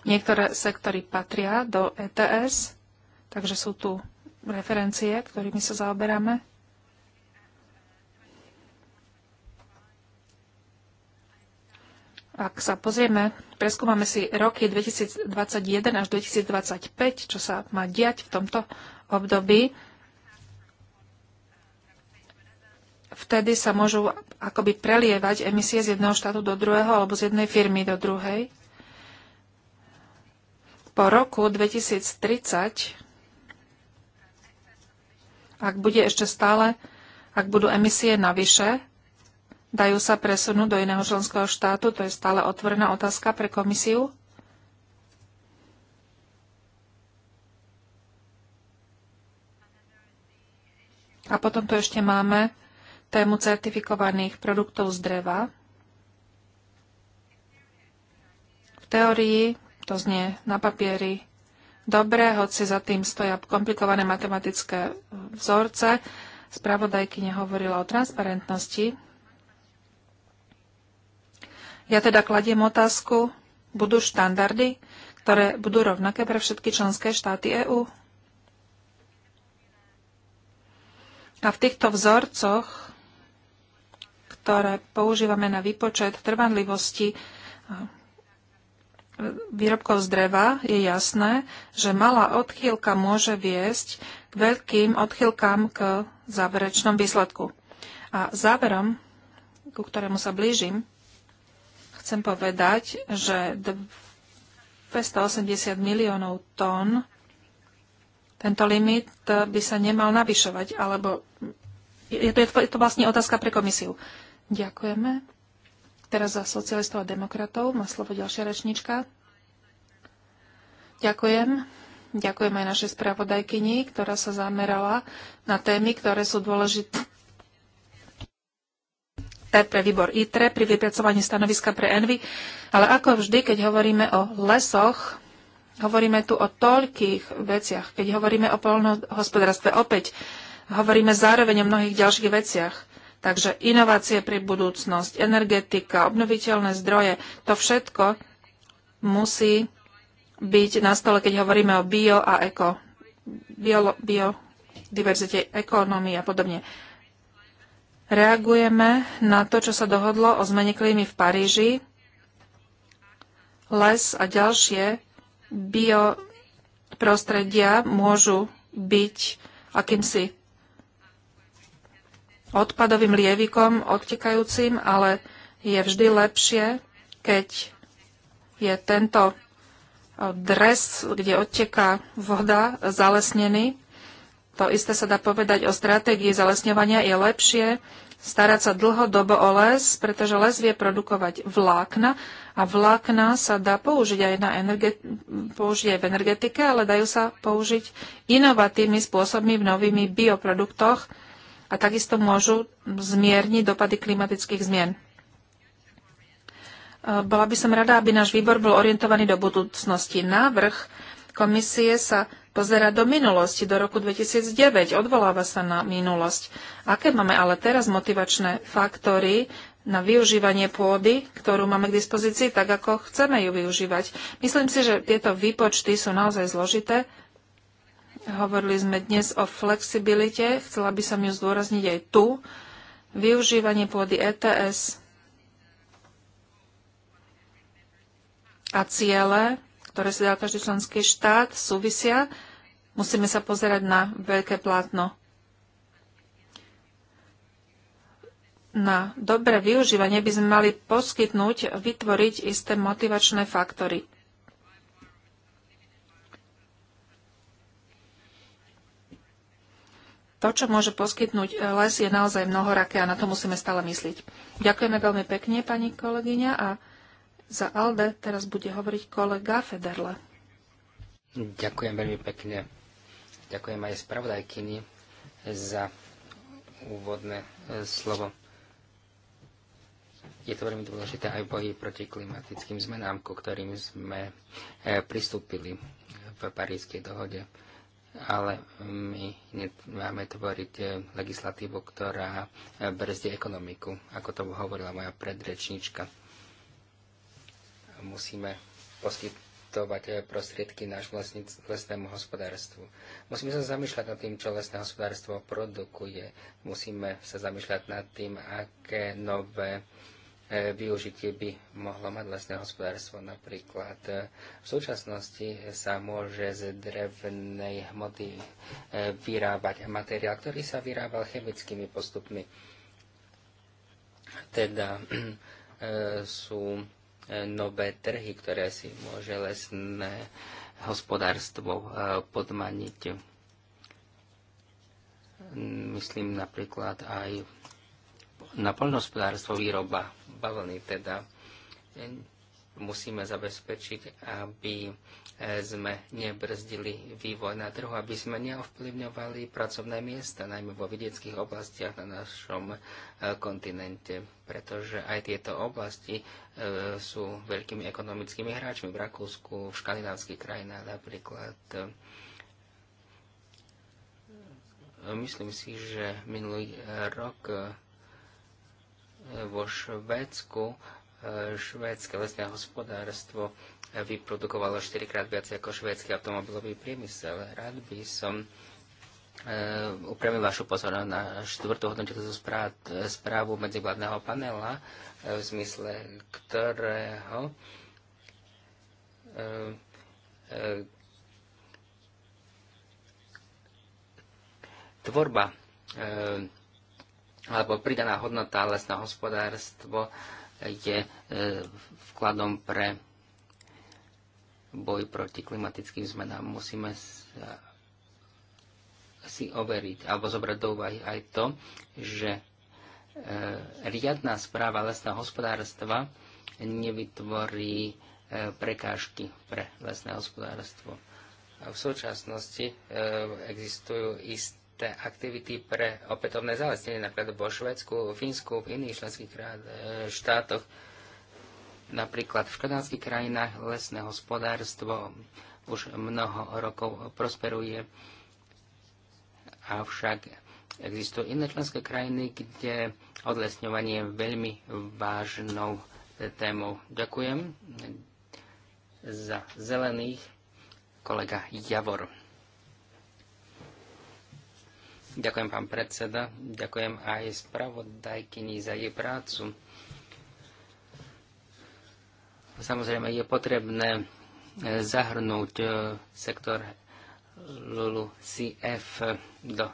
Niektoré sektory patria do ETS, takže sú tu referencie, ktorými sa zaoberáme. Ak sa pozrieme, preskúmame si roky 2021 až 2025, čo sa má diať v tomto období, vtedy sa môžu akoby prelievať emisie z jedného štátu do druhého alebo z jednej firmy do druhej. Po roku 2030 ak bude ešte stále, ak budú emisie navyše, dajú sa presunúť do iného členského štátu? To je stále otvorená otázka pre komisiu. A potom tu ešte máme tému certifikovaných produktov z dreva. V teórii to znie na papieri dobré, hoci za tým stoja komplikované matematické e, vzorce. spravodajky nehovorila o transparentnosti. Ja teda kladiem otázku, budú štandardy, ktoré budú rovnaké pre všetky členské štáty EÚ? A v týchto vzorcoch, ktoré používame na výpočet trvanlivosti výrobkov z dreva je jasné, že malá odchýlka môže viesť k veľkým odchýlkam k záverečnom výsledku. A záverom, ku ktorému sa blížim, chcem povedať, že 280 miliónov tón tento limit e, by sa nemal navyšovať, alebo je to, je to vlastne otázka pre komisiu. Ďakujeme. Teraz za socialistov a demokratov má slovo ďalšia rečnička. Ďakujem. Ďakujem aj našej spravodajkyni, ktorá sa zamerala na témy, ktoré sú dôležité pre výbor ITRE pri vypracovaní stanoviska pre ENVY. Ale ako vždy, keď hovoríme o lesoch, hovoríme tu o toľkých veciach. Keď hovoríme o polnohospodárstve, opäť hovoríme zároveň o mnohých ďalších veciach. Takže inovácie pre budúcnosť, energetika, obnoviteľné zdroje, to všetko musí byť na stole, keď hovoríme o bio a eko, bio, biodiverzite, ekonomii a podobne. Reagujeme na to, čo sa dohodlo o zmene klímy v Paríži, les a ďalšie bioprostredia môžu byť akýmsi odpadovým lievikom odtekajúcim, ale je vždy lepšie, keď je tento e, dres, kde odteká voda, zalesnený. To isté sa dá povedať o stratégii zalesňovania. Je lepšie starať sa dlhodobo o les, pretože les vie produkovať vlákna a vlákna sa dá použiť aj, na energe- použiť aj v energetike, ale dajú sa použiť inovatívnymi spôsobmi v novými bioproduktoch, a takisto môžu zmierniť dopady klimatických zmien. E, bola by som rada, aby náš výbor bol orientovaný do budúcnosti. Návrh komisie sa pozera do minulosti, do roku 2009, odvoláva sa na minulosť. Aké máme ale teraz motivačné faktory na využívanie pôdy, ktorú máme k dispozícii, tak ako chceme ju využívať? Myslím si, že tieto výpočty sú naozaj zložité Hovorili sme dnes o flexibilite, chcela by som ju zdôrazniť aj tu. Využívanie pôdy ETS a ciele, ktoré si dal každý členský štát, súvisia. Musíme sa pozerať na veľké plátno. Na dobré využívanie by sme mali poskytnúť, vytvoriť isté motivačné faktory. to, čo môže poskytnúť e, les, je naozaj mnohoraké a na to musíme stále myslieť. Ďakujeme veľmi pekne, pani kolegyňa, a za ALDE teraz bude hovoriť kolega Federle. Ďakujem veľmi pekne. Ďakujem aj spravodajkyni za úvodné e, slovo. Je to veľmi dôležité aj bohy boji proti klimatickým zmenám, ku ktorým sme e, pristúpili v Parískej dohode ale my máme tvoriť eh, legislatívu, ktorá eh, brzdí ekonomiku, ako to hovorila moja predrečníčka. Musíme poskytovať eh, prostriedky náš lesnému hospodárstvu. Musíme sa zamýšľať nad tým, čo lesné hospodárstvo produkuje. Musíme sa zamýšľať nad tým, aké nové E, využitie by mohlo mať lesné hospodárstvo. Napríklad e, v súčasnosti sa môže z drevnej hmoty e, vyrábať materiál, ktorý sa vyrábal chemickými postupmi. Teda sú nové trhy, ktoré si môže lesné hospodárstvo podmaniť. Myslím napríklad aj na poľnohospodárstvo výroba bavlny. Teda e, musíme zabezpečiť, aby e, sme nebrzdili vývoj na trhu, aby sme neovplyvňovali pracovné miesta, najmä vo vidieckých oblastiach na našom e, kontinente, pretože aj tieto oblasti sú veľkými ekonomickými hráčmi v Rakúsku, v škandinávskych krajinách napríklad. Myslím si, že minulý rok vo Švédsku e, švédske lesné hospodárstvo vyprodukovalo 4 krát viac ako švédsky automobilový priemysel. Rád by som e, upravil vašu pozornosť na štvrtú hodnotiacu správu medzivládneho panela, e, v zmysle ktorého tvorba alebo pridaná hodnota lesného hospodárstvo je e, vkladom pre boj proti klimatickým zmenám. Musíme si overiť alebo zobrať do úvahy aj to, že e, riadná správa lesného hospodárstva nevytvorí e, prekážky pre lesné hospodárstvo. V súčasnosti existujú isté dôležité aktivity pre opätovné zalesnenie, napríklad vo Švedsku, Fínsku, v iných členských e, štátoch, napríklad v škandinávských krajinách lesné hospodárstvo už mnoho rokov prosperuje, avšak existujú iné členské krajiny, kde odlesňovanie je veľmi vážnou témou. Ďakujem za zelených kolega Javor. Ďakujem, pán predseda. Ďakujem aj spravodajkyni za jej prácu. Samozrejme, je potrebné e, zahrnúť e, sektor Lulu CF do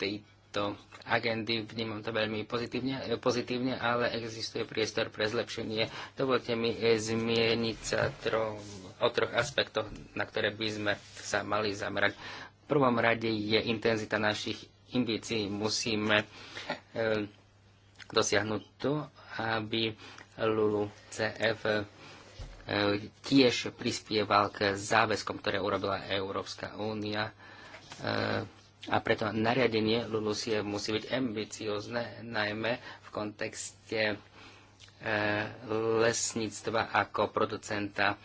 tejto agendy. Vnímam to veľmi pozitívne, e, pozitívne, ale existuje priestor pre zlepšenie. Dovolte mi zmieniť sa trom, o troch aspektoch, na ktoré by sme sa mali zamerať prvom rade je intenzita našich indícií. Musíme eh, dosiahnuť to, aby Lulu CF eh, tiež prispieval k záväzkom, ktoré urobila Európska únia. Eh, a preto nariadenie LULUSIE musí byť ambiciozne, najmä v kontexte lesníctva ako producenta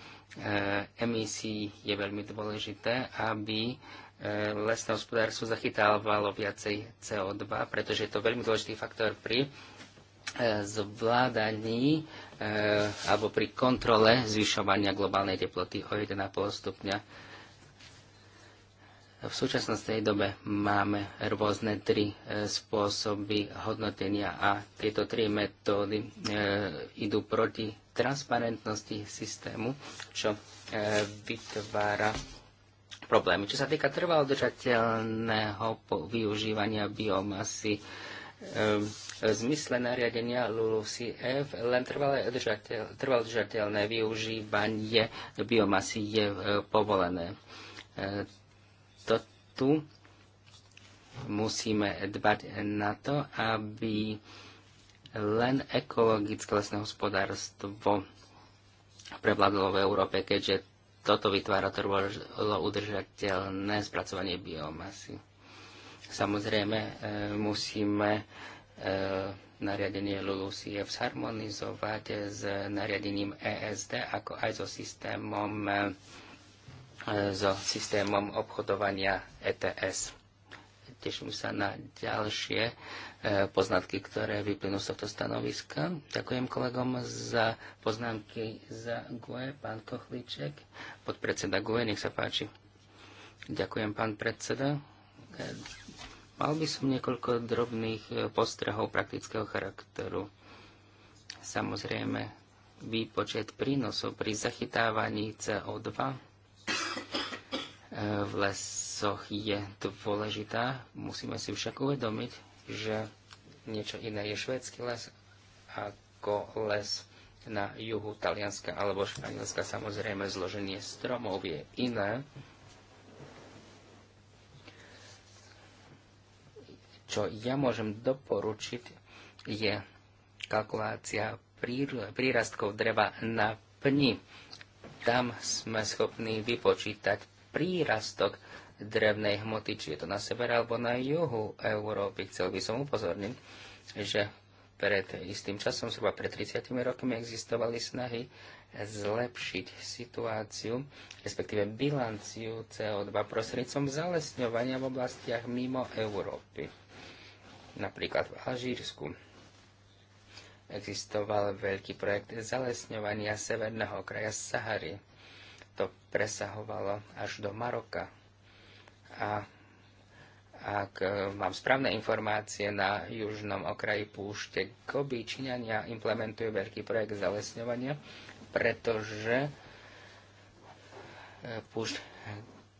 emisí je veľmi dôležité, aby E, lesné hospodárstvo zachytávalo viacej CO2, pretože je to veľmi dôležitý faktor pri e, zvládaní e, alebo pri kontrole zvyšovania globálnej teploty o 1,5 stupňa. V súčasnej dobe máme rôzne tri spôsoby hodnotenia a tieto tri metódy idú proti transparentnosti systému, čo vytvára problémy. Čo sa týka trvalo využívania biomasy, v zmysle nariadenia LULUCF len trvalodržateľné využívanie biomasy je eh, povolené. Eh, to tu musíme dbať na to, aby len ekologické lesné hospodárstvo prevládlo v Európe, keďže toto vytvára trvalo udržateľné spracovanie biomasy. Samozrejme, e, musíme e, nariadenie LULUCF zharmonizovať s nariadením ESD, ako aj so systémom, e, so systémom obchodovania ETS teším sa na ďalšie e, poznatky, ktoré vyplynú z tohto stanoviska. Ďakujem kolegom za poznámky za GUE, pán Kochlíček, podpredseda GUE, nech sa páči. Ďakujem, pán predseda. E, mal by som niekoľko drobných e, postrehov praktického charakteru. Samozrejme, výpočet prínosov pri zachytávaní CO2 v les Co je dôležitá. Musíme si však uvedomiť, že niečo iné je švédsky les ako les na juhu Talianska alebo Španielska. Samozrejme, zloženie stromov je iné. Čo ja môžem doporučiť, je kalkulácia prírastkov dreva na pni. Tam sme schopní vypočítať prírastok drevnej hmoty, či je to na severe alebo na juhu Európy. Chcel by som upozorniť, že pred istým časom, zhruba pred 30 rokmi, existovali snahy zlepšiť situáciu, respektíve bilanciu CO2 prostredníctvom zalesňovania v oblastiach mimo Európy. Napríklad v Alžírsku existoval veľký projekt zalesňovania severného kraja Sahary. To presahovalo až do Maroka. A ak e, mám správne informácie, na južnom okraji púšte Koby Číňania implementujú veľký projekt zalesňovania, pretože e, púšť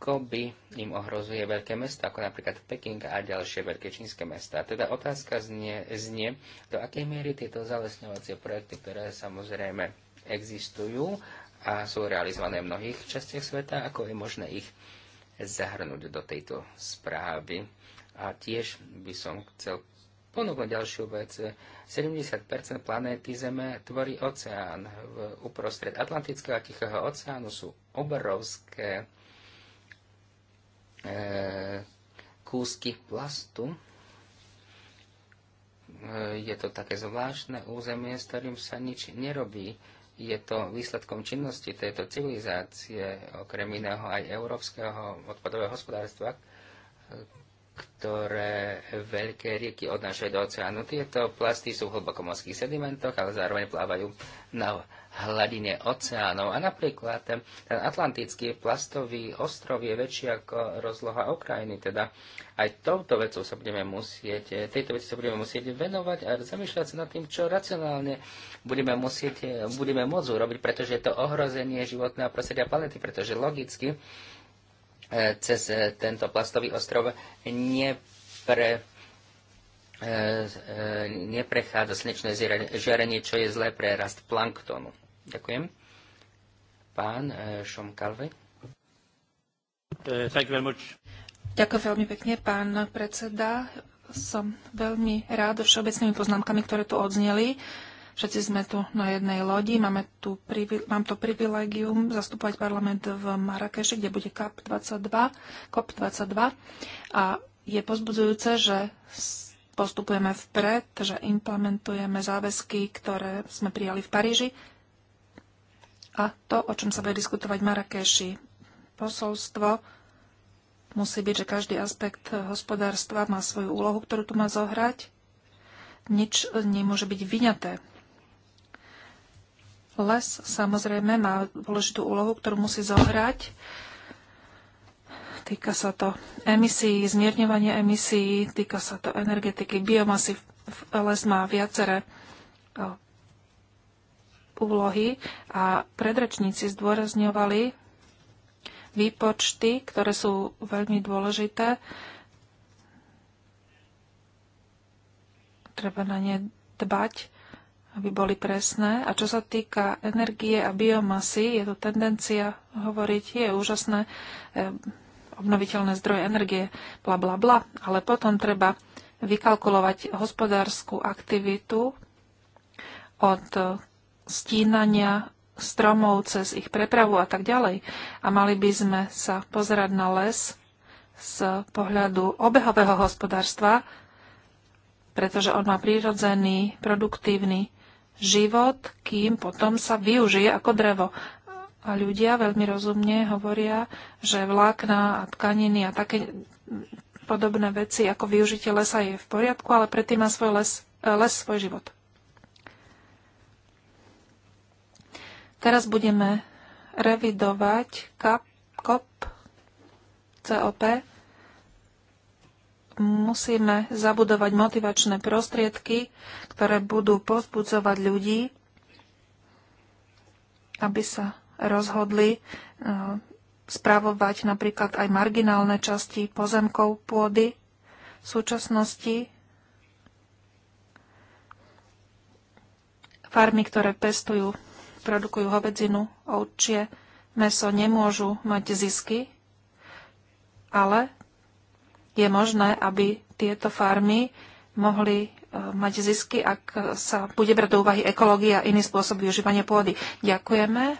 Koby im ohrozuje veľké mesta, ako napríklad Peking a ďalšie veľké čínske mesta. Teda otázka znie, znie, do akej miery tieto zalesňovacie projekty, ktoré samozrejme existujú a sú realizované v mnohých častiach sveta, ako je možné ich zahrnúť do tejto správy. A tiež by som chcel ponúknuť ďalšiu vec. 70 planéty Zeme tvorí oceán. V uprostred Atlantického a Tichého oceánu sú obrovské e, kúsky plastu. E, je to také zvláštne územie, s ktorým sa nič nerobí. E, je to výsledkom činnosti tejto civilizácie, okrem iného aj európskeho odpadového hospodárstva, ktoré veľké rieky odnášajú do oceánu. Tieto plasty sú v hlbokomorských sedimentoch, ale zároveň plávajú na hladine oceánov. A napríklad ten, ten atlantický plastový ostrov je väčší ako rozloha Ukrajiny. Teda aj touto vecou sa budeme musieť, tejto veci sa budeme musieť venovať a zamýšľať sa nad tým, čo racionálne budeme, musieť, budeme môcť urobiť, pretože je to ohrozenie životného prostredia planety, pretože logicky E, cez e, tento plastový ostrov nepre, e, neprechádza slnečné žiarenie, čo je zlé pre rast planktonu. Ďakujem. Pán Šomkalve. Ďakujem veľmi pekne, pán predseda. Som veľmi rád všeobecnými poznámkami, ktoré tu odzneli. Všetci sme tu na jednej lodi. Máme tu, mám to privilegium zastupovať parlament v Marrakeši, kde bude COP22, COP22. A je pozbudzujúce, že postupujeme vpred, že implementujeme záväzky, ktoré sme prijali v Paríži. A to, o čom sa bude diskutovať v Marrakeši, posolstvo musí byť, že každý aspekt hospodárstva má svoju úlohu, ktorú tu má zohrať. Nič nemôže byť vyňaté Les samozrejme má dôležitú úlohu, ktorú musí zohrať. Týka sa to emisí, zmierňovania emisí, týka sa to energetiky, biomasy. Les má viaceré úlohy a predrečníci zdôrazňovali výpočty, ktoré sú veľmi dôležité. Treba na ne dbať aby boli presné. A čo sa týka energie a biomasy, je to tendencia hovoriť, je úžasné e, obnoviteľné zdroje energie, bla bla bla, ale potom treba vykalkulovať hospodárskú aktivitu od eh, stínania stromov cez ich prepravu a tak ďalej. A mali by sme sa pozerať na les z pohľadu obehového hospodárstva, pretože on má prírodzený, produktívny život, kým potom sa využije ako drevo. A ľudia veľmi rozumne hovoria, že vlákna a tkaniny a také podobné veci ako využitie lesa je v poriadku, ale predtým má svoj les, eh, les svoj život. Teraz budeme revidovať kap, COP, COP musíme zabudovať motivačné prostriedky, ktoré budú pozbudzovať ľudí, aby sa rozhodli eh, spravovať napríklad aj marginálne časti pozemkov pôdy. V súčasnosti farmy, ktoré pestujú, produkujú hovedzinu, ovčie, meso, nemôžu mať zisky, ale je možné, aby tieto farmy mohli e, mať zisky, ak sa bude brať do úvahy ekológia a iný spôsob využívania pôdy. Ďakujeme.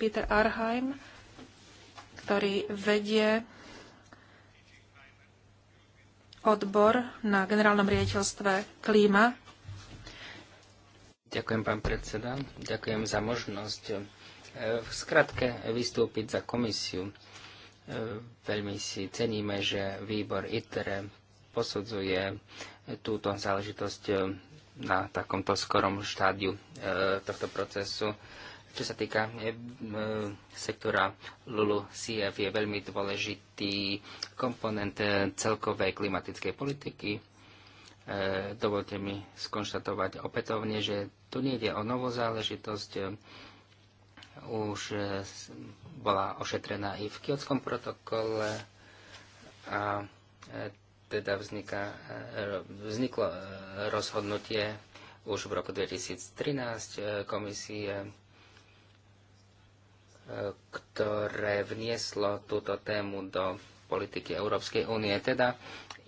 Peter Arheim, ktorý vedie odbor na generálnom riaditeľstve klíma. Ďakujem, pán predseda. Ďakujem za možnosť e, v skratke vystúpiť za komisiu. Veľmi si ceníme, že výbor ITRE posudzuje túto záležitosť eh, na takomto skorom štádiu eh, tohto procesu. Čo sa týka eh, sektora LULU, CF je veľmi dôležitý komponent celkovej klimatickej politiky. Dovolte mi skonštatovať opätovne, že tu nie ide o novú záležitosť, už e, bola ošetrená i v kiotskom protokole a e, teda vzniká, e, vzniklo rozhodnutie už v roku 2013 komisie, ktoré vnieslo túto tému do politiky Európskej únie. Teda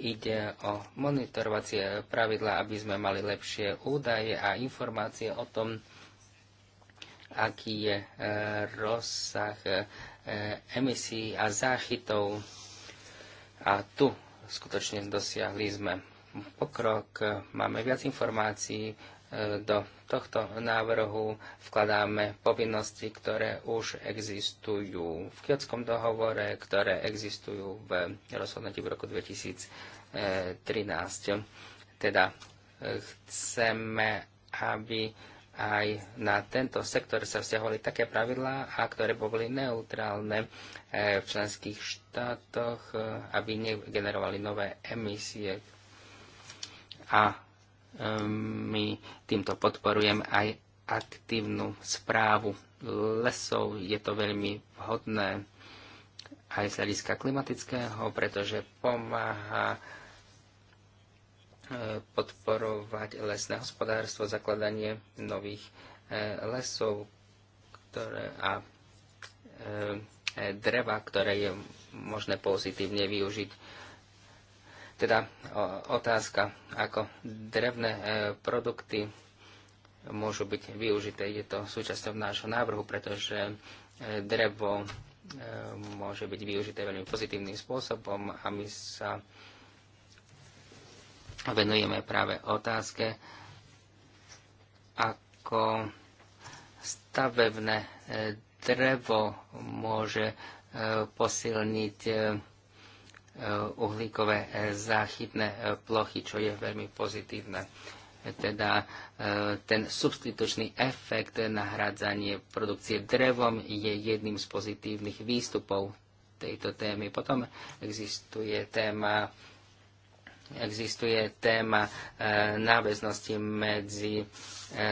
ide o monitorovacie pravidla, aby sme mali lepšie údaje a informácie o tom, aký je e, rozsah e, e, emisí a záchytov. A tu skutočne dosiahli sme pokrok, máme viac informácií, do tohto návrhu vkladáme povinnosti, ktoré už existujú v Kiotskom dohovore, ktoré existujú v rozhodnutí v roku 2013. Teda chceme, aby aj na tento sektor sa vzťahovali také pravidlá, a ktoré boli neutrálne e, v členských štátoch, e, aby negenerovali nové emisie. A e, my týmto podporujem aj aktívnu správu lesov. Je to veľmi vhodné aj z hľadiska klimatického, pretože pomáha podporovať lesné hospodárstvo, zakladanie nových e, lesov ktoré, a e, e, dreva, ktoré je možné pozitívne využiť. Teda otázka, ako drevné produkty môžu byť využité. Je to súčasťou nášho návrhu, pretože drevo môže byť využité veľmi pozitívnym spôsobom a my sa venujeme práve otázke, ako stavebné e, drevo môže e, posilniť e, uhlíkové záchytné plochy, čo je veľmi pozitívne. Teda ten substitučný efekt nahradzanie produkcie drevom je jedným z pozitívnych výstupov tejto témy. Potom existuje téma existuje téma e, náväznosti medzi e,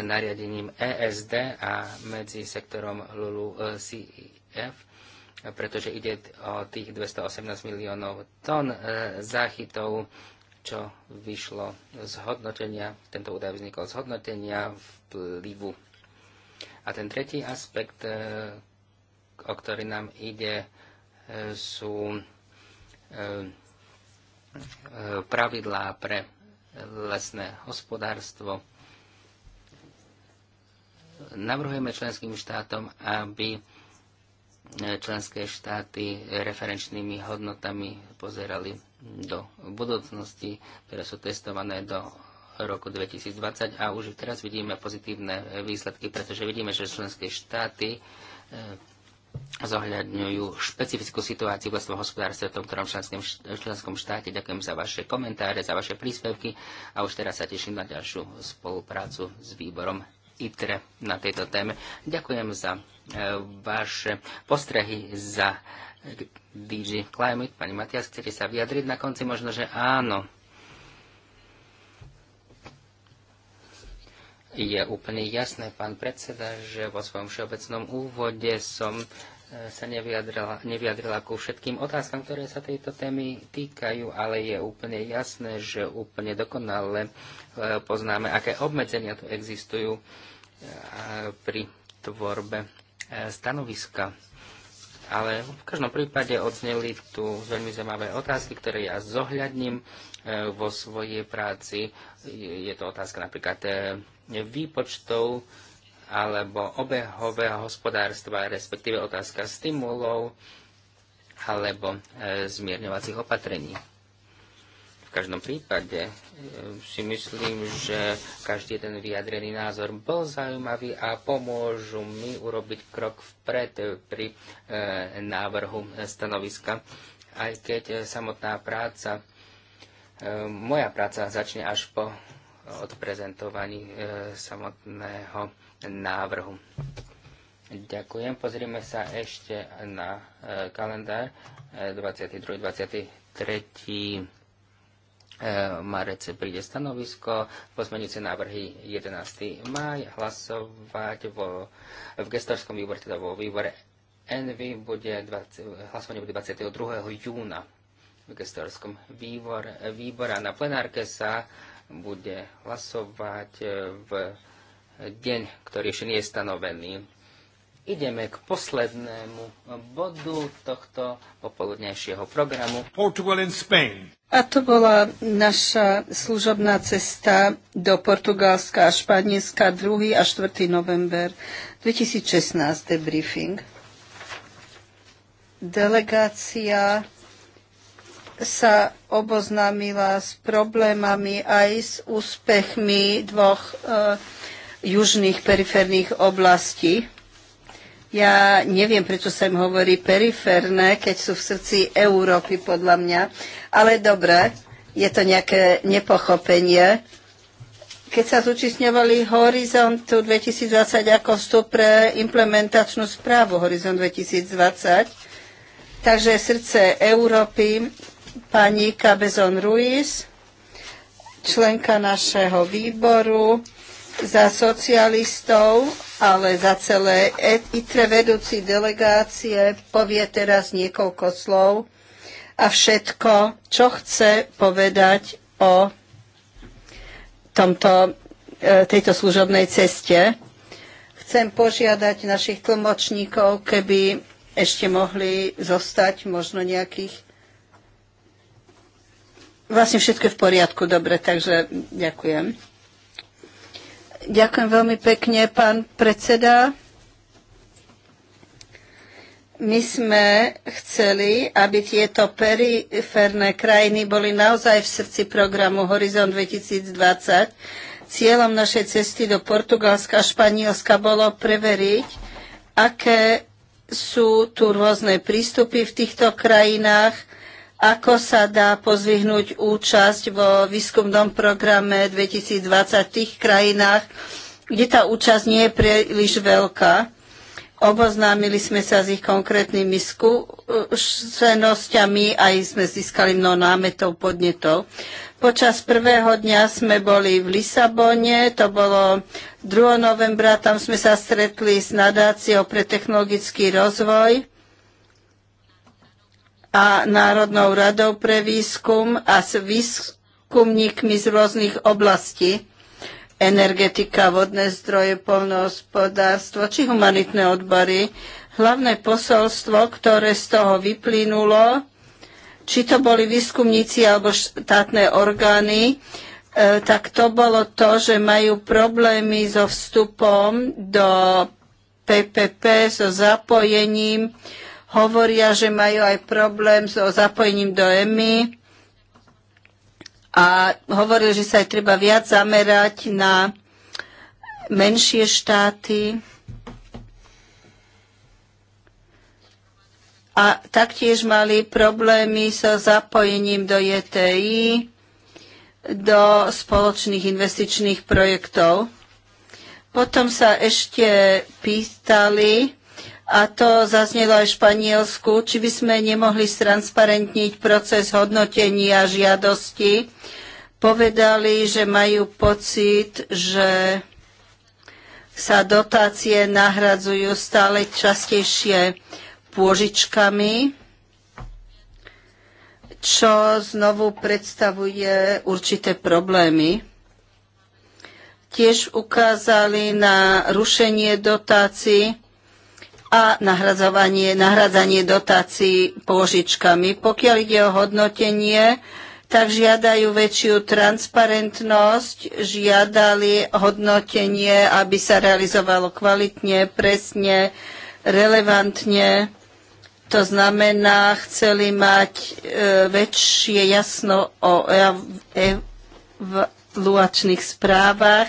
nariadením ESD a medzi sektorom LULU e, CIF, pretože ide o tých 218 miliónov tón záchytov, čo vyšlo z hodnotenia, tento údaj vznikol z hodnotenia vplyvu. A ten tretí aspekt, o ktorý nám ide, sú pravidlá pre lesné hospodárstvo. Navrhujeme členským štátom, aby členské štáty referenčnými hodnotami pozerali do budúcnosti, ktoré sú testované do roku 2020 a už teraz vidíme pozitívne výsledky, pretože vidíme, že členské štáty zohľadňujú špecifickú situáciu vlastného hospodárstva v tom ktorom členskom, členskom štáte. Ďakujem za vaše komentáre, za vaše príspevky a už teraz sa teším na ďalšiu spoluprácu s výborom ITRE na tejto téme. Ďakujem za e, vaše postrehy, za e, DG Climate. Pani Matias, chcete sa vyjadriť na konci? Možno, že áno. Je úplne jasné, pán predseda, že vo svojom všeobecnom úvode som e, sa nevyjadrila, nevyjadrila ku všetkým otázkam, ktoré sa tejto témy týkajú, ale je úplne jasné, že úplne dokonale e, poznáme, aké obmedzenia tu existujú e, pri tvorbe stanoviska. Ale v každom prípade odzneli tu veľmi zaujímavé otázky, ktoré ja zohľadním vo svojej práci. Je to otázka napríklad Vlastne výpočtov alebo obehového hospodárstva, respektíve otázka stimulov alebo e, zmierňovacích opatrení. V každom prípade e, si myslím, že každý ten vyjadrený názor bol zaujímavý a pomôžu mi urobiť krok vpred pri e, návrhu stanoviska, aj keď e, samotná práca, e, moja práca začne až po odprezentovaní e, samotného návrhu. Ďakujem. Pozrieme sa ešte na e, kalendár 22. E, 23 marec príde stanovisko, pozmeňujúce návrhy 11. maj, hlasovať vo, v gestorskom výbore, teda vo výbore ENVY, bude 20, hlasovanie bude 22. júna v gestorskom výbor, výbora. Na plenárke sa bude hlasovať e, v deň, ktorý ešte nie je stanovený. Ideme k poslednému bodu tohto popoludnejšieho programu. Portugal and Spain. A to bola naša služobná cesta do Portugalska a Španielska 2. a 4. november 2016 debriefing. Delegácia sa oboznámila s problémami aj s úspechmi dvoch e, južných periférnych oblastí. Ja neviem, prečo sa im hovorí periférne, keď sú v srdci Európy, podľa mňa. Ale dobre, je to nejaké nepochopenie. Keď sa zúčastňovali Horizontu 2020 ako vstup pre implementačnú správu Horizont 2020, takže srdce Európy pani Cabezon Ruiz, členka našeho výboru za socialistov, ale za celé ITRE vedúci delegácie povie teraz niekoľko slov a všetko, čo chce povedať o tomto, e, tejto služobnej ceste. Chcem požiadať našich tlmočníkov, keby ešte mohli zostať možno nejakých Vlastne všetko je v poriadku, dobre, takže ďakujem. Ďakujem veľmi pekne, pán predseda. My sme chceli, aby tieto periférne krajiny boli naozaj v srdci programu Horizon 2020. Cieľom našej cesty do Portugalska a Španielska bolo preveriť, aké sú tu rôzne prístupy v týchto krajinách, ako sa dá pozvihnúť účasť vo výskumnom programe 2020 v tých krajinách, kde tá účasť nie je príliš veľká. Oboznámili sme sa s ich konkrétnymi skúsenosťami a sme získali mnoho námetov, podnetov. Počas prvého dňa sme boli v Lisabone, to bolo 2. novembra, tam sme sa stretli s nadáciou pre technologický rozvoj a Národnou radou pre výskum a s výskumníkmi z rôznych oblastí energetika, vodné zdroje, polnohospodárstvo či humanitné odbory. Hlavné posolstvo, ktoré z toho vyplynulo, či to boli výskumníci alebo štátne orgány, e, tak to bolo to, že majú problémy so vstupom do PPP, so zapojením hovoria, že majú aj problém so zapojením do EMI a hovorili, že sa aj treba viac zamerať na menšie štáty. A taktiež mali problémy so zapojením do JTI, e do spoločných investičných projektov. Potom sa ešte pýtali, a to zaznelo aj v Španielsku, či by sme nemohli stransparentniť proces hodnotenia žiadosti. Povedali, že majú pocit, že sa dotácie nahradzujú stále častejšie pôžičkami, čo znovu predstavuje určité problémy tiež ukázali na rušenie dotácií a nahradzovanie, nahradzanie dotácií pôžičkami. Pokiaľ ide o hodnotenie, tak žiadajú väčšiu transparentnosť, žiadali hodnotenie, aby sa realizovalo kvalitne, presne, relevantne. To znamená, chceli mať e, väčšie jasno o evaluačných správach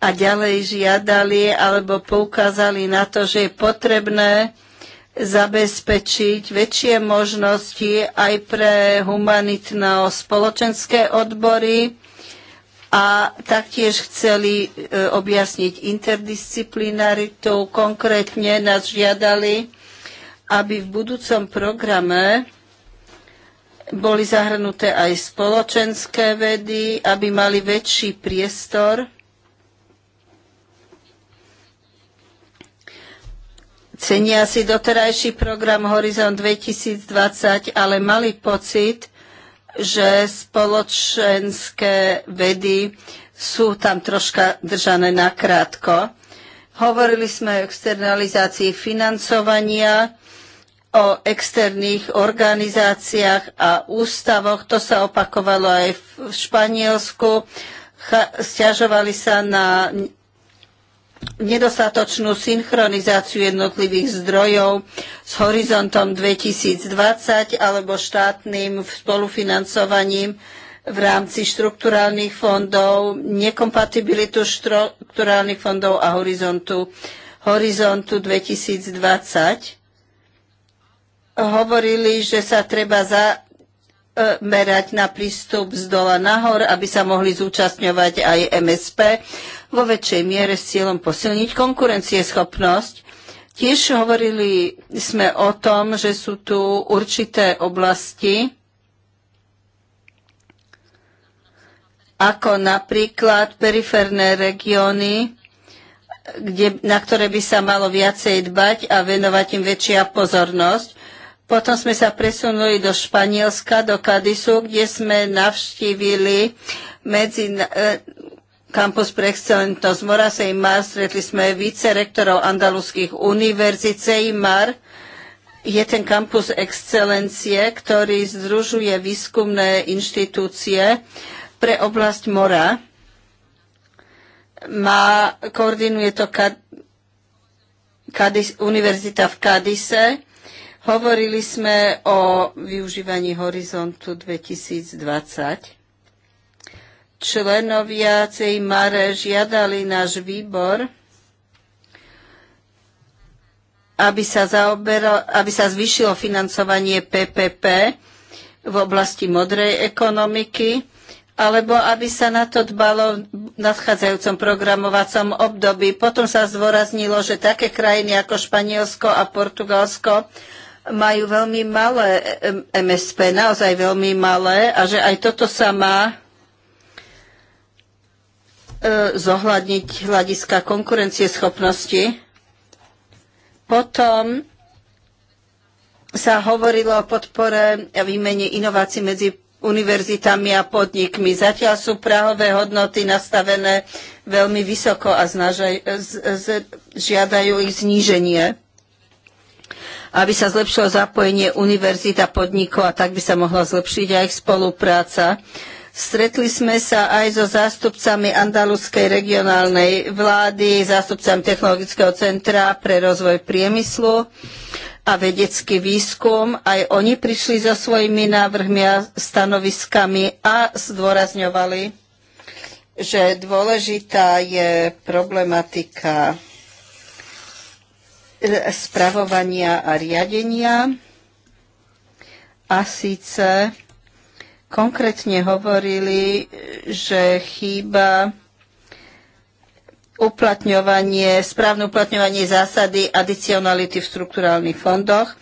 a ďalej žiadali alebo poukázali na to, že je potrebné zabezpečiť väčšie možnosti aj pre humanitno-spoločenské odbory a taktiež chceli e, objasniť interdisciplinaritu. Konkrétne nás žiadali, aby v budúcom programe boli zahrnuté aj spoločenské vedy, aby mali väčší priestor Cenia si doterajší program Horizon 2020, ale mali pocit, že spoločenské vedy sú tam troška držané nakrátko. Hovorili sme o externalizácii financovania, o externých organizáciách a ústavoch. To sa opakovalo aj v Španielsku. Sťažovali sa na nedostatočnú synchronizáciu jednotlivých zdrojov s horizontom 2020 alebo štátnym spolufinancovaním v rámci štrukturálnych fondov, nekompatibilitu štrukturálnych fondov a horizontu, horizontu 2020 hovorili, že sa treba za, E, merať na prístup z dola nahor, aby sa mohli zúčastňovať aj MSP vo väčšej miere s cieľom posilniť konkurencieschopnosť. Tiež hovorili sme o tom, že sú tu určité oblasti, ako napríklad periférne regióny, kde, na ktoré by sa malo viacej dbať a venovať im väčšia pozornosť. Potom sme sa presunuli do Španielska, do Kadisu, kde sme navštívili medzi, e, Campus pre excelentnosť Mora Mar. stretli sme vicerektorov andaluských univerzít Mar, Je ten kampus excelencie, ktorý združuje výskumné inštitúcie pre oblasť mora. Má, koordinuje to Kadis, Univerzita v Kadise Hovorili sme o využívaní horizontu 2020. Členovia mare žiadali náš výbor, aby sa, zaoberal, aby sa zvyšilo financovanie PPP v oblasti modrej ekonomiky, alebo aby sa na to dbalo v nadchádzajúcom programovacom období. Potom sa zdôraznilo, že také krajiny ako Španielsko a Portugalsko majú veľmi malé MSP, naozaj veľmi malé a že aj toto sa má e, zohľadniť hľadiska konkurencieschopnosti. Potom sa hovorilo o podpore a výmene inovácií medzi univerzitami a podnikmi. Zatiaľ sú práhové hodnoty nastavené veľmi vysoko a znažaj, z, z, žiadajú ich zníženie aby sa zlepšilo zapojenie univerzita podnikov a tak by sa mohla zlepšiť aj ich spolupráca. Stretli sme sa aj so zástupcami andalúskej regionálnej vlády, zástupcami Technologického centra pre rozvoj priemyslu a vedecký výskum. Aj oni prišli so svojimi návrhmi a stanoviskami a zdôrazňovali, že dôležitá je problematika E, spravovania a riadenia. A síce konkrétne hovorili, že chýba uplatňovanie, správne uplatňovanie zásady adicionality v strukturálnych fondoch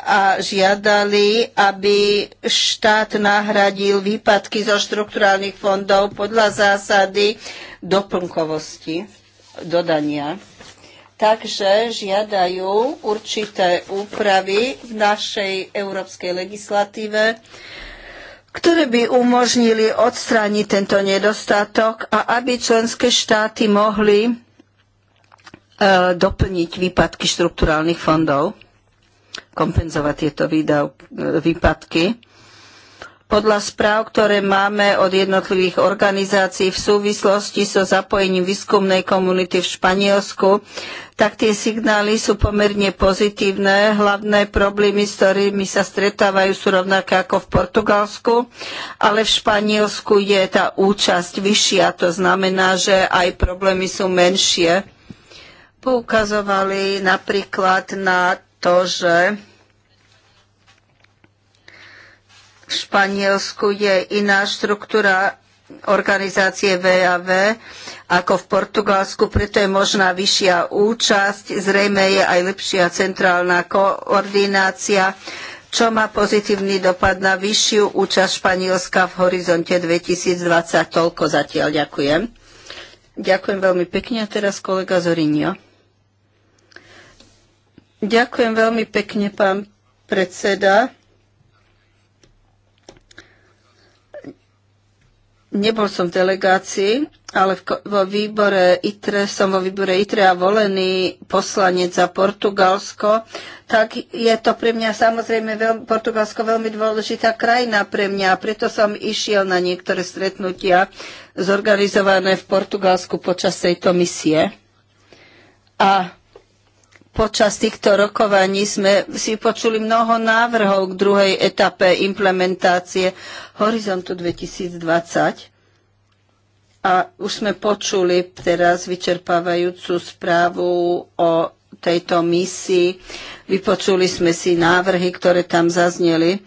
a žiadali, aby štát nahradil výpadky zo štrukturálnych fondov podľa zásady doplnkovosti dodania takže žiadajú určité úpravy v našej európskej legislatíve, ktoré by umožnili odstrániť tento nedostatok a aby členské štáty mohli e, doplniť výpadky štrukturálnych fondov, kompenzovať tieto výdav, e, výpadky. Podľa správ, ktoré máme od jednotlivých organizácií v súvislosti so zapojením výskumnej komunity v Španielsku, tak tie signály sú pomerne pozitívne. Hlavné problémy, s ktorými sa stretávajú, sú rovnaké ako v Portugalsku, ale v Španielsku je tá účasť vyššia, to znamená, že aj problémy sú menšie. Poukazovali napríklad na to, že V Španielsku je iná štruktúra organizácie VAV ako v Portugalsku, preto je možná vyššia účasť, zrejme je aj lepšia centrálna koordinácia, čo má pozitívny dopad na vyššiu účasť Španielska v horizonte 2020. Toľko zatiaľ ďakujem. Ďakujem veľmi pekne a teraz kolega Zorinio. Ďakujem veľmi pekne, pán predseda. Nebol som v delegácii, ale vo výbore ITRE, som vo výbore ITRE a volený poslanec za Portugalsko, tak je to pre mňa samozrejme veľ, Portugalsko veľmi dôležitá krajina pre mňa a preto som išiel na niektoré stretnutia zorganizované v Portugalsku počas tejto misie. A Počas týchto rokovaní sme si počuli mnoho návrhov k druhej etape implementácie Horizontu 2020. A už sme počuli teraz vyčerpávajúcu správu o tejto misii. Vypočuli sme si návrhy, ktoré tam zazneli.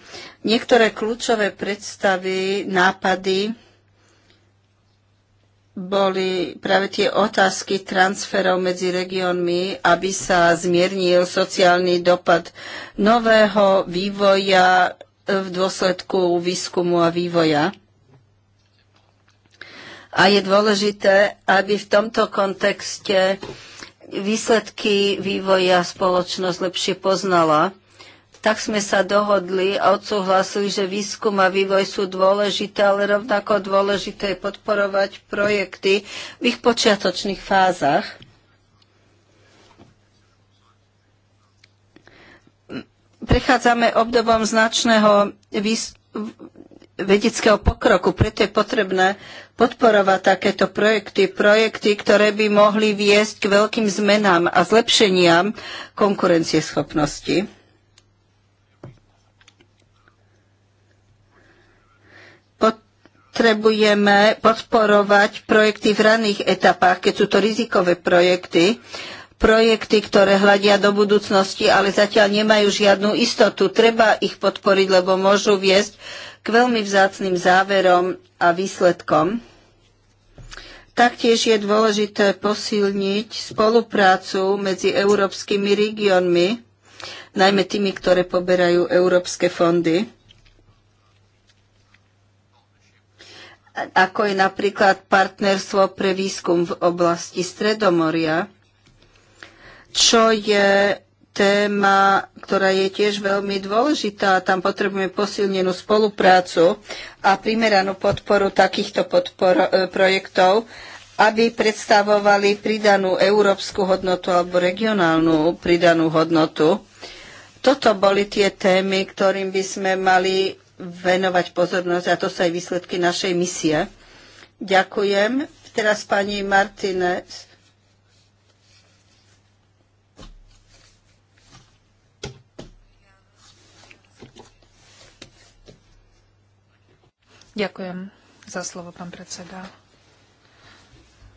Niektoré kľúčové predstavy, nápady boli práve tie otázky transferov medzi regiónmi, aby sa zmiernil sociálny dopad nového vývoja e, v dôsledku výskumu a vývoja. A je dôležité, aby v tomto kontexte výsledky vývoja spoločnosť lepšie poznala tak sme sa dohodli a odsúhlasili, že výskum a vývoj sú dôležité, ale rovnako dôležité je podporovať projekty v ich počiatočných fázach. Prechádzame obdobom značného vedeckého pokroku, preto je potrebné podporovať takéto projekty, projekty, ktoré by mohli viesť k veľkým zmenám a zlepšeniam konkurencieschopnosti. potrebujeme podporovať projekty v raných etapách, keď sú to rizikové projekty, projekty, ktoré hľadia do budúcnosti, ale zatiaľ nemajú žiadnu istotu. Treba ich podporiť, lebo môžu viesť k veľmi vzácným záverom a výsledkom. Taktiež je dôležité posilniť spoluprácu medzi európskymi regiónmi, najmä tými, ktoré poberajú európske fondy ako je napríklad partnerstvo pre výskum v oblasti Stredomoria, čo je téma, ktorá je tiež veľmi dôležitá. Tam potrebujeme posilnenú spoluprácu a primeranú podporu takýchto podpor- e, projektov, aby predstavovali pridanú európsku hodnotu alebo regionálnu pridanú hodnotu. Toto boli tie témy, ktorým by sme mali venovať pozornosť a to sú aj výsledky našej misie. Ďakujem. Teraz pani Martinez. Ďakujem za slovo, pán predseda.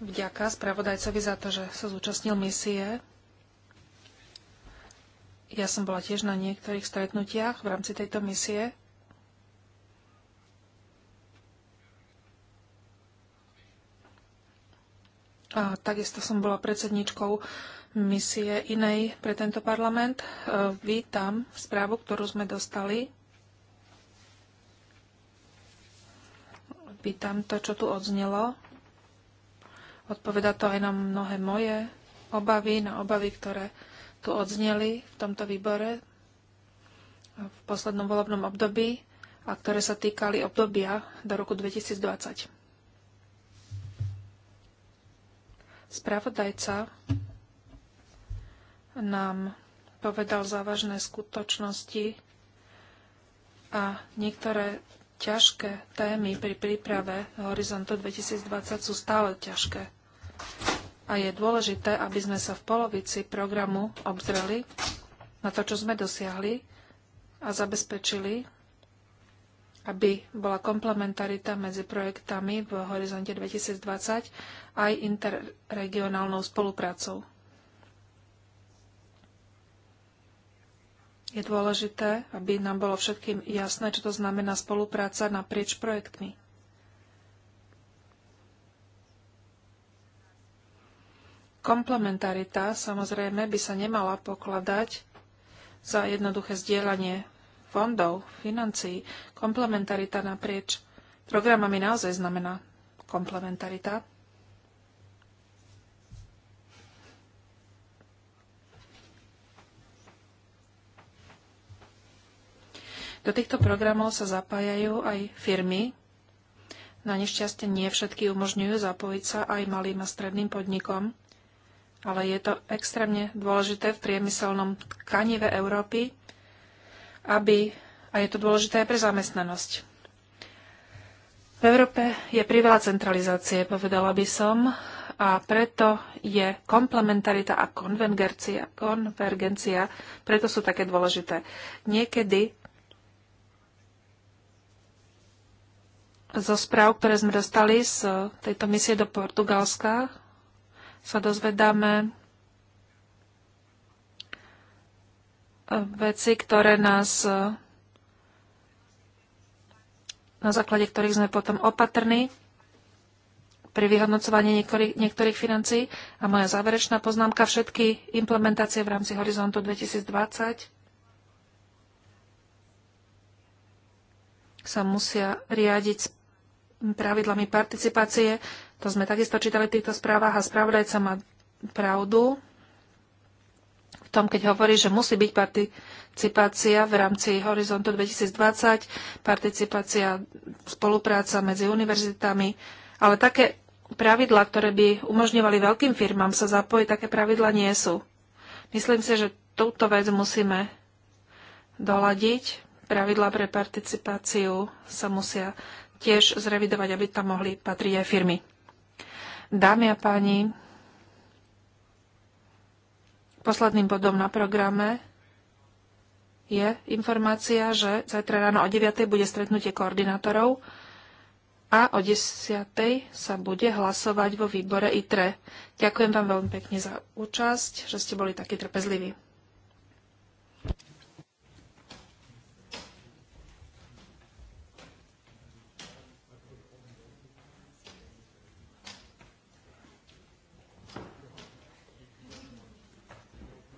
Vďaka spravodajcovi za to, že sa zúčastnil misie. Ja som bola tiež na niektorých stretnutiach v rámci tejto misie A takisto som bola predsedničkou misie inej pre tento parlament. E, vítam správu, ktorú sme dostali. Vítam to, čo tu odznelo. Odpoveda to aj na mnohé moje obavy, na obavy, ktoré tu odzneli v tomto výbore v poslednom volebnom období a ktoré sa týkali obdobia do roku 2020. Spravodajca nám povedal závažné skutočnosti a niektoré ťažké témy pri príprave Horizontu 2020 sú stále ťažké. A je dôležité, aby sme sa v polovici programu obzreli na to, čo sme dosiahli a zabezpečili, aby bola komplementarita medzi projektami v horizonte 2020 aj interregionálnou spoluprácou. Je dôležité, aby nám bolo všetkým jasné, čo to znamená spolupráca naprieč projektmi. Komplementarita samozrejme by sa nemala pokladať za jednoduché zdieľanie fondov, financií, komplementarita naprieč programami naozaj znamená komplementarita. Do týchto programov sa zapájajú aj firmy. Na nešťastie nie všetky umožňujú zapojiť sa aj malým a stredným podnikom, ale je to extrémne dôležité v priemyselnom tkanive Európy, aby, a je to dôležité aj pre zamestnanosť. V Európe je priveľa centralizácie, povedala by som, a preto je komplementarita a konvergencia, konvergencia preto sú také dôležité. Niekedy zo správ, ktoré sme dostali z tejto misie do Portugalska, sa dozvedáme veci, ktoré nás e, na základe ktorých sme potom opatrní pri vyhodnocovaní niektorých, niektorých financií. A moja záverečná poznámka, všetky implementácie v rámci Horizontu 2020 sa musia riadiť pravidlami participácie. To sme takisto čítali v týchto správach a spravodajca má pravdu tom, keď hovorí, že musí byť participácia v rámci Horizontu 2020, participácia, spolupráca medzi univerzitami, ale také pravidlá, ktoré by umožňovali veľkým firmám sa zapojiť, také pravidla nie sú. Myslím si, že túto vec musíme doladiť. Pravidla pre participáciu sa musia tiež zrevidovať, aby tam mohli patriť aj firmy. Dámy a páni, Posledným bodom na programe je informácia, že zajtra ráno o 9. bude stretnutie koordinátorov a o 10. sa bude hlasovať vo výbore ITRE. Ďakujem vám veľmi pekne za účasť, že ste boli takí trpezliví.